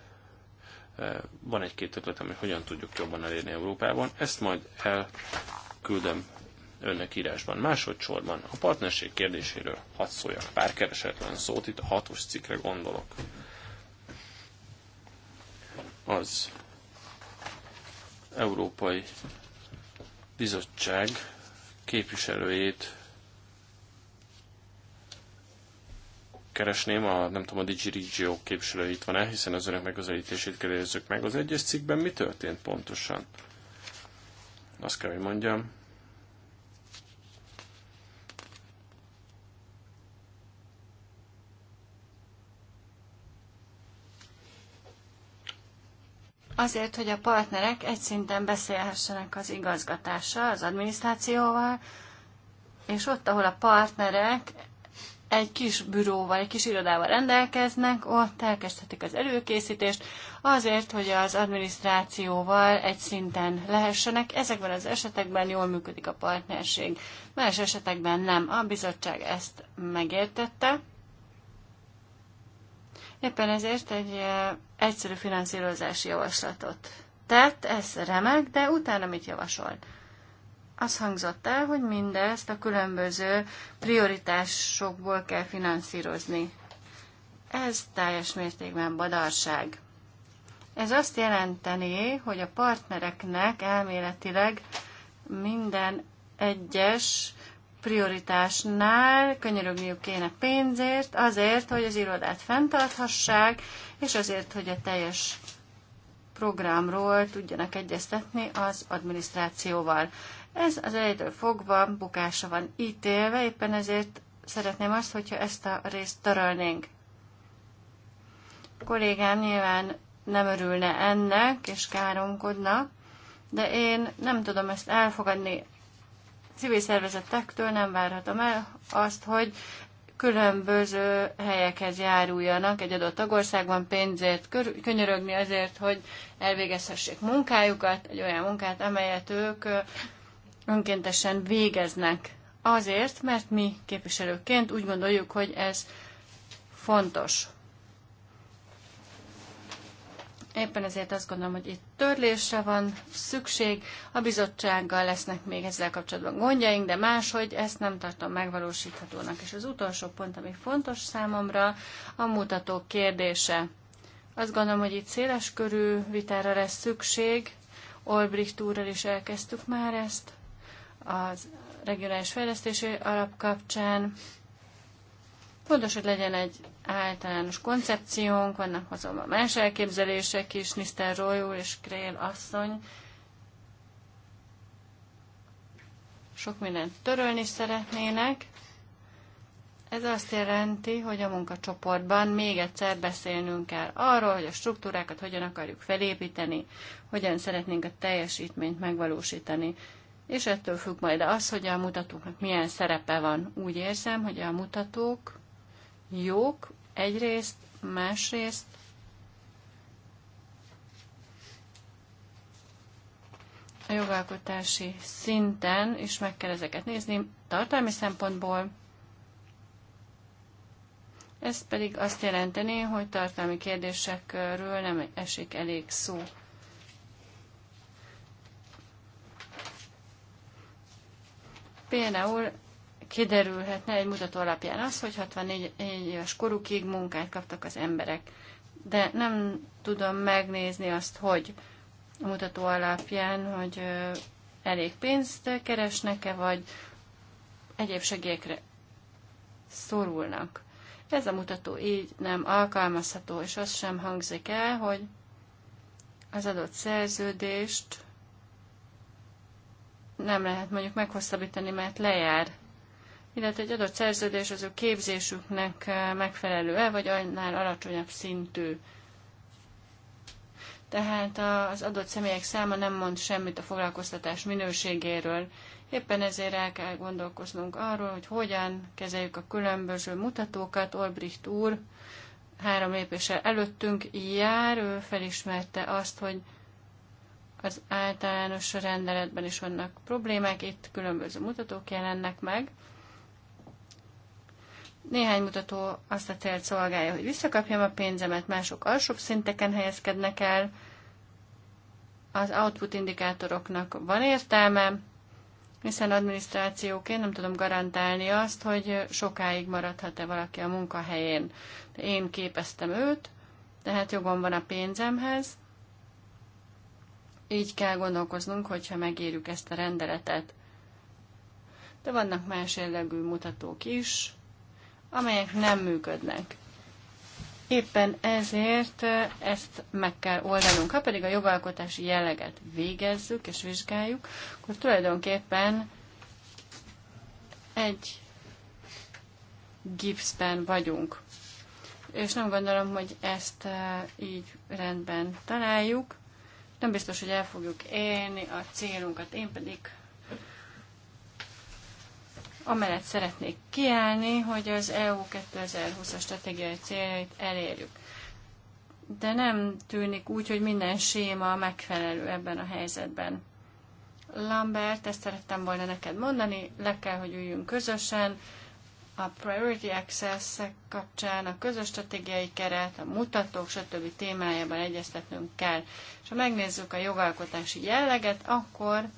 B: van egy-két ötletem, hogy hogyan tudjuk jobban elérni Európában. Ezt majd elküldöm önnek írásban. Másodszorban a partnerség kérdéséről hadd szóljak pár keresetlen szót, itt a hatos cikkre gondolok. Az Európai Bizottság képviselőjét keresném, a, nem tudom, a Digirigio képviselő itt van-e, hiszen az önök megközelítését kérdezzük meg. Az egyes cikkben mi történt pontosan? Azt kell, hogy mondjam,
C: azért, hogy a partnerek egy szinten beszélhessenek az igazgatással, az adminisztrációval, és ott, ahol a partnerek egy kis büróval, egy kis irodával rendelkeznek, ott elkezdhetik az előkészítést, azért, hogy az adminisztrációval egy szinten lehessenek. Ezekben az esetekben jól működik a partnerség, más esetekben nem. A bizottság ezt megértette, Éppen ezért egy egyszerű finanszírozási javaslatot tett, ez remek, de utána mit javasolt? az hangzott el, hogy mindezt a különböző prioritásokból kell finanszírozni. Ez teljes mértékben badarság. Ez azt jelenteni, hogy a partnereknek elméletileg minden egyes prioritásnál könyörögniük kéne pénzért, azért, hogy az irodát fenntarthassák, és azért, hogy a teljes programról tudjanak egyeztetni az adminisztrációval. Ez az elejétől fogva bukása van ítélve, éppen ezért szeretném azt, hogyha ezt a részt törölnénk. A kollégám nyilván nem örülne ennek, és káromkodna, de én nem tudom ezt elfogadni civil szervezetektől nem várhatom el azt, hogy különböző helyekhez járuljanak egy adott tagországban pénzért könyörögni azért, hogy elvégezhessék munkájukat, egy olyan munkát, amelyet ők önkéntesen végeznek. Azért, mert mi képviselőként úgy gondoljuk, hogy ez fontos. Éppen ezért azt gondolom, hogy itt törlésre van szükség, a bizottsággal lesznek még ezzel kapcsolatban gondjaink, de máshogy ezt nem tartom megvalósíthatónak. És az utolsó pont, ami fontos számomra, a mutató kérdése. Azt gondolom, hogy itt széles körű vitára lesz szükség. Olbricht úrral is elkezdtük már ezt az regionális fejlesztési alap kapcsán. Fontos, hogy legyen egy általános koncepciónk, vannak azonban más elképzelések is, Mr. Roy és Krél asszony. Sok mindent törölni szeretnének. Ez azt jelenti, hogy a munkacsoportban még egyszer beszélnünk kell arról, hogy a struktúrákat hogyan akarjuk felépíteni, hogyan szeretnénk a teljesítményt megvalósítani. És ettől függ majd az, hogy a mutatóknak milyen szerepe van. Úgy érzem, hogy a mutatók jók egyrészt, másrészt a jogalkotási szinten is meg kell ezeket nézni tartalmi szempontból. Ez pedig azt jelenteni, hogy tartalmi kérdésekről nem esik elég szó. Például kiderülhetne egy mutató alapján az, hogy 64 éves korukig munkát kaptak az emberek. De nem tudom megnézni azt, hogy a mutató alapján, hogy elég pénzt keresnek-e, vagy egyéb segélyekre szorulnak. Ez a mutató így nem alkalmazható, és az sem hangzik el, hogy az adott szerződést nem lehet mondjuk meghosszabbítani, mert lejár illetve egy adott szerződés az ő képzésüknek eh, megfelelő-e, vagy annál alacsonyabb szintű. Tehát az adott személyek száma nem mond semmit a foglalkoztatás minőségéről. Éppen ezért el kell gondolkoznunk arról, hogy hogyan kezeljük a különböző mutatókat. Olbricht úr három lépéssel előttünk jár, ő felismerte azt, hogy az általános rendeletben is vannak problémák, itt különböző mutatók jelennek meg. Néhány mutató azt a célt szolgálja, hogy visszakapjam a pénzemet, mások alsóbb szinteken helyezkednek el, az output indikátoroknak van értelme, hiszen adminisztrációként nem tudom garantálni azt, hogy sokáig maradhat-e valaki a munkahelyén. De én képeztem őt, tehát jogom van a pénzemhez, így kell gondolkoznunk, hogyha megérjük ezt a rendeletet. De vannak más jellegű mutatók is, amelyek nem működnek. Éppen ezért eh, ezt meg kell oldanunk. Ha pedig a jogalkotási jelleget végezzük és vizsgáljuk, akkor tulajdonképpen egy gipszben vagyunk. És nem gondolom, hogy ezt eh, így rendben találjuk. Nem biztos, hogy el fogjuk élni a célunkat. Én pedig amellett szeretnék kiállni, hogy az EU 2020-as stratégiai céljait elérjük. De nem tűnik úgy, hogy minden séma megfelelő ebben a helyzetben. Lambert, ezt szerettem volna neked mondani, le kell, hogy üljünk közösen, a Priority access kapcsán a közös stratégiai keret, a mutatók, stb. témájában egyeztetnünk kell. És ha megnézzük a jogalkotási jelleget, akkor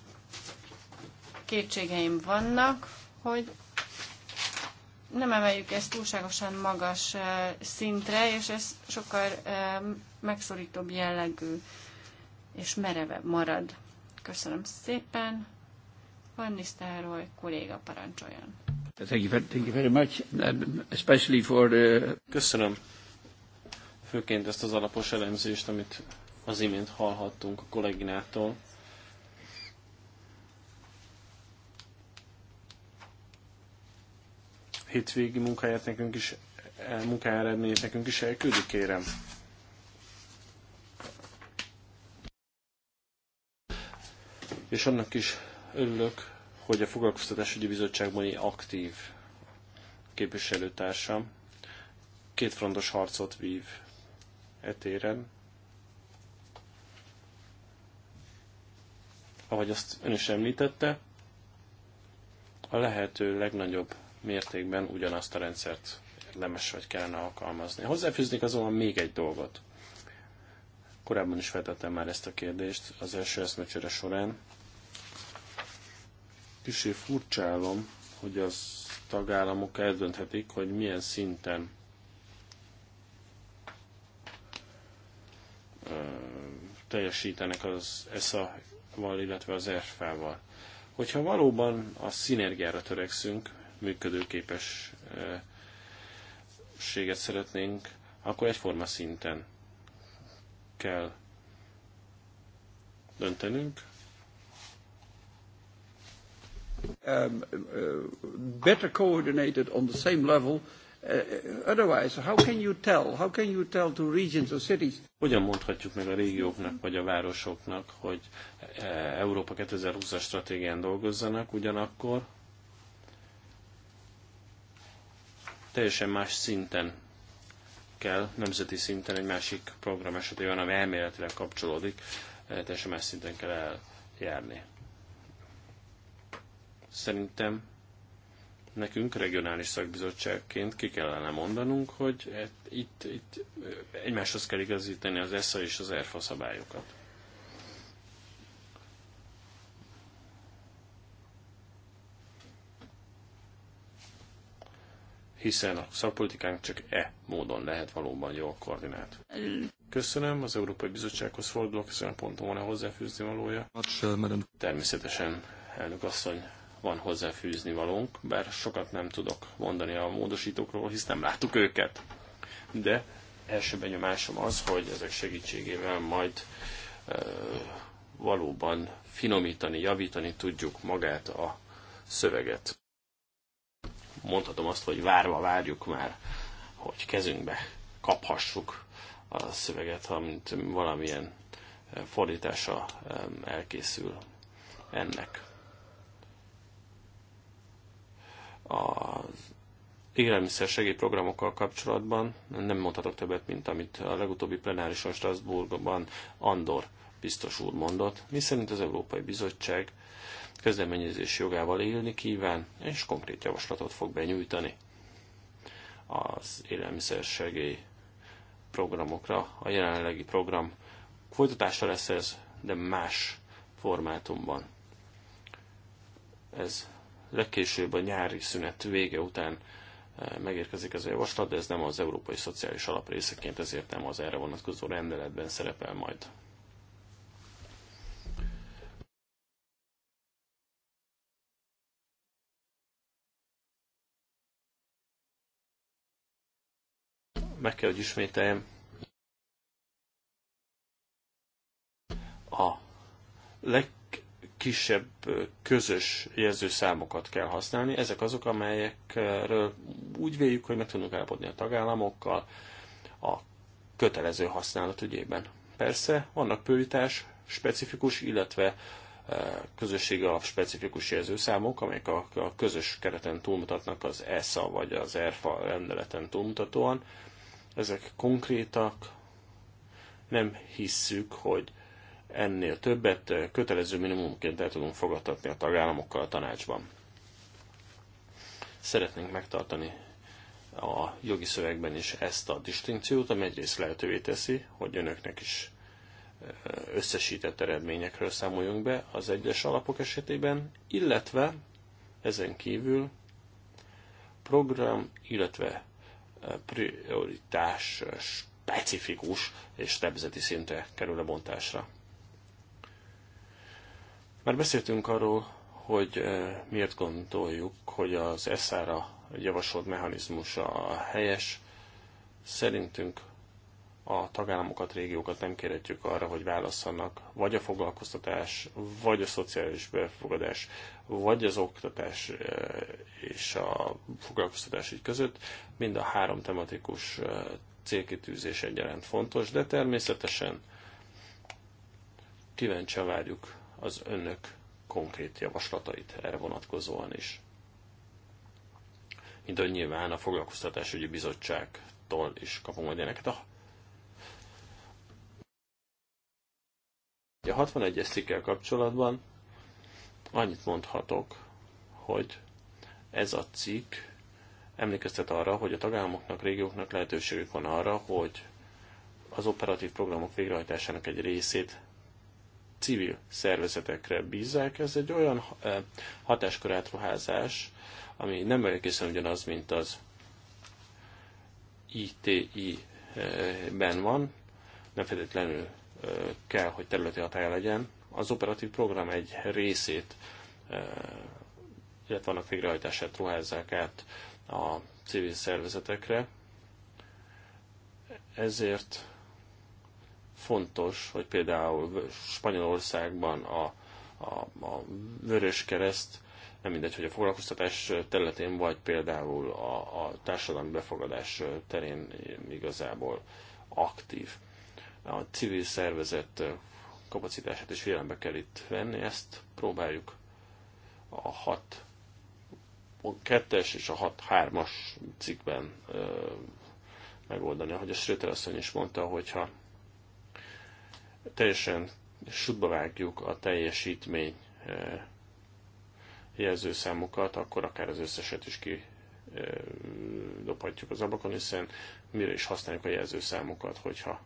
C: kétségeim vannak, hogy nem emeljük ezt túlságosan magas szintre, és ez sokkal megszorítóbb jellegű és merevebb marad. Köszönöm szépen. Van Nisztároly kolléga parancsoljon.
A: Thank you, thank you very much, um,
B: especially for the... Uh, Köszönöm főként ezt az alapos elemzést, amit az imént hallhattunk a kolléginától. hétvégi munkáját nekünk is, e, munkája nekünk is elküldi, kérem. És annak is örülök, hogy a foglalkoztatásügyi bizottságban aktív képviselőtársam két frontos harcot vív etéren. Ahogy azt ön is említette, a lehető legnagyobb mértékben ugyanazt a rendszert lemes vagy kellene alkalmazni. Hozzáfűznék azonban még egy dolgot. Korábban is feltettem már ezt a kérdést az első eszmecsere során. Kicsi furcsálom, hogy az tagállamok eldönthetik, hogy milyen szinten teljesítenek az ESA-val, illetve az ERFA-val. Hogyha valóban a szinergiára törekszünk, működőképességet szeretnénk, akkor egyforma szinten kell döntenünk. Um, uh, better coordinated on the same level uh, uh, Otherwise, how How can can you you tell? tell to regions or cities? Hogyan mondhatjuk meg a régióknak vagy a városoknak, hogy uh, Európa 2020-as stratégián dolgozzanak, ugyanakkor teljesen más szinten kell, nemzeti szinten egy másik program esetében, ami elméletileg kapcsolódik, eh, teljesen más szinten kell eljárni. Szerintem nekünk regionális szakbizottságként ki kellene mondanunk, hogy e- itt, itt eh, egymáshoz kell igazítani az ESZA és az ERFA szabályokat. hiszen a szakpolitikánk csak e módon lehet valóban jól koordinált. Köszönöm, az Európai Bizottsághoz fordulok, köszönöm, pont van-e hozzáfűzni valója? Természetesen, elnök asszony, van hozzáfűzni valónk, bár sokat nem tudok mondani a módosítókról, hisz nem láttuk őket. De első benyomásom az, hogy ezek segítségével majd e, valóban finomítani, javítani tudjuk magát a szöveget mondhatom azt, hogy várva várjuk már, hogy kezünkbe kaphassuk a szöveget, amint valamilyen e, fordítása e, elkészül ennek. Az élelmiszer segélyprogramokkal kapcsolatban nem mondhatok többet, mint amit a legutóbbi plenárison Strasbourgban Andor biztos úr mondott, miszerint az Európai Bizottság kezdeményezés jogával élni kíván, és konkrét javaslatot fog benyújtani az élelmiszersegély programokra. A jelenlegi program folytatása lesz ez, de más formátumban. Ez legkésőbb a nyári szünet vége után eh, megérkezik ez a javaslat, de ez nem az Európai Szociális Alap részeként, ezért nem az erre vonatkozó rendeletben szerepel majd. meg kell, hogy ismételjem, a legkisebb közös jelzőszámokat kell használni. Ezek azok, amelyekről úgy véljük, hogy meg tudunk állapodni a tagállamokkal a kötelező használat ügyében. Persze vannak prioritás specifikus, illetve közösségi alap specifikus jelzőszámok, amelyek a, közös kereten túlmutatnak az ESA vagy az ERFA rendeleten túlmutatóan ezek konkrétak, nem hisszük, hogy ennél többet kötelező minimumként el tudunk fogadtatni a tagállamokkal a tanácsban. Szeretnénk megtartani a jogi szövegben is ezt a distinkciót, ami egyrészt lehetővé teszi, hogy önöknek is összesített eredményekről számoljunk be az egyes alapok esetében, illetve ezen kívül program, illetve prioritás specifikus és nemzeti szintre kerül a bontásra. Már beszéltünk arról, hogy eh, miért gondoljuk, hogy az SZ-ra javasolt mechanizmus a helyes. Szerintünk a tagállamokat, régiókat nem kérhetjük arra, hogy válasszanak vagy a foglalkoztatás, vagy a szociális befogadás, vagy az oktatás eh, és a foglalkoztatás így között. Mind a három tematikus eh, célkitűzés egyaránt fontos, de természetesen kíváncsian várjuk az önök konkrét javaslatait erre vonatkozóan is. Mint nyilván a foglalkoztatásügyi bizottságtól is kapunk majd ilyeneket. A A 61-es cikkel kapcsolatban annyit mondhatok, hogy ez a cikk emlékeztet arra, hogy a tagállamoknak, régióknak lehetőségük van arra, hogy az operatív programok végrehajtásának egy részét civil szervezetekre bízzák. Ez egy olyan eh, hatáskörátruházás, ami nem egészen ugyanaz, mint az ITI-ben eh, van, nem feltétlenül kell, hogy területi hatája legyen. Az operatív program egy részét, e, illetve vannak végrehajtását ruházzák át a civil szervezetekre. Ezért fontos, hogy például Spanyolországban a, a, a Vörös Kereszt, nem mindegy, hogy a foglalkoztatás területén, vagy például a, a társadalmi befogadás terén igazából aktív a civil szervezet kapacitását is figyelembe kell itt venni, ezt próbáljuk a 6 2-es és a 6-3-as cikkben ö, megoldani. Ahogy a Schröter asszony is mondta, hogyha teljesen sútba vágjuk a teljesítmény ö, jelzőszámokat, akkor akár az összeset is ki dobhatjuk az ablakon, hiszen mire is használjuk a jelzőszámokat, hogyha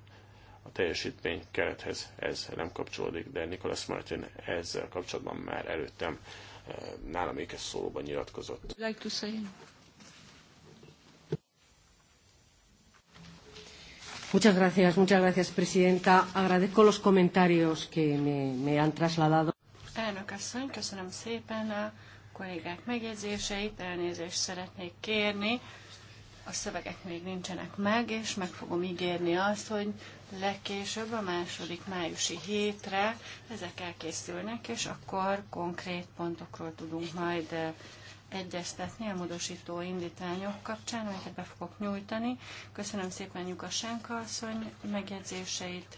B: a teljesítmény kerethez ez nem kapcsolódik, de Nicholas Martin ezzel kapcsolatban már előttem eh, nálam ékes szólóban nyilatkozott.
A: Like to say. Muchas gracias, muchas gracias, presidenta. Agradezco los comentarios que me, me han trasladado.
C: Elnök asszony, köszönöm szépen a kollégák megjegyzéseit, elnézést szeretnék kérni a szövegek még nincsenek meg, és meg fogom ígérni azt, hogy legkésőbb a második májusi hétre ezek elkészülnek, és akkor konkrét pontokról tudunk majd eh, egyeztetni a módosító indítványok kapcsán, amiket be fogok nyújtani. Köszönöm szépen Nyugasánka asszony megjegyzéseit.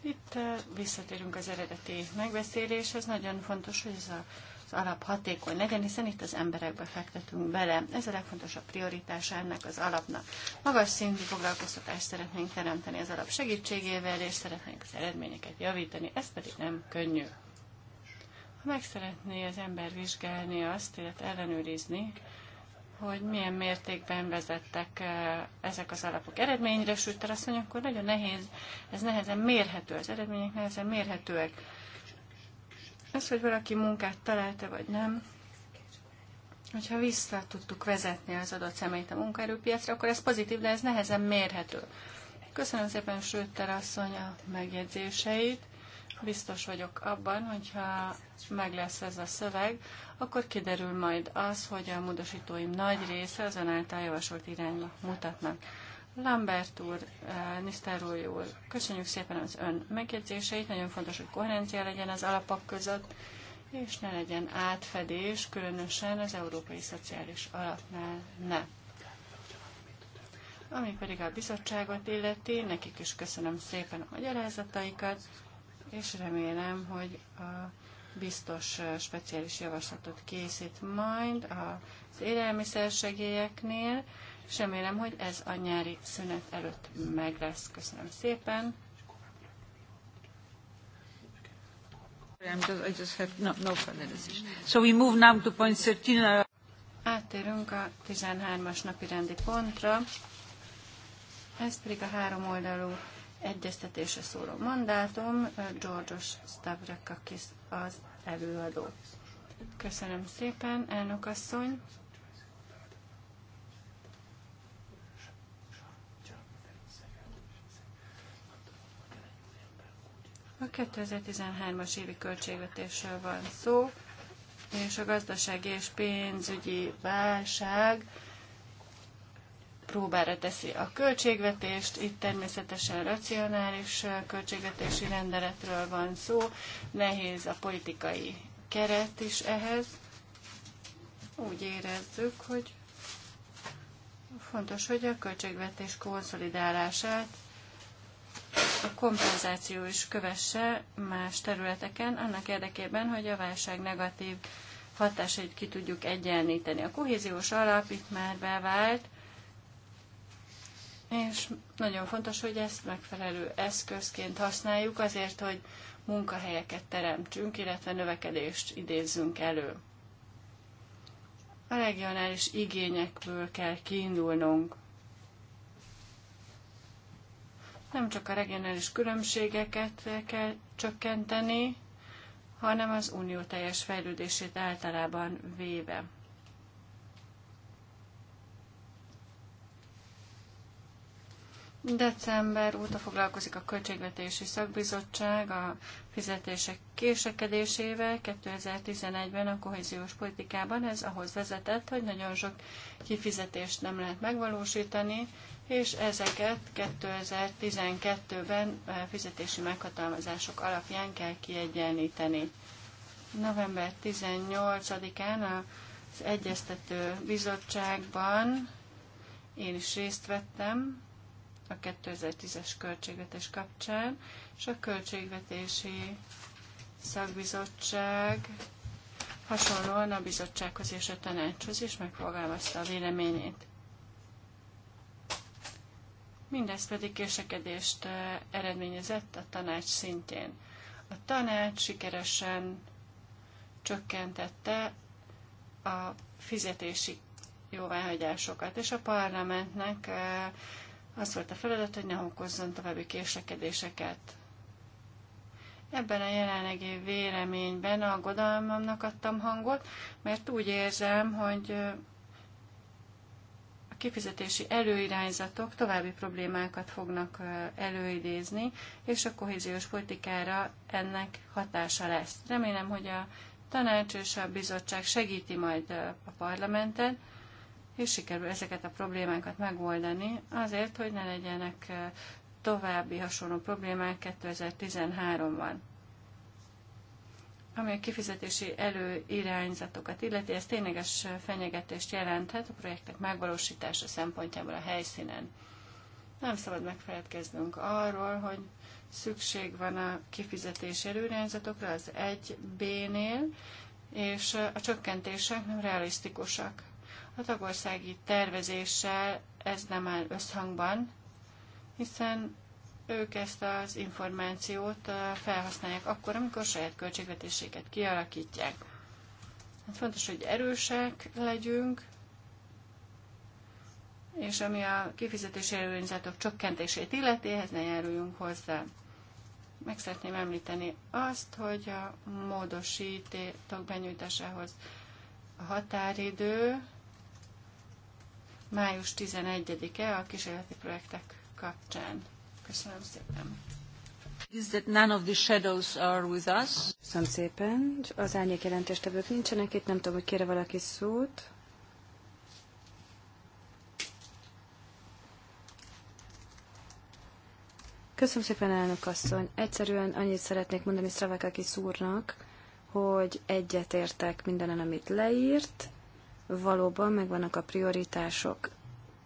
C: Itt eh, visszatérünk az eredeti megbeszéléshez. Nagyon fontos, hogy ez a az alap hatékony legyen, hiszen itt az emberekbe fektetünk bele. Ez a legfontosabb prioritás ennek az alapnak. Magas szintű foglalkoztatást szeretnénk teremteni az alap segítségével, és szeretnénk az eredményeket javítani, ez pedig nem könnyű. Ha meg szeretné az ember vizsgálni azt, illetve ellenőrizni, hogy milyen mértékben vezettek eh, ezek az alapok eredményre, sőt, azt mondja, akkor nagyon nehéz, ez nehezen mérhető, az eredmények nehezen mérhetőek. Az, hogy valaki munkát találta vagy nem, hogyha vissza tudtuk vezetni az adott személyt a munkaerőpiacra, akkor ez pozitív, de ez nehezen mérhető. Köszönöm szépen Sőtter asszony a megjegyzéseit. Biztos vagyok abban, hogyha meg lesz ez a szöveg, akkor kiderül majd az, hogy a módosítóim nagy része azon által javasolt irányba mutatnak. Lambert úr, eh, Nisztároly úr, köszönjük szépen az ön megjegyzéseit, nagyon fontos, hogy koherencia legyen az alapok között, és ne legyen átfedés, különösen az Európai Szociális Alapnál ne. Ami pedig a bizottságot illeti, nekik is köszönöm szépen a magyarázataikat, és remélem, hogy a biztos eh, speciális javaslatot készít majd az élelmiszersegélyeknél, és remélem, hogy ez a nyári
A: szünet előtt meg lesz. Köszönöm szépen. So we move now to point Áttérünk a 13-as napi rendi pontra.
C: Ez pedig a három oldalú egyeztetése szóló mandátum. Georgios Stavrakakis az előadó. Köszönöm szépen, elnök asszony. A 2013-as évi költségvetésről van szó, és a gazdasági és pénzügyi válság próbára teszi a költségvetést. Itt természetesen racionális költségvetési rendeletről van szó, nehéz a politikai keret is ehhez. Úgy érezzük, hogy fontos, hogy a költségvetés konszolidálását a kompenzáció is kövesse más területeken, annak érdekében, hogy a válság negatív hatásait ki tudjuk egyenlíteni. A kohéziós alap itt már bevált, és nagyon fontos, hogy ezt megfelelő eszközként használjuk azért, hogy munkahelyeket teremtsünk, illetve növekedést idézzünk elő. A regionális igényekből kell kiindulnunk. Nem csak a regionális különbségeket kell csökkenteni, hanem az unió teljes fejlődését általában véve. December óta foglalkozik a Költségvetési Szakbizottság a fizetések késekedésével 2011-ben a kohéziós politikában. Ez ahhoz vezetett, hogy nagyon sok kifizetést nem lehet megvalósítani, és ezeket 2012-ben eh, fizetési meghatalmazások alapján kell kiegyenlíteni. November 18-án az Egyeztető Bizottságban én is részt vettem a 2010-es költségvetés kapcsán, és a Költségvetési Szakbizottság hasonlóan a bizottsághoz és a tanácshoz is megfogalmazta a véleményét. Mindez pedig késekedést eredményezett a tanács szintjén. A tanács sikeresen csökkentette a fizetési jóváhagyásokat, és a parlamentnek az volt a feladat, hogy ne okozzon további késekedéseket. Ebben a jelenlegi véleményben aggodalmamnak adtam hangot, mert úgy érzem, hogy kifizetési előirányzatok további problémákat fognak előidézni, és a kohéziós politikára ennek hatása lesz. Remélem, hogy a tanács és a bizottság segíti majd a parlamentet, és sikerül ezeket a problémákat megoldani, azért, hogy ne legyenek további hasonló problémák 2013-ban. Ami a kifizetési előirányzatokat illeti, ez tényleges fenyegetést jelenthet a projektek megvalósítása szempontjából a helyszínen. Nem szabad megfeledkeznünk arról, hogy szükség van a kifizetési előirányzatokra az 1B-nél, és a csökkentések nem realisztikusak. A tagországi tervezéssel ez nem áll összhangban, hiszen ők ezt az információt felhasználják akkor, amikor saját költségvetéséket kialakítják. Hát fontos, hogy erősek legyünk, és ami a kifizetési előnyzetok csökkentését illeti, ehhez ne járuljunk hozzá. Meg szeretném említeni azt, hogy a módosítók benyújtásához a határidő május 11-e a kísérleti projektek
A: kapcsán. Köszönöm
D: szépen. Az árnyék jelentéstevők nincsenek itt, nem tudom, hogy kére valaki szót. Köszönöm szépen, elnök asszony. Egyszerűen annyit szeretnék mondani Szravekaki szúrnak, hogy egyetértek mindenen, amit leírt, valóban megvannak a prioritások.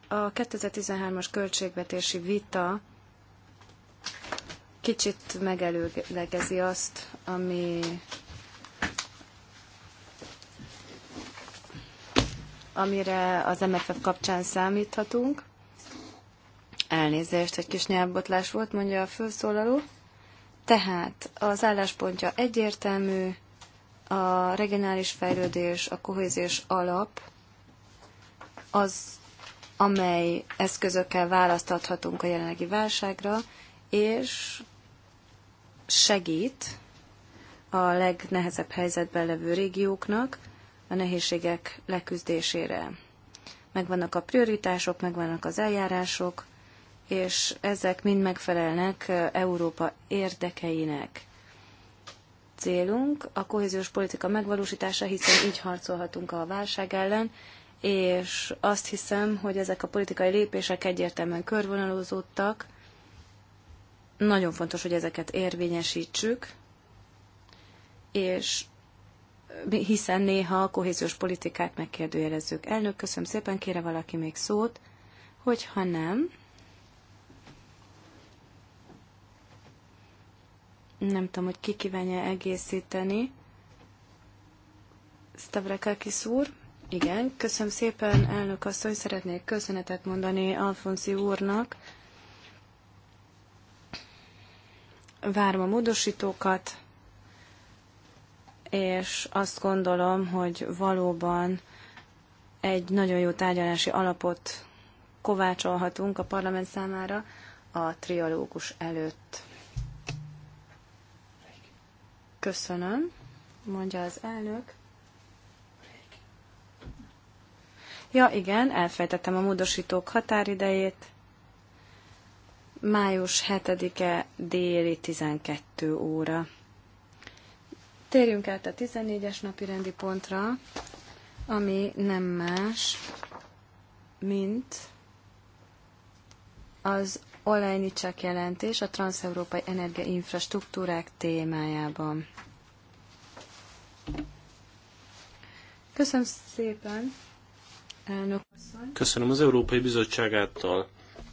D: A 2013-as költségvetési vita kicsit megelőlegezi azt, ami amire az MFF kapcsán számíthatunk. Elnézést, egy kis nyelvbotlás volt, mondja a főszólaló. Tehát az álláspontja egyértelmű, a regionális fejlődés, a kohézés alap az, amely eszközökkel választathatunk a jelenlegi válságra, és segít a legnehezebb helyzetben levő régióknak a nehézségek leküzdésére. Megvannak a prioritások, megvannak az eljárások, és ezek mind megfelelnek Európa érdekeinek. Célunk a kohéziós politika megvalósítása, hiszen így harcolhatunk a válság ellen, és azt hiszem, hogy ezek a politikai lépések egyértelműen körvonalozódtak, nagyon fontos, hogy ezeket érvényesítsük, és hiszen néha a kohéziós politikát megkérdőjelezzük. Elnök, köszönöm szépen, kére valaki még szót, hogyha nem, nem tudom, hogy ki kívánja egészíteni. Stavrakakis úr, igen, köszönöm szépen, elnök asszony, szeretnék köszönetet mondani Alfonsi úrnak, várom a módosítókat, és azt gondolom, hogy valóban egy nagyon jó tárgyalási alapot kovácsolhatunk a parlament számára a trialógus előtt. Köszönöm, mondja az elnök. Ja, igen, elfejtettem a módosítók határidejét. Május 7-e déli 12 óra. Térjünk át a 14-es napi rendi pontra, ami nem más, mint az Olajnicsak jelentés a transeurópai energiainfrastruktúrák témájában. Köszönöm szépen, elnök asszony.
B: Köszönöm az Európai Bizottság által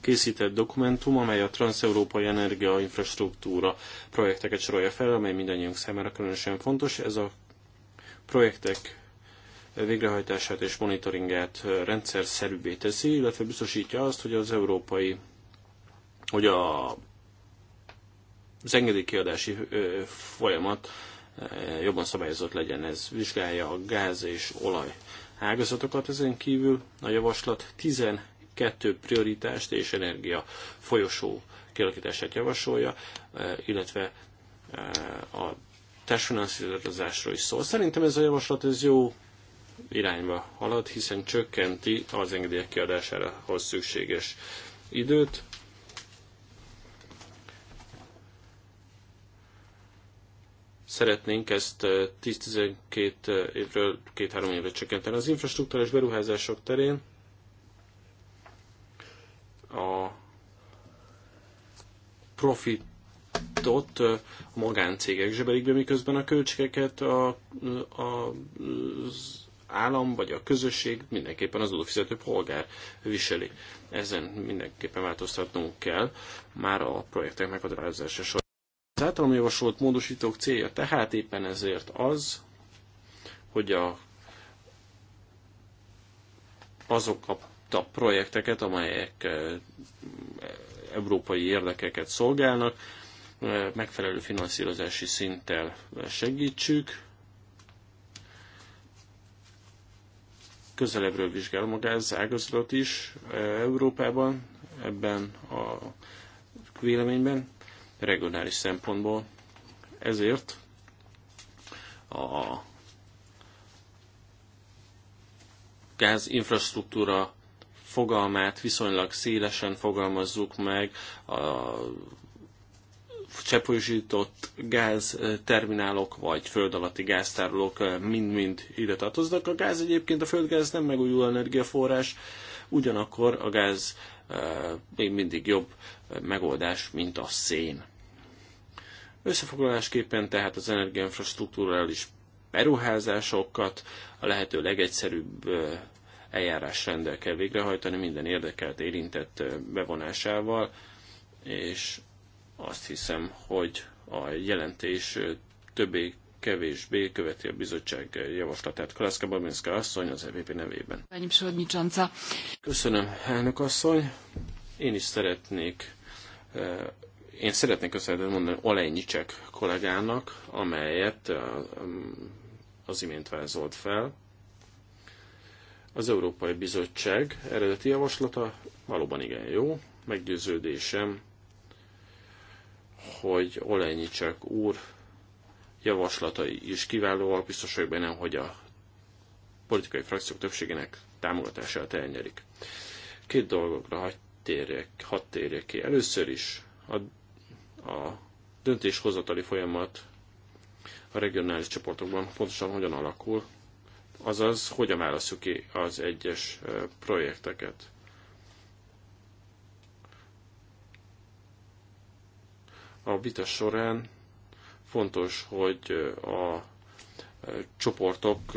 B: készített dokumentum, amely a transeurópai energiainfrastruktúra projekteket sorolja fel, amely mindannyiunk számára különösen fontos. Ez a projektek végrehajtását és monitoringát rendszer szerűbbé teszi, illetve biztosítja azt, hogy az európai, hogy a, az engedélykiadási folyamat jobban szabályozott legyen. Ez vizsgálja a gáz és olaj ágazatokat ezen kívül. A javaslat 10 kettő prioritást és energia folyosó kialakítását javasolja, e, illetve e, a testfinanszírozásról is szól. Szerintem ez a javaslat ez jó irányba halad, hiszen csökkenti az engedélyek kiadására hoz szükséges időt. Szeretnénk ezt 10-12 e, évről 2-3 évre csökkenteni az infrastruktúrás beruházások terén a profitot a magáncégek zsebelikbe, miközben a költségeket a, a, az állam vagy a közösség mindenképpen az adófizető polgár viseli. Ezen mindenképpen változtatnunk kell már a projektek meghatározása során. Az általam javasolt módosítók célja tehát éppen ezért az, hogy a, azok a a projekteket, amelyek eh, európai érdekeket szolgálnak, eh, megfelelő finanszírozási szinttel segítsük. Közelebbről vizsgálom a gázágazatot is eh, Európában, ebben a véleményben, regionális szempontból. Ezért a gázinfrastruktúra fogalmát viszonylag szélesen fogalmazzuk meg, a cseppfolyósított gázterminálok vagy föld alatti gáztárolók mind-mind ide tartoznak. A gáz egyébként, a földgáz nem megújuló energiaforrás, ugyanakkor a gáz e, még mindig jobb megoldás, mint a szén. Összefoglalásképpen tehát az energiainfrastruktúrális beruházásokat a lehető legegyszerűbb e, eljárásrendel kell végrehajtani minden érdekelt érintett bevonásával, és azt hiszem, hogy a jelentés többé kevésbé követi a bizottság javaslatát. Kalaszka Babinska asszony az EVP nevében. Köszönöm, elnök asszony. Én is szeretnék én szeretnék köszönetet mondani Nyicsek kollégának, amelyet az imént vázolt fel. Az Európai Bizottság eredeti javaslata valóban igen jó, meggyőződésem, hogy csak úr javaslatai is kiválóak, biztos vagyok benne, hogy a politikai frakciók többségének támogatása elnyerik. Két dolgokra hagy térjek, hadd térjek ki. Először is a, a döntéshozatali folyamat a regionális csoportokban pontosan hogyan alakul, azaz hogyan válasszuk ki az egyes projekteket. A vita során fontos, hogy a csoportok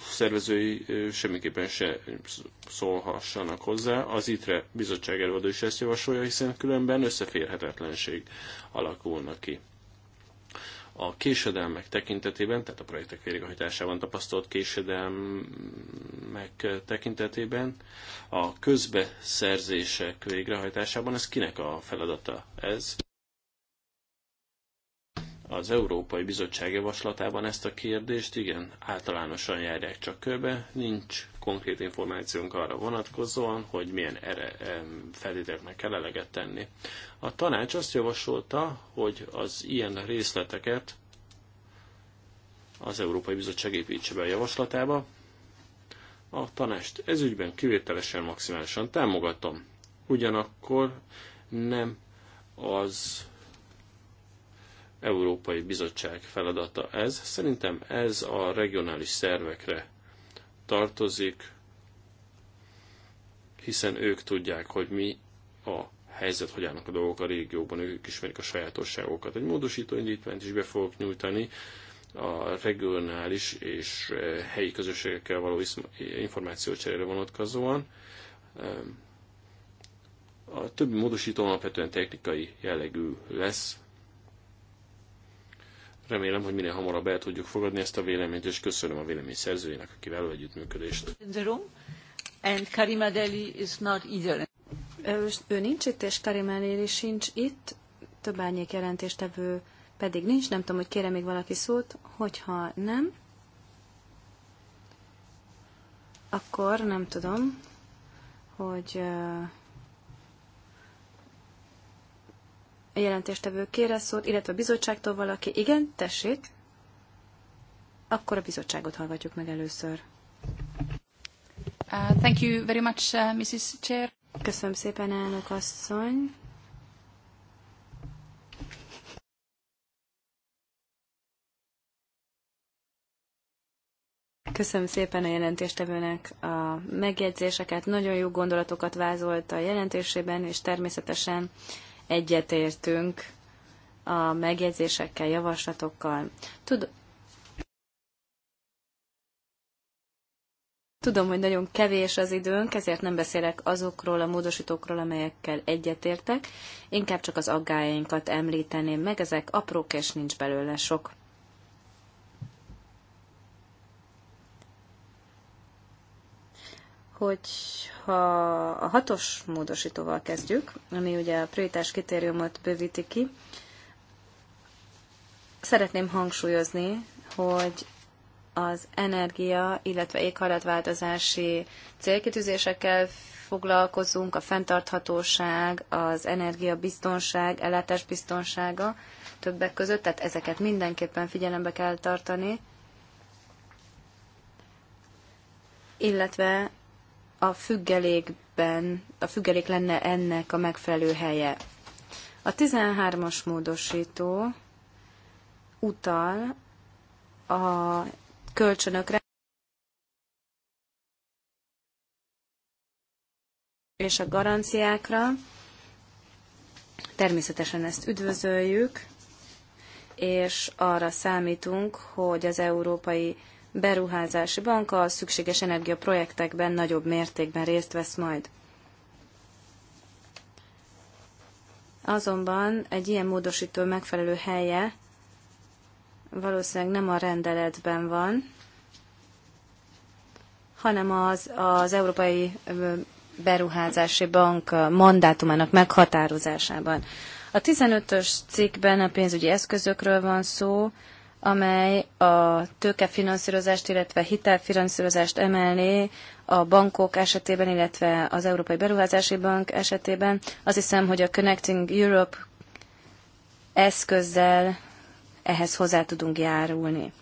B: szervezői semmiképpen se szólhassanak hozzá. Az ITRE bizottság előadó is ezt javasolja, hiszen különben összeférhetetlenség alakulna ki. A késedelmek tekintetében, tehát a projektek végrehajtásában tapasztalt késedelmek tekintetében, a közbeszerzések végrehajtásában, ez kinek a feladata ez? az Európai Bizottság javaslatában ezt a kérdést igen általánosan járják csak körbe, nincs konkrét információnk arra vonatkozóan, hogy milyen ere, feltételeknek kell eleget tenni. A tanács azt javasolta, hogy az ilyen részleteket az Európai Bizottság építse be a javaslatába. A tanást ezügyben kivételesen maximálisan támogatom. Ugyanakkor nem az Európai Bizottság feladata ez. Szerintem ez a regionális szervekre tartozik, hiszen ők tudják, hogy mi a helyzet, hogy állnak a dolgok a régióban, ők ismerik a sajátosságokat. Egy módosító indítványt is be fogok nyújtani a regionális és eh, helyi közösségekkel való információcserére vonatkozóan. Ehm, a többi módosító alapvetően technikai jellegű lesz, Remélem, hogy minél hamarabb el tudjuk fogadni ezt a véleményt, és köszönöm a vélemény szerzőjének aki kiváló együttműködést.
A: And Karima
D: Deli is not either. Ő, ő nincs itt, és Karima Deli sincs itt. Több árnyék jelentéstevő pedig nincs. Nem tudom, hogy kérem még valaki szót. Hogyha nem, akkor nem tudom, hogy uh, A jelentéstevő kére szót, illetve a bizottságtól valaki. Igen, tessék. Akkor a bizottságot hallgatjuk meg először.
C: Uh, thank you very much, uh, Mrs. Chair. Köszönöm szépen, elnök asszony.
D: Köszönöm szépen a jelentéstevőnek a megjegyzéseket, nagyon jó gondolatokat vázolt a jelentésében, és természetesen egyetértünk a megjegyzésekkel, javaslatokkal. Tud, Tudom, hogy nagyon kevés az időnk, ezért nem beszélek azokról a módosítókról, amelyekkel egyetértek, inkább csak az aggájainkat említeném meg, ezek aprók és nincs belőle sok. hogyha a hatos módosítóval kezdjük, ami ugye a prioritás kritériumot bővíti ki, szeretném hangsúlyozni, hogy az energia, illetve éghajlatváltozási célkitűzésekkel foglalkozunk, a fenntarthatóság, az energiabiztonság, ellátásbiztonsága többek között, tehát ezeket mindenképpen figyelembe kell tartani, illetve a függelékben, a függelék lenne ennek a megfelelő helye. A 13-as módosító utal a kölcsönökre, és a garanciákra. Természetesen ezt üdvözöljük, és arra számítunk, hogy az Európai beruházási banka a szükséges energiaprojektekben nagyobb mértékben részt vesz majd. Azonban egy ilyen módosító megfelelő helye valószínűleg nem a rendeletben van, hanem az, az Európai Beruházási Bank mandátumának meghatározásában. A 15-ös cikkben a pénzügyi eszközökről van szó, amely a tőkefinanszírozást, illetve hitelfinanszírozást emelné a bankok esetében, illetve az Európai Beruházási Bank esetében. Azt hiszem, hogy a Connecting Europe eszközzel ehhez hozzá tudunk járulni.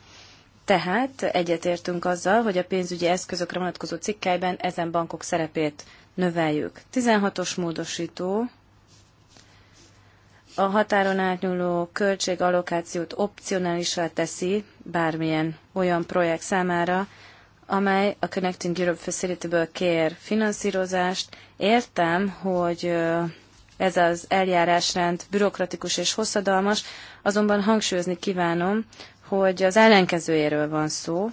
D: Tehát egyetértünk azzal, hogy a pénzügyi eszközökre vonatkozó cikkelyben ezen bankok szerepét növeljük. 16-os módosító a határon átnyúló költségallokációt opcionálisra teszi bármilyen olyan projekt számára, amely a Connecting Europe Facility-ből kér finanszírozást. Értem, hogy ez az eljárásrend bürokratikus és hosszadalmas, azonban hangsúlyozni kívánom, hogy az ellenkezőjéről van szó.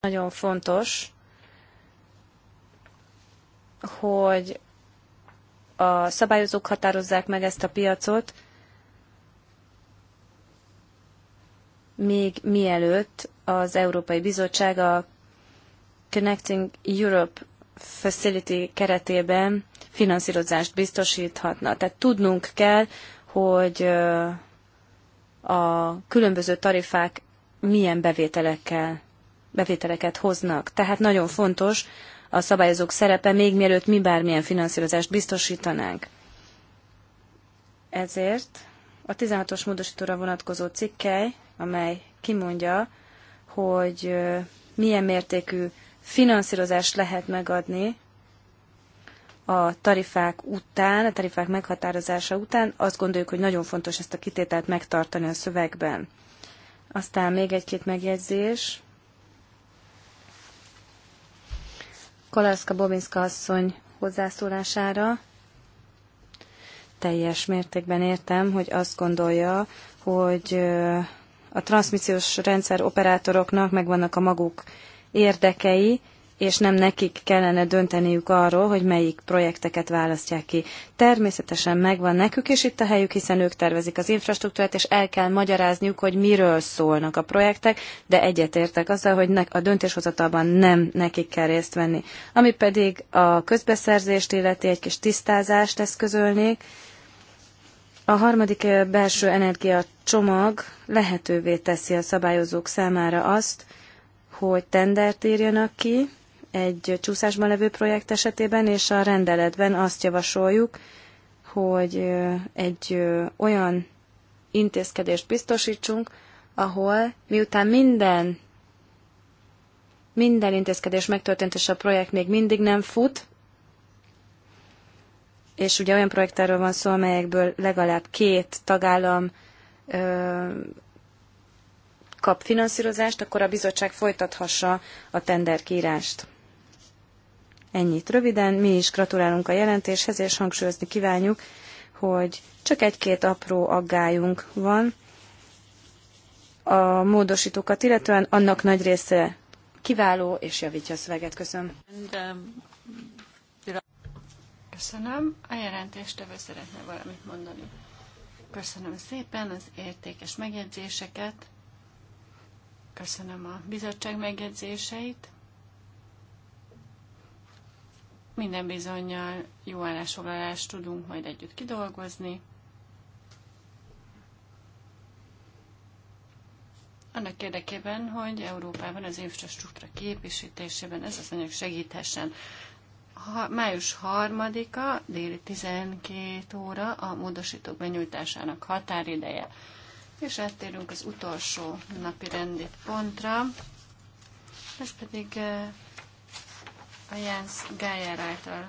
D: Nagyon fontos, hogy a szabályozók határozzák meg ezt a piacot, még mielőtt az Európai Bizottság a Connecting Europe Facility keretében finanszírozást biztosíthatna. Tehát tudnunk kell, hogy a különböző tarifák milyen bevételekkel, bevételeket hoznak. Tehát nagyon fontos a szabályozók szerepe, még mielőtt mi bármilyen finanszírozást biztosítanánk. Ezért a 16-os módosítóra vonatkozó cikkely, amely kimondja, hogy milyen mértékű finanszírozást lehet megadni a tarifák után, a tarifák meghatározása után, azt gondoljuk, hogy nagyon fontos ezt a kitételt megtartani a szövegben. Aztán még egy-két megjegyzés Kolaszka Bobinska asszony hozzászólására. Teljes mértékben értem, hogy azt gondolja, hogy a transmissziós rendszer operátoroknak megvannak a maguk érdekei, és nem nekik kellene dönteniük arról, hogy melyik projekteket választják ki. Természetesen megvan nekük is itt a helyük, hiszen ők tervezik az infrastruktúrát, és el kell magyarázniuk, hogy miről szólnak a projektek, de egyetértek azzal, hogy a döntéshozatalban nem nekik kell részt venni. Ami pedig a közbeszerzést illeti egy kis tisztázást eszközölnék, a harmadik belső energia csomag lehetővé teszi a szabályozók számára azt, hogy tendert írjanak ki, egy csúszásban levő projekt esetében, és a rendeletben azt javasoljuk, hogy egy olyan intézkedést biztosítsunk, ahol miután minden, minden intézkedés megtörtént, és a projekt még mindig nem fut, és ugye olyan projektáról van szó, amelyekből legalább két tagállam ö, kap finanszírozást, akkor a bizottság folytathassa a tenderkírást. Ennyit röviden, mi is gratulálunk a jelentéshez, és hangsúlyozni kívánjuk, hogy csak egy-két apró aggályunk van a módosítókat, illetően annak nagy része kiváló és javítja a szöveget. Köszönöm.
C: Um, Köszönöm. A jelentéstevő szeretne valamit mondani. Köszönöm szépen az értékes megjegyzéseket. Köszönöm a bizottság megjegyzéseit. Minden bizonyal jó állásfoglalást tudunk majd együtt kidolgozni. annak érdekében, hogy Európában az infrastruktúra képésítésében ez az anyag segíthessen. Ha, május 3-a, déli 12 óra a módosítók benyújtásának határideje. És áttérünk az utolsó napi rendi pontra, ez pedig eh, a Jens Geyer által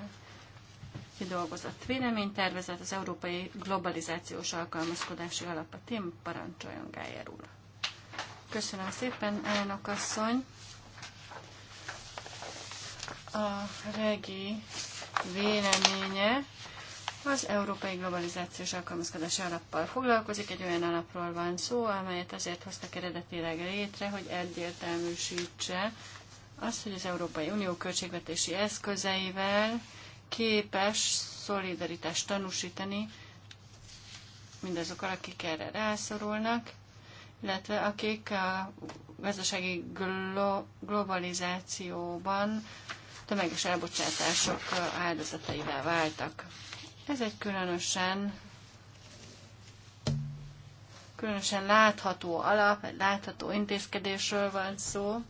C: kidolgozott véleménytervezet az Európai Globalizációs Alkalmazkodási Alap a téma, parancsoljon Geyer úr. Köszönöm szépen, elnök asszony. A regi véleménye az Európai Globalizációs Alkalmazkodási Alappal foglalkozik. Egy olyan alapról van szó, amelyet azért hoztak eredetileg létre, hogy egyértelműsítse az, hogy az Európai Unió költségvetési eszközeivel képes szolidaritást tanúsítani mindazok, akik erre rászorulnak, illetve akik a gazdasági glo- globalizációban tömeges elbocsátások áldozataival váltak. Ez egy különösen különösen látható alap, egy látható intézkedésről van szó,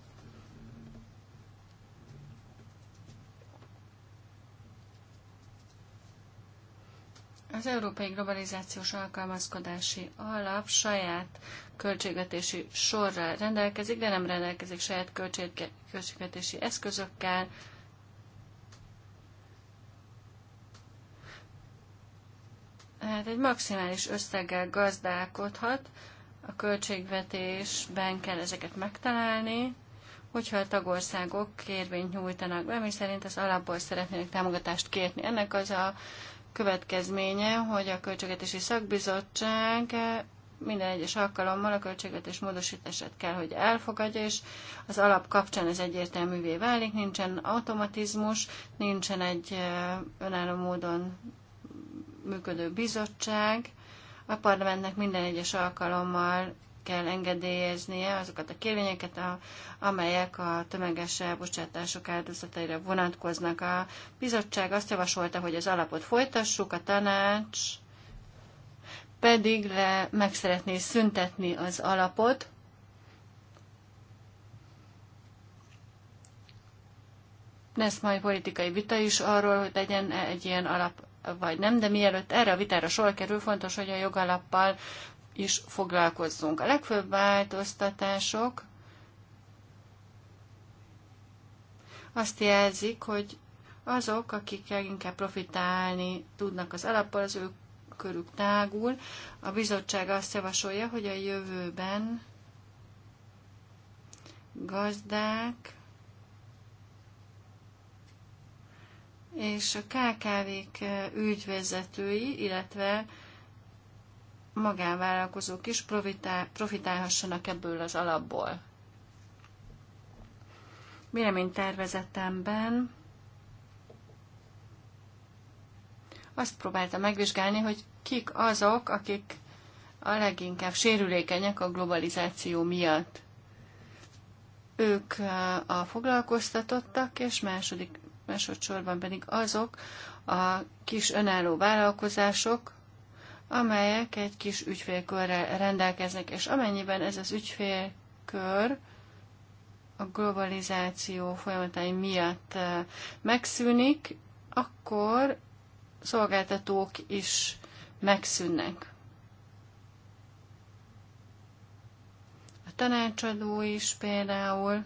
C: Az Európai Globalizációs Alkalmazkodási Alap saját költségvetési sorral rendelkezik, de nem rendelkezik saját költségvetési eszközökkel. Hát egy maximális összeggel gazdálkodhat, a költségvetésben kell ezeket megtalálni, hogyha a tagországok kérvényt nyújtanak be, mi szerint az alapból szeretnének támogatást kérni. Ennek az a következménye, hogy a Költségvetési Szakbizottság minden egyes alkalommal a költségvetés módosítását kell, hogy elfogadja, és az alap kapcsán ez egyértelművé válik, nincsen automatizmus, nincsen egy önálló módon működő bizottság, a parlamentnek minden egyes alkalommal kell engedélyeznie azokat a kérvényeket, a, amelyek a tömeges elbocsátások áldozataira vonatkoznak. A bizottság azt javasolta, hogy az alapot folytassuk, a tanács pedig le, meg szeretné szüntetni az alapot, lesz majd politikai vita is arról, hogy legyen -e egy ilyen alap vagy nem, de mielőtt erre a vitára sor kerül, fontos, hogy a jogalappal is foglalkozzunk. A legfőbb változtatások azt jelzik, hogy azok, akik leginkább profitálni tudnak az alappal, az ő körük tágul. A bizottság azt javasolja, hogy a jövőben gazdák és a KKV-k ügyvezetői, illetve magánvállalkozók is profitálhassanak ebből az alapból. tervezetemben azt próbáltam megvizsgálni, hogy kik azok, akik a leginkább sérülékenyek a globalizáció miatt. Ők a foglalkoztatottak, és második, másodszorban pedig azok a kis önálló vállalkozások, amelyek egy kis ügyfélkörrel rendelkeznek, és amennyiben ez az ügyfélkör a globalizáció folyamatai miatt eh, megszűnik, akkor szolgáltatók is megszűnnek. A tanácsadó is például,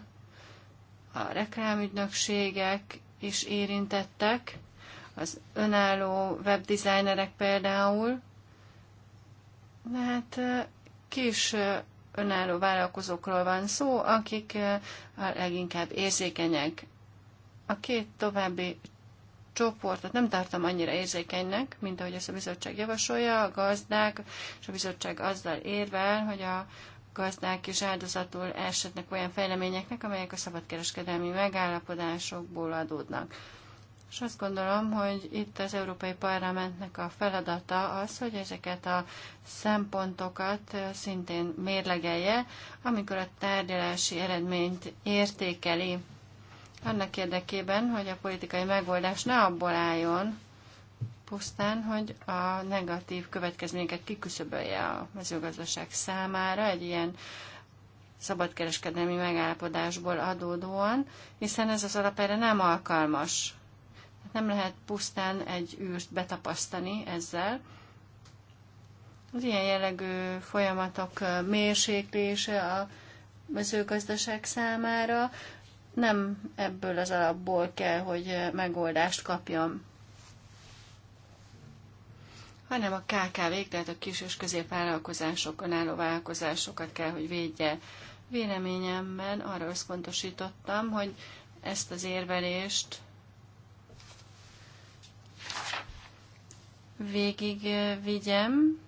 C: a reklámügynökségek is érintettek, az önálló webdesignerek például, hát kis önálló vállalkozókról van szó, akik a leginkább érzékenyek. A két további csoportot nem tartom annyira érzékenynek, mint ahogy ezt a bizottság javasolja, a gazdák, és a bizottság azzal érvel, hogy a gazdák is áldozatul esetnek olyan fejleményeknek, amelyek a szabadkereskedelmi megállapodásokból adódnak. És azt gondolom, hogy itt az Európai Parlamentnek a feladata az, hogy ezeket a szempontokat szintén mérlegelje, amikor a tárgyalási eredményt értékeli. Annak érdekében, hogy a politikai megoldás ne abból álljon, pusztán, hogy a negatív következményeket kiküszöbölje a mezőgazdaság számára egy ilyen szabadkereskedelmi megállapodásból adódóan, hiszen ez az alap erre nem alkalmas nem lehet pusztán egy űrt betapasztani ezzel. Az ilyen jellegű folyamatok mérséklése a mezőgazdaság számára nem ebből az alapból kell, hogy megoldást kapjam, hanem a KKV-k, tehát a kis és középvállalkozások, álló vállalkozásokat kell, hogy védje. Véleményemben arra összpontosítottam, hogy ezt az érvelést végig vigyem,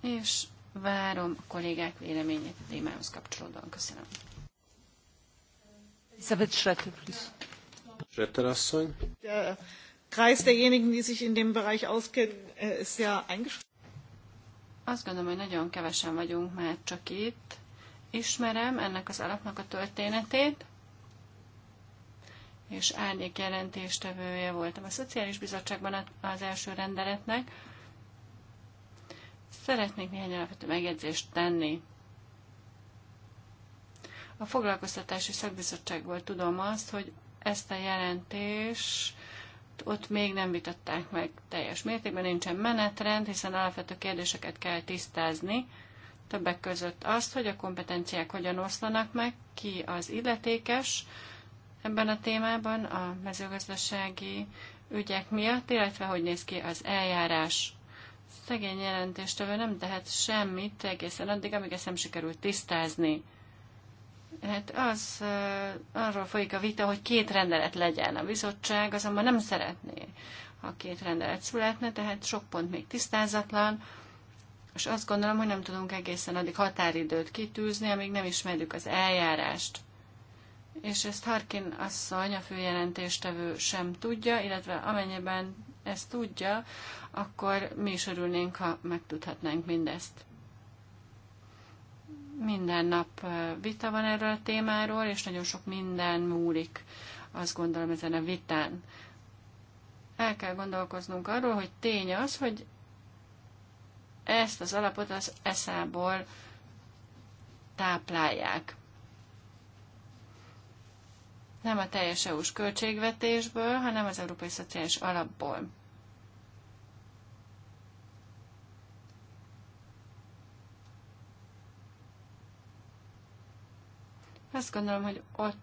C: és várom a kollégák véleményét a témához kapcsolódóan. Köszönöm.
B: Elizabeth Schretter, please. Schretter asszony.
C: Der Kreis derjenigen, die sich in dem Bereich auskennen, äh, ist ja eingeschränkt. Azt gondolom, hogy nagyon kevesen vagyunk már csak itt. Ismerem ennek az alapnak a történetét, és árnyék jelentéstevője voltam a Szociális Bizottságban az első rendeletnek. Szeretnék néhány alapvető megjegyzést tenni. A foglalkoztatási szakbizottságból tudom azt, hogy ezt a jelentés ott még nem vitatták meg teljes mértékben, nincsen menetrend, hiszen alapvető kérdéseket kell tisztázni, többek között azt, hogy a kompetenciák hogyan oszlanak meg, ki az illetékes, ebben a témában a mezőgazdasági ügyek miatt, illetve hogy néz ki az eljárás. Szegény jelentéstevő nem tehet semmit egészen addig, amíg ezt nem sikerült tisztázni. Hát az, arról folyik a vita, hogy két rendelet legyen. A bizottság azonban nem szeretné, ha két rendelet születne, tehát sok pont még tisztázatlan, és azt gondolom, hogy nem tudunk egészen addig határidőt kitűzni, amíg nem ismerjük az eljárást és ezt Harkin asszony, a főjelentéstevő sem tudja, illetve amennyiben ezt tudja, akkor mi is örülnénk, ha megtudhatnánk mindezt. Minden nap vita van erről a témáról, és nagyon sok minden múlik, azt gondolom, ezen a vitán. El kell gondolkoznunk arról, hogy tény az, hogy ezt az alapot az eszából táplálják nem a teljes EU-s költségvetésből, hanem az Európai Szociális Alapból. Azt gondolom, hogy ott,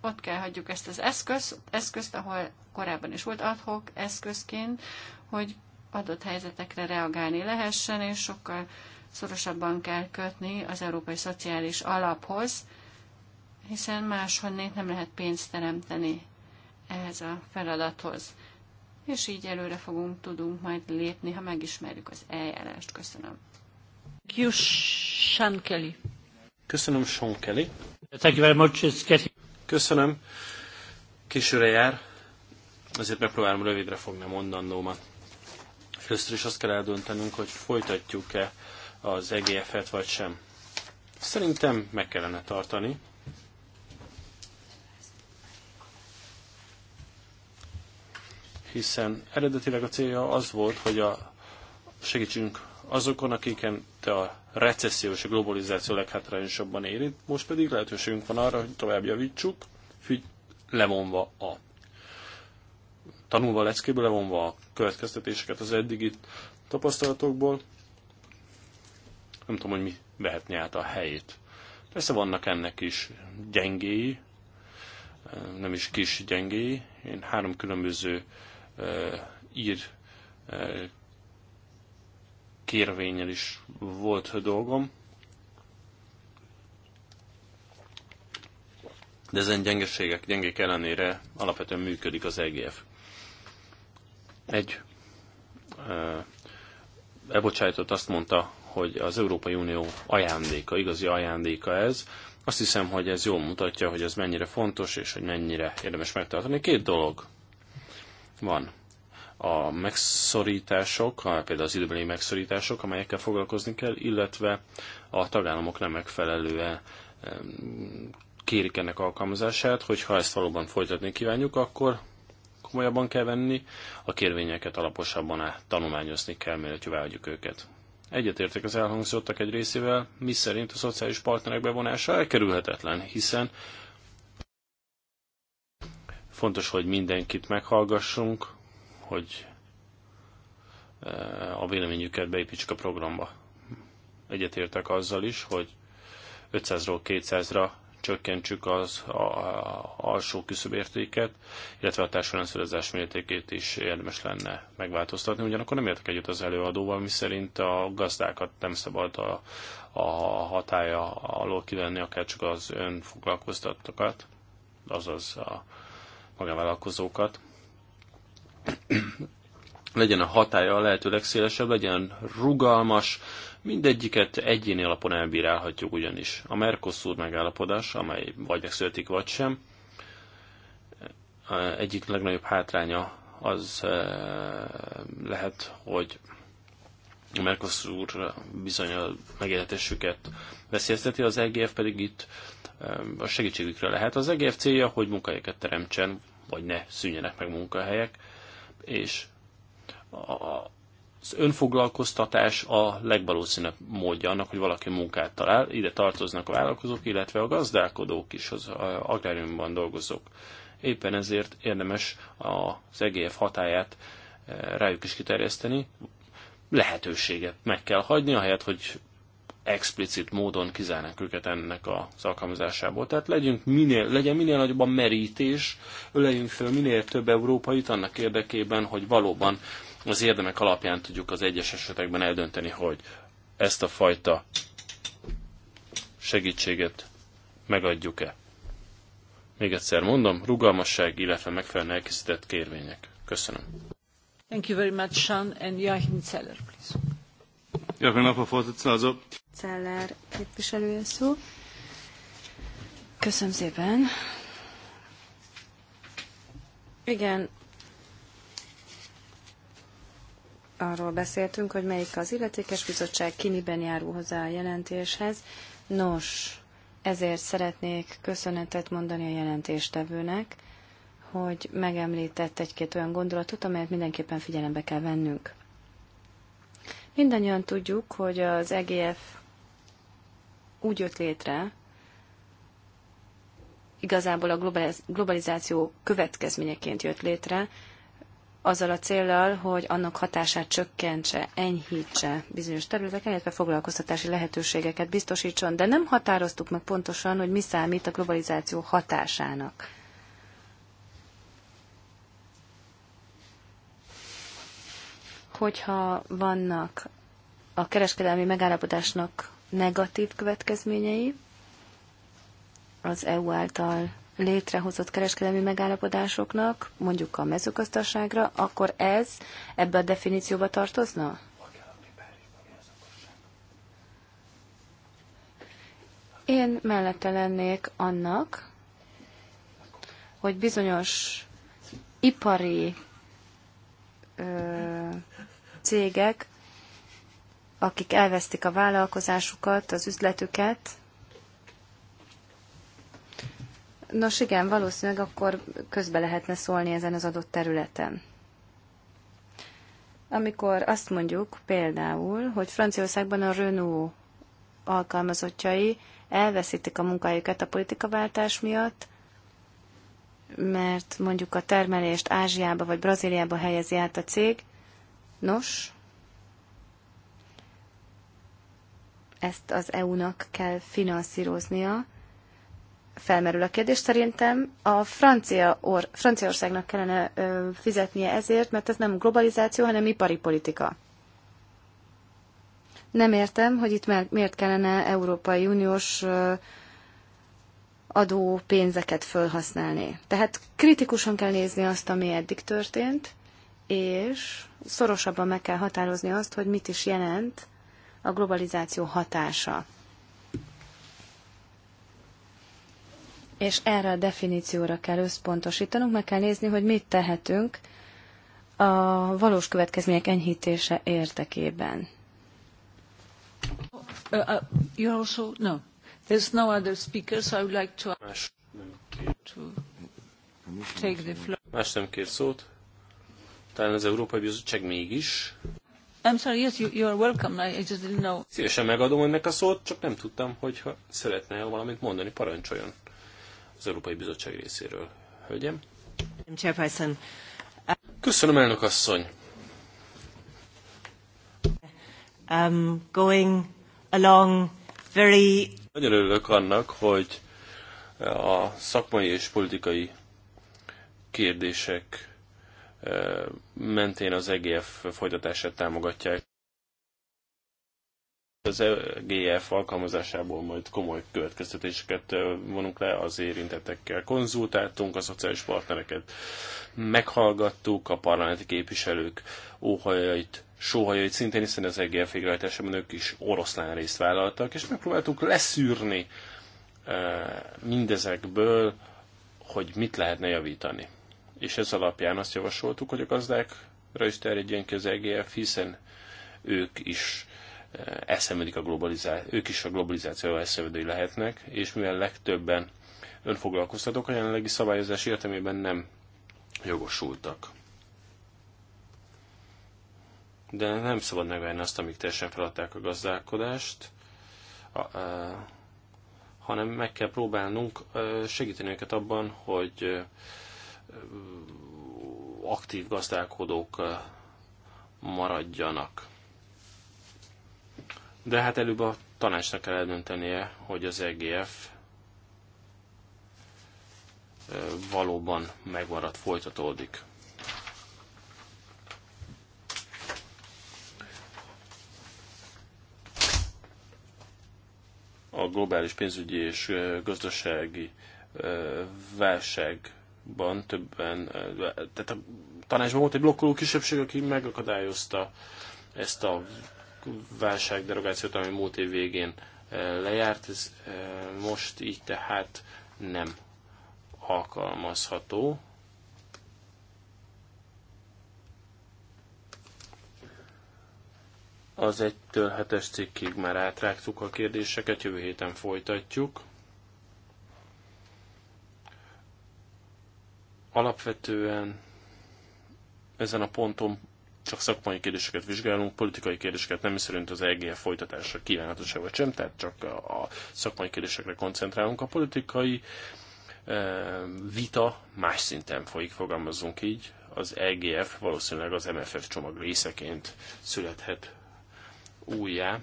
C: ott kell hagyjuk ezt az eszközt, eszközt, ahol korábban is volt adhok eszközként, hogy adott helyzetekre reagálni lehessen, és sokkal szorosabban kell kötni az Európai Szociális Alaphoz, hiszen máshonnét nem lehet pénzt teremteni ehhez a feladathoz. És így előre fogunk, tudunk majd lépni, ha megismerjük az eljárást. Köszönöm.
B: Köszönöm, Sean Kelly. Thank you very much. Köszönöm. Későre jár. Azért megpróbálom rövidre fogni a mondandómat. Először is azt kell eldöntenünk, hogy folytatjuk-e az EGF-et vagy sem. Szerintem meg kellene tartani, hiszen eredetileg a célja az volt, hogy a, segítsünk azokon, akiken a recesszió és a globalizáció leghátrányosabban érint, most pedig lehetőségünk van arra, hogy tovább javítsuk, fügy, levonva a tanulva leckéből, levonva a következtetéseket az eddigi tapasztalatokból. Nem tudom, hogy mi vehetni át a helyét. Persze vannak ennek is gyengéi, nem is kis gyengéi. Én három különböző ír kérvényel is volt dolgom. De ezen gyengeségek, gyengék ellenére alapvetően működik az EGF. Egy ebocsájtott azt mondta, hogy az Európai Unió ajándéka, igazi ajándéka ez. Azt hiszem, hogy ez jól mutatja, hogy ez mennyire fontos, és hogy mennyire érdemes megtartani. Két dolog van a megszorítások, például az időbeli megszorítások, amelyekkel foglalkozni kell, illetve a tagállamok nem megfelelően kérik ennek alkalmazását, hogy ha ezt valóban folytatni kívánjuk, akkor komolyabban kell venni, a kérvényeket alaposabban át, tanulmányozni kell, mielőtt jóvá hagyjuk őket. Egyetértek az elhangzottak egy részével, mi szerint a szociális partnerek bevonása elkerülhetetlen, hiszen Fontos, hogy mindenkit meghallgassunk, hogy eh, a véleményüket beépítsük a programba. Egyetértek azzal is, hogy 500-ról 200-ra csökkentsük az a, a, alsó küszöbértéket, illetve a társadalomszörezés mértékét is érdemes lenne megváltoztatni. Ugyanakkor nem értek együtt az előadóval, mi szerint a gazdákat nem szabad a, a hatája alól kivenni, akár csak az önfoglalkoztattakat, azaz a, magánvállalkozókat. legyen a hatája a lehető legszélesebb, legyen rugalmas, mindegyiket egyéni alapon elbírálhatjuk ugyanis. A Mercosur megállapodás, amely vagy megszületik, vagy sem, egyik legnagyobb hátránya az eh, lehet, hogy a Mercosur bizony a megélhetésüket veszélyezteti, az EGF pedig itt eh, a segítségükre lehet. Az EGF célja, hogy munkahelyeket teremtsen, vagy ne szűnjenek meg munkahelyek, és az önfoglalkoztatás a legvalószínűbb módja annak, hogy valaki munkát talál. Ide tartoznak a vállalkozók, illetve a gazdálkodók is, az agráriumban dolgozók. Éppen ezért érdemes az EGF hatáját eh, rájuk is kiterjeszteni. Lehetőséget meg kell hagyni, ahelyett, hogy explicit módon kizárnak őket ennek az alkalmazásából. Tehát legyünk minél, legyen minél nagyobb a merítés, öleljünk föl minél több európait annak érdekében, hogy valóban az érdemek alapján tudjuk az egyes esetekben eldönteni, hogy ezt a fajta segítséget megadjuk-e. Még egyszer mondom, rugalmasság, illetve megfelelően elkészített kérvények. Köszönöm.
A: Thank you very much, Sean, and
D: Joachim Zeller, please.
B: Ja, Frau also
D: Celler képviselője szó. Köszönöm szépen. Igen, arról beszéltünk, hogy melyik az illetékes bizottság, ki miben járul hozzá a jelentéshez. Nos, ezért szeretnék köszönetet mondani a jelentéstevőnek, hogy megemlített egy-két olyan gondolatot, amelyet mindenképpen figyelembe kell vennünk. Mindannyian tudjuk, hogy az EGF úgy jött létre, igazából a globalizáció következményeként jött létre, azzal a céllal, hogy annak hatását csökkentse, enyhítse bizonyos területeken, illetve foglalkoztatási lehetőségeket biztosítson, de nem határoztuk meg pontosan, hogy mi számít a globalizáció hatásának. Hogyha vannak a kereskedelmi megállapodásnak negatív következményei az EU által létrehozott kereskedelmi megállapodásoknak, mondjuk a mezőgazdaságra, akkor ez ebbe a definícióba tartozna? Én mellette lennék annak, hogy bizonyos ipari ö, cégek akik elvesztik a vállalkozásukat, az üzletüket. Nos igen, valószínűleg akkor közbe lehetne szólni ezen az adott területen. Amikor azt mondjuk például, hogy Franciaországban a Renault alkalmazottjai elveszítik a munkájukat a politikaváltás miatt, mert mondjuk a termelést Ázsiába vagy Brazíliába helyezi át a cég. Nos, ezt az EU-nak kell finanszíroznia. Felmerül a kérdés szerintem. A Francia or, Franciaországnak kellene ö, fizetnie ezért, mert ez nem globalizáció, hanem ipari politika. Nem értem, hogy itt miért kellene Európai Uniós adó pénzeket felhasználni. Tehát kritikusan kell nézni azt, ami eddig történt, és szorosabban meg kell határozni azt, hogy mit is jelent a globalizáció hatása. És erre a definícióra kell összpontosítanunk, meg kell nézni, hogy mit tehetünk a valós következmények enyhítése érdekében.
A: Uh, uh, you also no. There's no other I would like to.
B: Más nem kér Take the floor. szót. Talán az Európai Bizottság mégis.
A: I'm sorry, yes, you, you are welcome. I, just didn't know.
B: Szívesen megadom önnek a szót, csak nem tudtam, hogyha szeretne -e valamit mondani, parancsoljon az Európai Bizottság részéről. Hölgyem? Köszönöm, elnök asszony.
A: Um, going along
B: very... Nagyon örülök annak, hogy a szakmai és politikai kérdések mentén az EGF folytatását támogatják. Az EGF alkalmazásából majd komoly következtetéseket vonunk le, az érintettekkel konzultáltunk, a szociális partnereket meghallgattuk, a parlamenti képviselők óhajait, sóhajait szintén, hiszen az EGF végrehajtásában ők is oroszlán részt vállaltak, és megpróbáltuk leszűrni mindezekből, hogy mit lehetne javítani és ez alapján azt javasoltuk, hogy a gazdákra is terjedjen ki az EGF, hiszen ők is eszemedik eh, a globalizáció, ők is a globalizáció eszemedői lehetnek, és mivel legtöbben önfoglalkoztatók a jelenlegi szabályozás értelmében nem jogosultak. De nem szabad megvenni azt, amíg teljesen feladták a gazdálkodást, a, a, eh, hanem meg kell próbálnunk eh, segíteni őket abban, hogy aktív gazdálkodók maradjanak. De hát előbb a tanácsnak kell eldöntenie, hogy az EGF valóban megmarad, folytatódik. A globális pénzügyi és gazdasági válság ban többen, eh, tehát a tanácsban volt egy blokkoló kisebbség, aki megakadályozta ezt a válságderogációt, ami múlt év végén eh, lejárt, ez eh, most így tehát nem alkalmazható. Az egytől től cikkig már átrágtuk a kérdéseket, jövő héten folytatjuk. Alapvetően ezen a ponton csak szakmai kérdéseket vizsgálunk, politikai kérdéseket nem, szerint az EGF folytatása kívánatos-e vagy sem, tehát csak a szakmai kérdésekre koncentrálunk. A politikai e, vita más szinten folyik, fogalmazzunk így. Az EGF valószínűleg az MFF csomag részeként születhet újjá.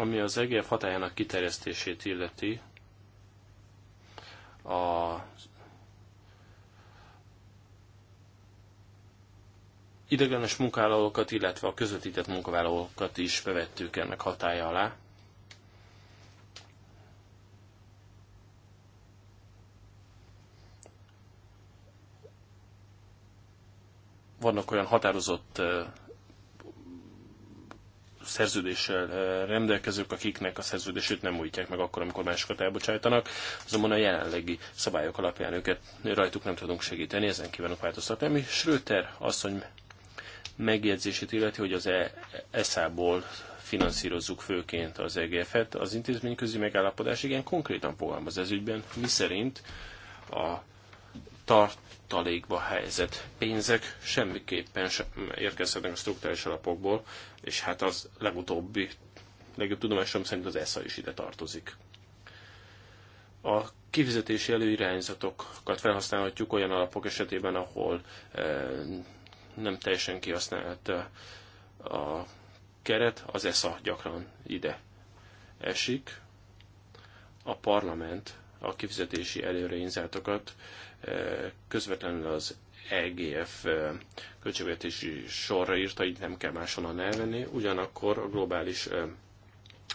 B: Ami az EGF hatájának kiterjesztését illeti, a idegenes munkavállalókat, illetve a közvetített munkavállalókat is bevettük ennek hatája alá. Vannak olyan határozott szerződéssel eh, rendelkezők, akiknek a szerződését nem újítják meg akkor, amikor másokat elbocsájtanak, azonban a jelenlegi szabályok alapján őket rajtuk nem tudunk segíteni, ezen kívánok változtatni. Ami Schröter asszony megjegyzését illeti, hogy az ESZA-ból finanszírozzuk főként az EGF-et, az intézményközi megállapodás igen konkrétan fogalmaz ez ügyben, mi szerint a tartalékba helyezett pénzek semmiképpen sem érkezhetnek a struktúrális alapokból, és hát az legutóbbi, legjobb tudomásom szerint az ESZA is ide tartozik. A kifizetési előirányzatokat felhasználhatjuk olyan alapok esetében, ahol eh, nem teljesen kihasznált eh, a keret, az ESZA gyakran ide esik. A parlament a kifizetési előirányzatokat közvetlenül az EGF költségvetési sorra írta, így nem kell máshonnan elvenni. Ugyanakkor a globális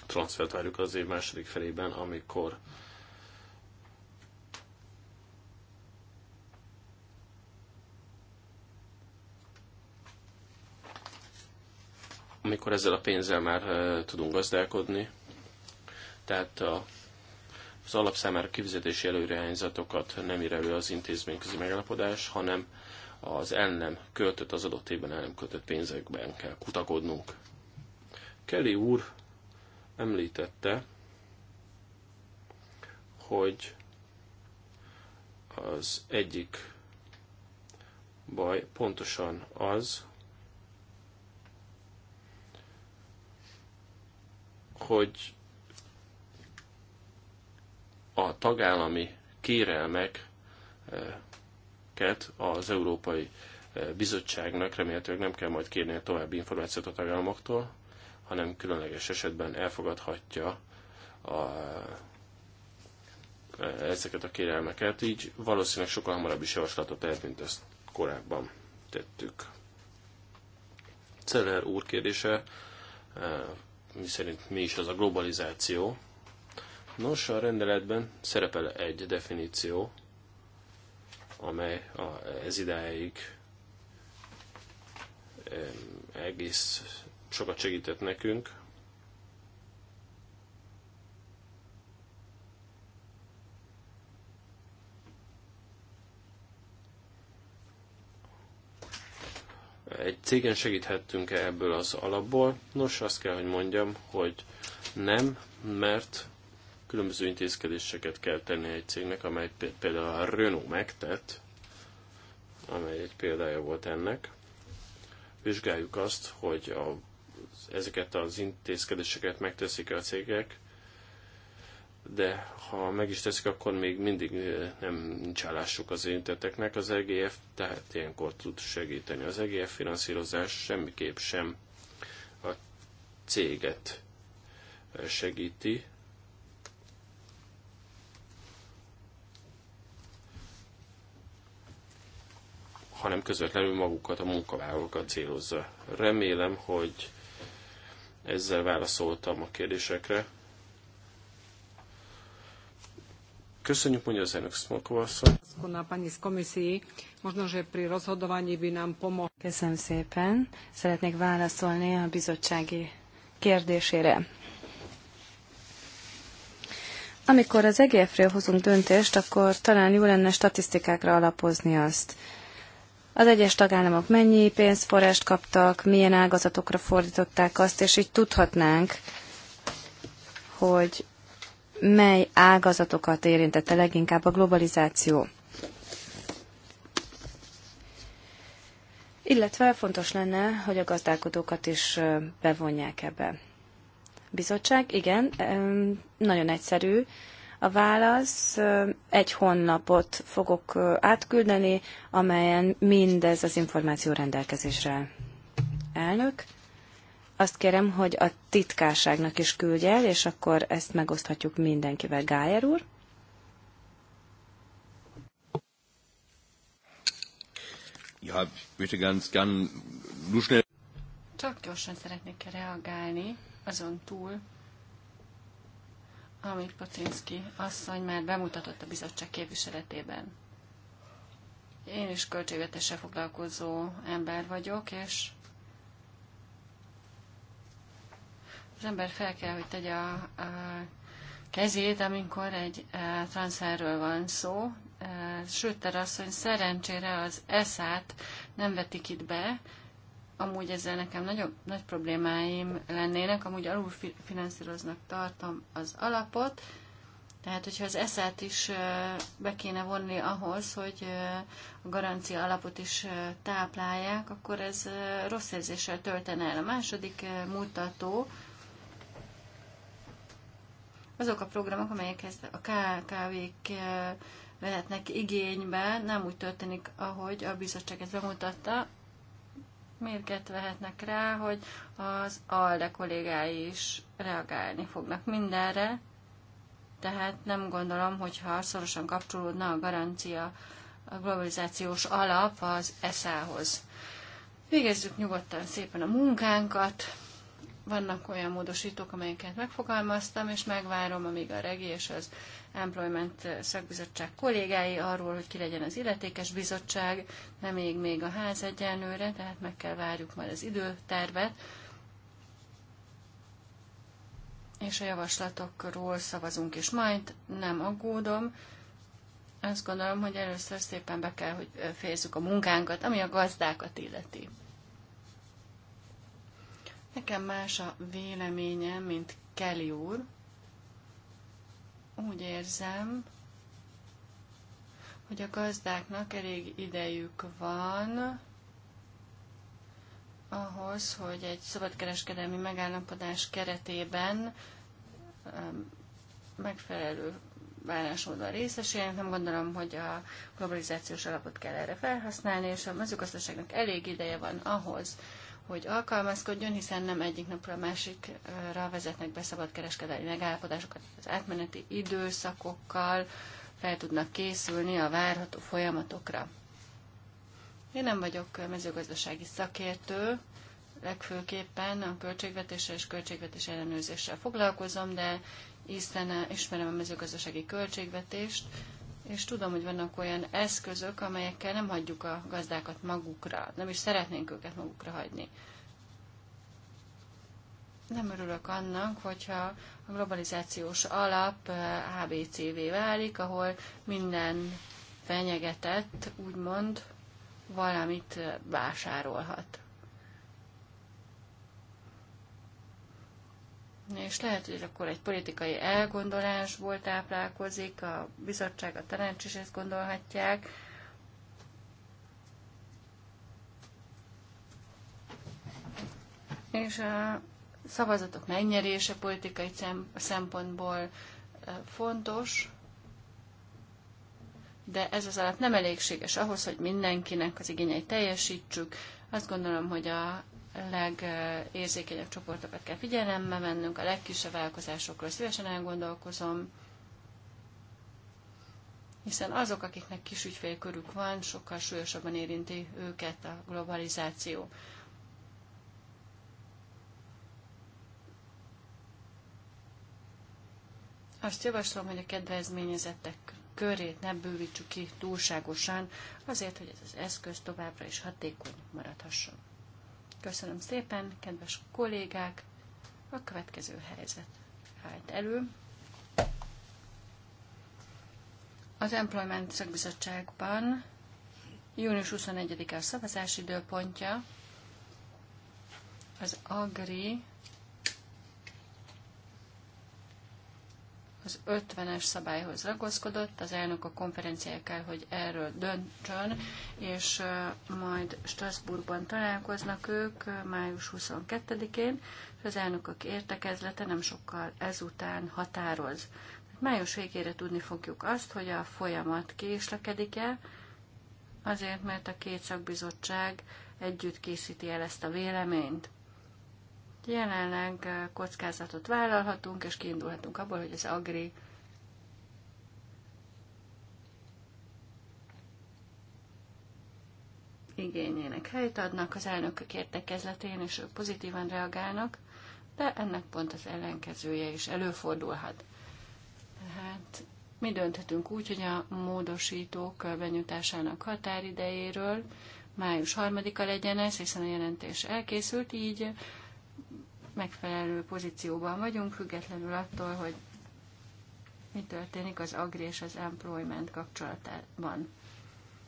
B: transfert várjuk az év második felében, amikor amikor ezzel a pénzzel már tudunk gazdálkodni. Tehát a az számára kifizetési előirányzatokat nem ír elő az intézményközi megállapodás, hanem az el nem költött, az adott évben el nem költött pénzekben kell kutakodnunk. Kelly úr említette, hogy az egyik baj pontosan az, hogy a tagállami kérelmeket az Európai eh, Bizottságnak remélhetőleg nem kell majd kérnie további információt a tagállamoktól, hanem különleges esetben elfogadhatja a, eh, ezeket a kérelmeket, így valószínűleg sokkal hamarabb is javaslatot tehet, mint ezt korábban tettük. Celler úr kérdése, eh, mi szerint mi is az a globalizáció, Nos, a rendeletben szerepel egy definíció, amely a, ez idáig egész sokat segített nekünk. Egy cégen segíthettünk -e ebből az alapból? Nos, azt kell, hogy mondjam, hogy nem, mert különböző intézkedéseket kell tenni egy cégnek, amely például a Renault megtett, amely egy példája volt ennek. Vizsgáljuk azt, hogy a, ezeket az intézkedéseket megteszik a cégek, de ha meg is teszik, akkor még mindig nem nincs állásuk az érintetteknek. Az EGF tehát ilyenkor tud segíteni. Az EGF finanszírozás semmiképp sem a céget segíti, hanem közvetlenül magukat, a munkavállalókat célozza. Remélem, hogy ezzel válaszoltam a kérdésekre. Köszönjük, mondja az elnök Smolkovasszony.
A: Köszönöm
D: szépen. Szeretnék válaszolni a bizottsági kérdésére. Amikor az EGF-ről hozunk döntést, akkor talán jó lenne statisztikákra alapozni azt az egyes tagállamok mennyi pénzforrást kaptak, milyen ágazatokra fordították azt, és így tudhatnánk, hogy mely ágazatokat érintette leginkább a globalizáció. Illetve fontos lenne, hogy a gazdálkodókat is bevonják ebbe. Bizottság, igen, nagyon egyszerű. A válasz egy honlapot fogok átküldeni, amelyen mindez az információ rendelkezésre. Elnök, azt kérem, hogy a titkárságnak is küldje el, és akkor ezt megoszthatjuk mindenkivel. Gájer úr.
C: Ja, bitte ganz gern, nur schnell. Csak gyorsan szeretnék reagálni, azon túl, amit Patrinszki asszony már bemutatott a bizottság képviseletében. Én is költségvetéssel foglalkozó ember vagyok, és az ember fel kell, hogy tegye a, a kezét, amikor egy e, transferről van szó. E, Sütter asszony szerencsére az eszát nem vetik itt be, amúgy ezzel nekem nagyobb, nagy problémáim lennének, amúgy alul finanszíroznak tartom az alapot, tehát, hogyha az eszát is be kéne vonni ahhoz, hogy a garancia alapot is táplálják, akkor ez rossz érzéssel töltene el. A második mutató azok a programok, amelyekhez a KKV-k vehetnek igénybe, nem úgy történik, ahogy a bizottság ezt bemutatta, mérget vehetnek rá, hogy az ALDE kollégái is reagálni fognak mindenre, tehát nem gondolom, hogyha szorosan kapcsolódna a garancia a globalizációs alap az ESZÁ-hoz. Végezzük nyugodtan szépen a munkánkat, vannak olyan módosítók, amelyeket megfogalmaztam, és megvárom, amíg a regi és az Employment szakbizottság kollégái arról, hogy ki legyen az illetékes bizottság, nem ég még a ház egyenlőre, tehát meg kell várjuk majd az időtervet, és a javaslatokról szavazunk is majd, nem aggódom. Azt gondolom, hogy először szépen be kell, hogy fejezzük a munkánkat, ami a gazdákat illeti. Nekem más a véleményem, mint Kelly úr úgy érzem, hogy a gazdáknak elég idejük van ahhoz, hogy egy szabadkereskedelmi megállapodás keretében megfelelő bánásmódon részesüljenek. Nem gondolom, hogy a globalizációs alapot kell erre felhasználni, és a mezőgazdaságnak elég ideje van ahhoz, hogy alkalmazkodjon, hiszen nem egyik napra a másikra vezetnek be szabadkereskedelmi megállapodásokat az átmeneti időszakokkal, fel tudnak készülni a várható folyamatokra. Én nem vagyok mezőgazdasági szakértő, legfőképpen a költségvetéssel és költségvetés ellenőrzéssel foglalkozom, de hiszen ismerem a mezőgazdasági költségvetést, és tudom, hogy vannak olyan eszközök, amelyekkel nem hagyjuk a gazdákat magukra, nem is szeretnénk őket magukra hagyni. Nem örülök annak, hogyha a globalizációs alap ABCV eh, válik, ahol minden fenyegetett, úgymond, valamit eh, vásárolhat. és lehet, hogy akkor egy politikai elgondolásból táplálkozik, a bizottság, a tanács is ezt gondolhatják. És a szavazatok megnyerése politikai szempontból fontos, de ez az alap nem elégséges ahhoz, hogy mindenkinek az igényeit teljesítsük. Azt gondolom, hogy a legérzékenyebb csoportokat kell figyelembe mennünk, a legkisebb vállalkozásokról szívesen elgondolkozom, hiszen azok, akiknek kis ügyfélkörük van, sokkal súlyosabban érinti őket a globalizáció. Azt javaslom, hogy a kedvezményezettek körét ne bővítsük ki túlságosan, azért, hogy ez az eszköz továbbra is hatékony maradhasson. Köszönöm szépen, kedves kollégák! A következő helyzet állt elő. Az Employment Szakbizottságban június 21-e a szavazási időpontja, az Agri az 50-es szabályhoz ragaszkodott, az elnök a konferenciája kell, hogy erről döntsön, és majd Strasbourgban találkoznak ők május 22-én, és az elnökök értekezlete nem sokkal ezután határoz. Hát május végére tudni fogjuk azt, hogy a folyamat késlekedik-e, azért, mert a két szakbizottság együtt készíti el ezt a véleményt. Jelenleg eh, kockázatot vállalhatunk, és kiindulhatunk abból, hogy az agri igényének helyt adnak, az elnökök értekezletén, és ők pozitívan reagálnak, de ennek pont az ellenkezője is előfordulhat. Tehát mi dönthetünk úgy, hogy a módosítók benyújtásának határidejéről május 3-a legyen ez, hiszen a jelentés elkészült, így megfelelő pozícióban vagyunk, függetlenül attól, hogy mi történik az agri és az employment kapcsolatában,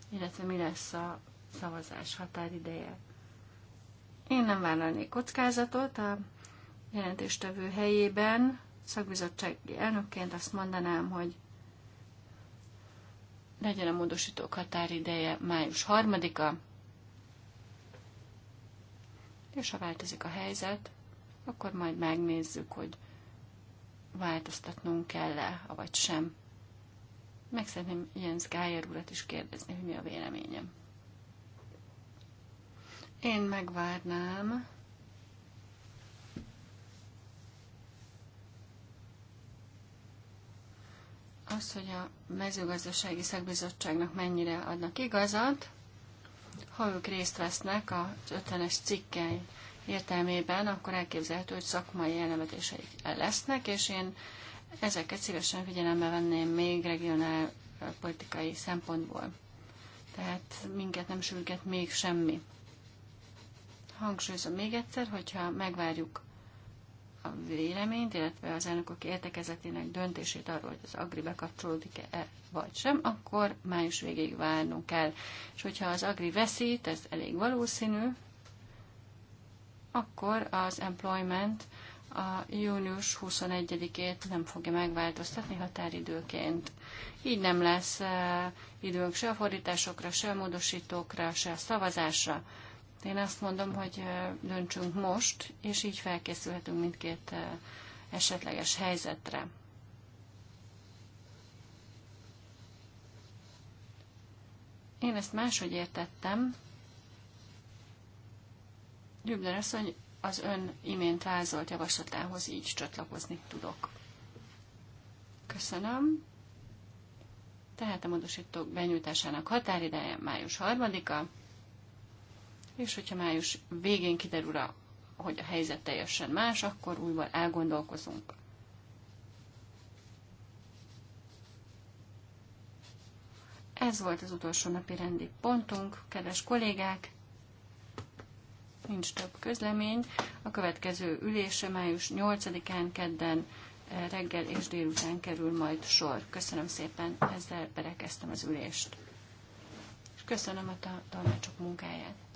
C: illetve mi lesz a szavazás határideje. Én nem vállalnék kockázatot a jelentéstevő helyében, szakbizottsági elnökként azt mondanám, hogy legyen a módosítók határideje május 3-a, és ha változik a helyzet, akkor majd megnézzük, hogy változtatnunk kell-e, vagy sem. Meg szeretném Jens Geyer urat is kérdezni, hogy mi a véleményem. Én megvárnám. Az, hogy a mezőgazdasági szakbizottságnak mennyire adnak igazat, ha ők részt vesznek az ötvenes es cikkei értelmében, akkor elképzelhető, hogy szakmai jellemetéseik lesznek, és én ezeket szívesen figyelembe venném még regionál politikai szempontból. Tehát minket nem sürget még semmi. Hangsúlyozom még egyszer, hogyha megvárjuk a véleményt, illetve az elnökök értekezetének döntését arról, hogy az agri bekapcsolódik-e vagy sem, akkor május végéig várnunk kell. És hogyha az agri veszít, ez elég valószínű, akkor az employment a június 21-ét nem fogja megváltoztatni határidőként. Így nem lesz eh, időnk se a fordításokra, se a módosítókra, se a szavazásra. Én azt mondom, hogy eh, döntsünk most, és így felkészülhetünk mindkét eh, esetleges helyzetre. Én ezt máshogy értettem, Gyümden asszony, az ön imént vázolt javaslatához így csatlakozni tudok. Köszönöm. Tehát a módosítók benyújtásának határideje május 3-a, és hogyha május végén kiderül, a, hogy a helyzet teljesen más, akkor újból elgondolkozunk. Ez volt az utolsó napi rendi pontunk, kedves kollégák! nincs több közlemény. A következő ülése május 8-án kedden eh, reggel és délután kerül majd sor. Köszönöm szépen, ezzel berekeztem az ülést. És köszönöm a tanácsok munkáját.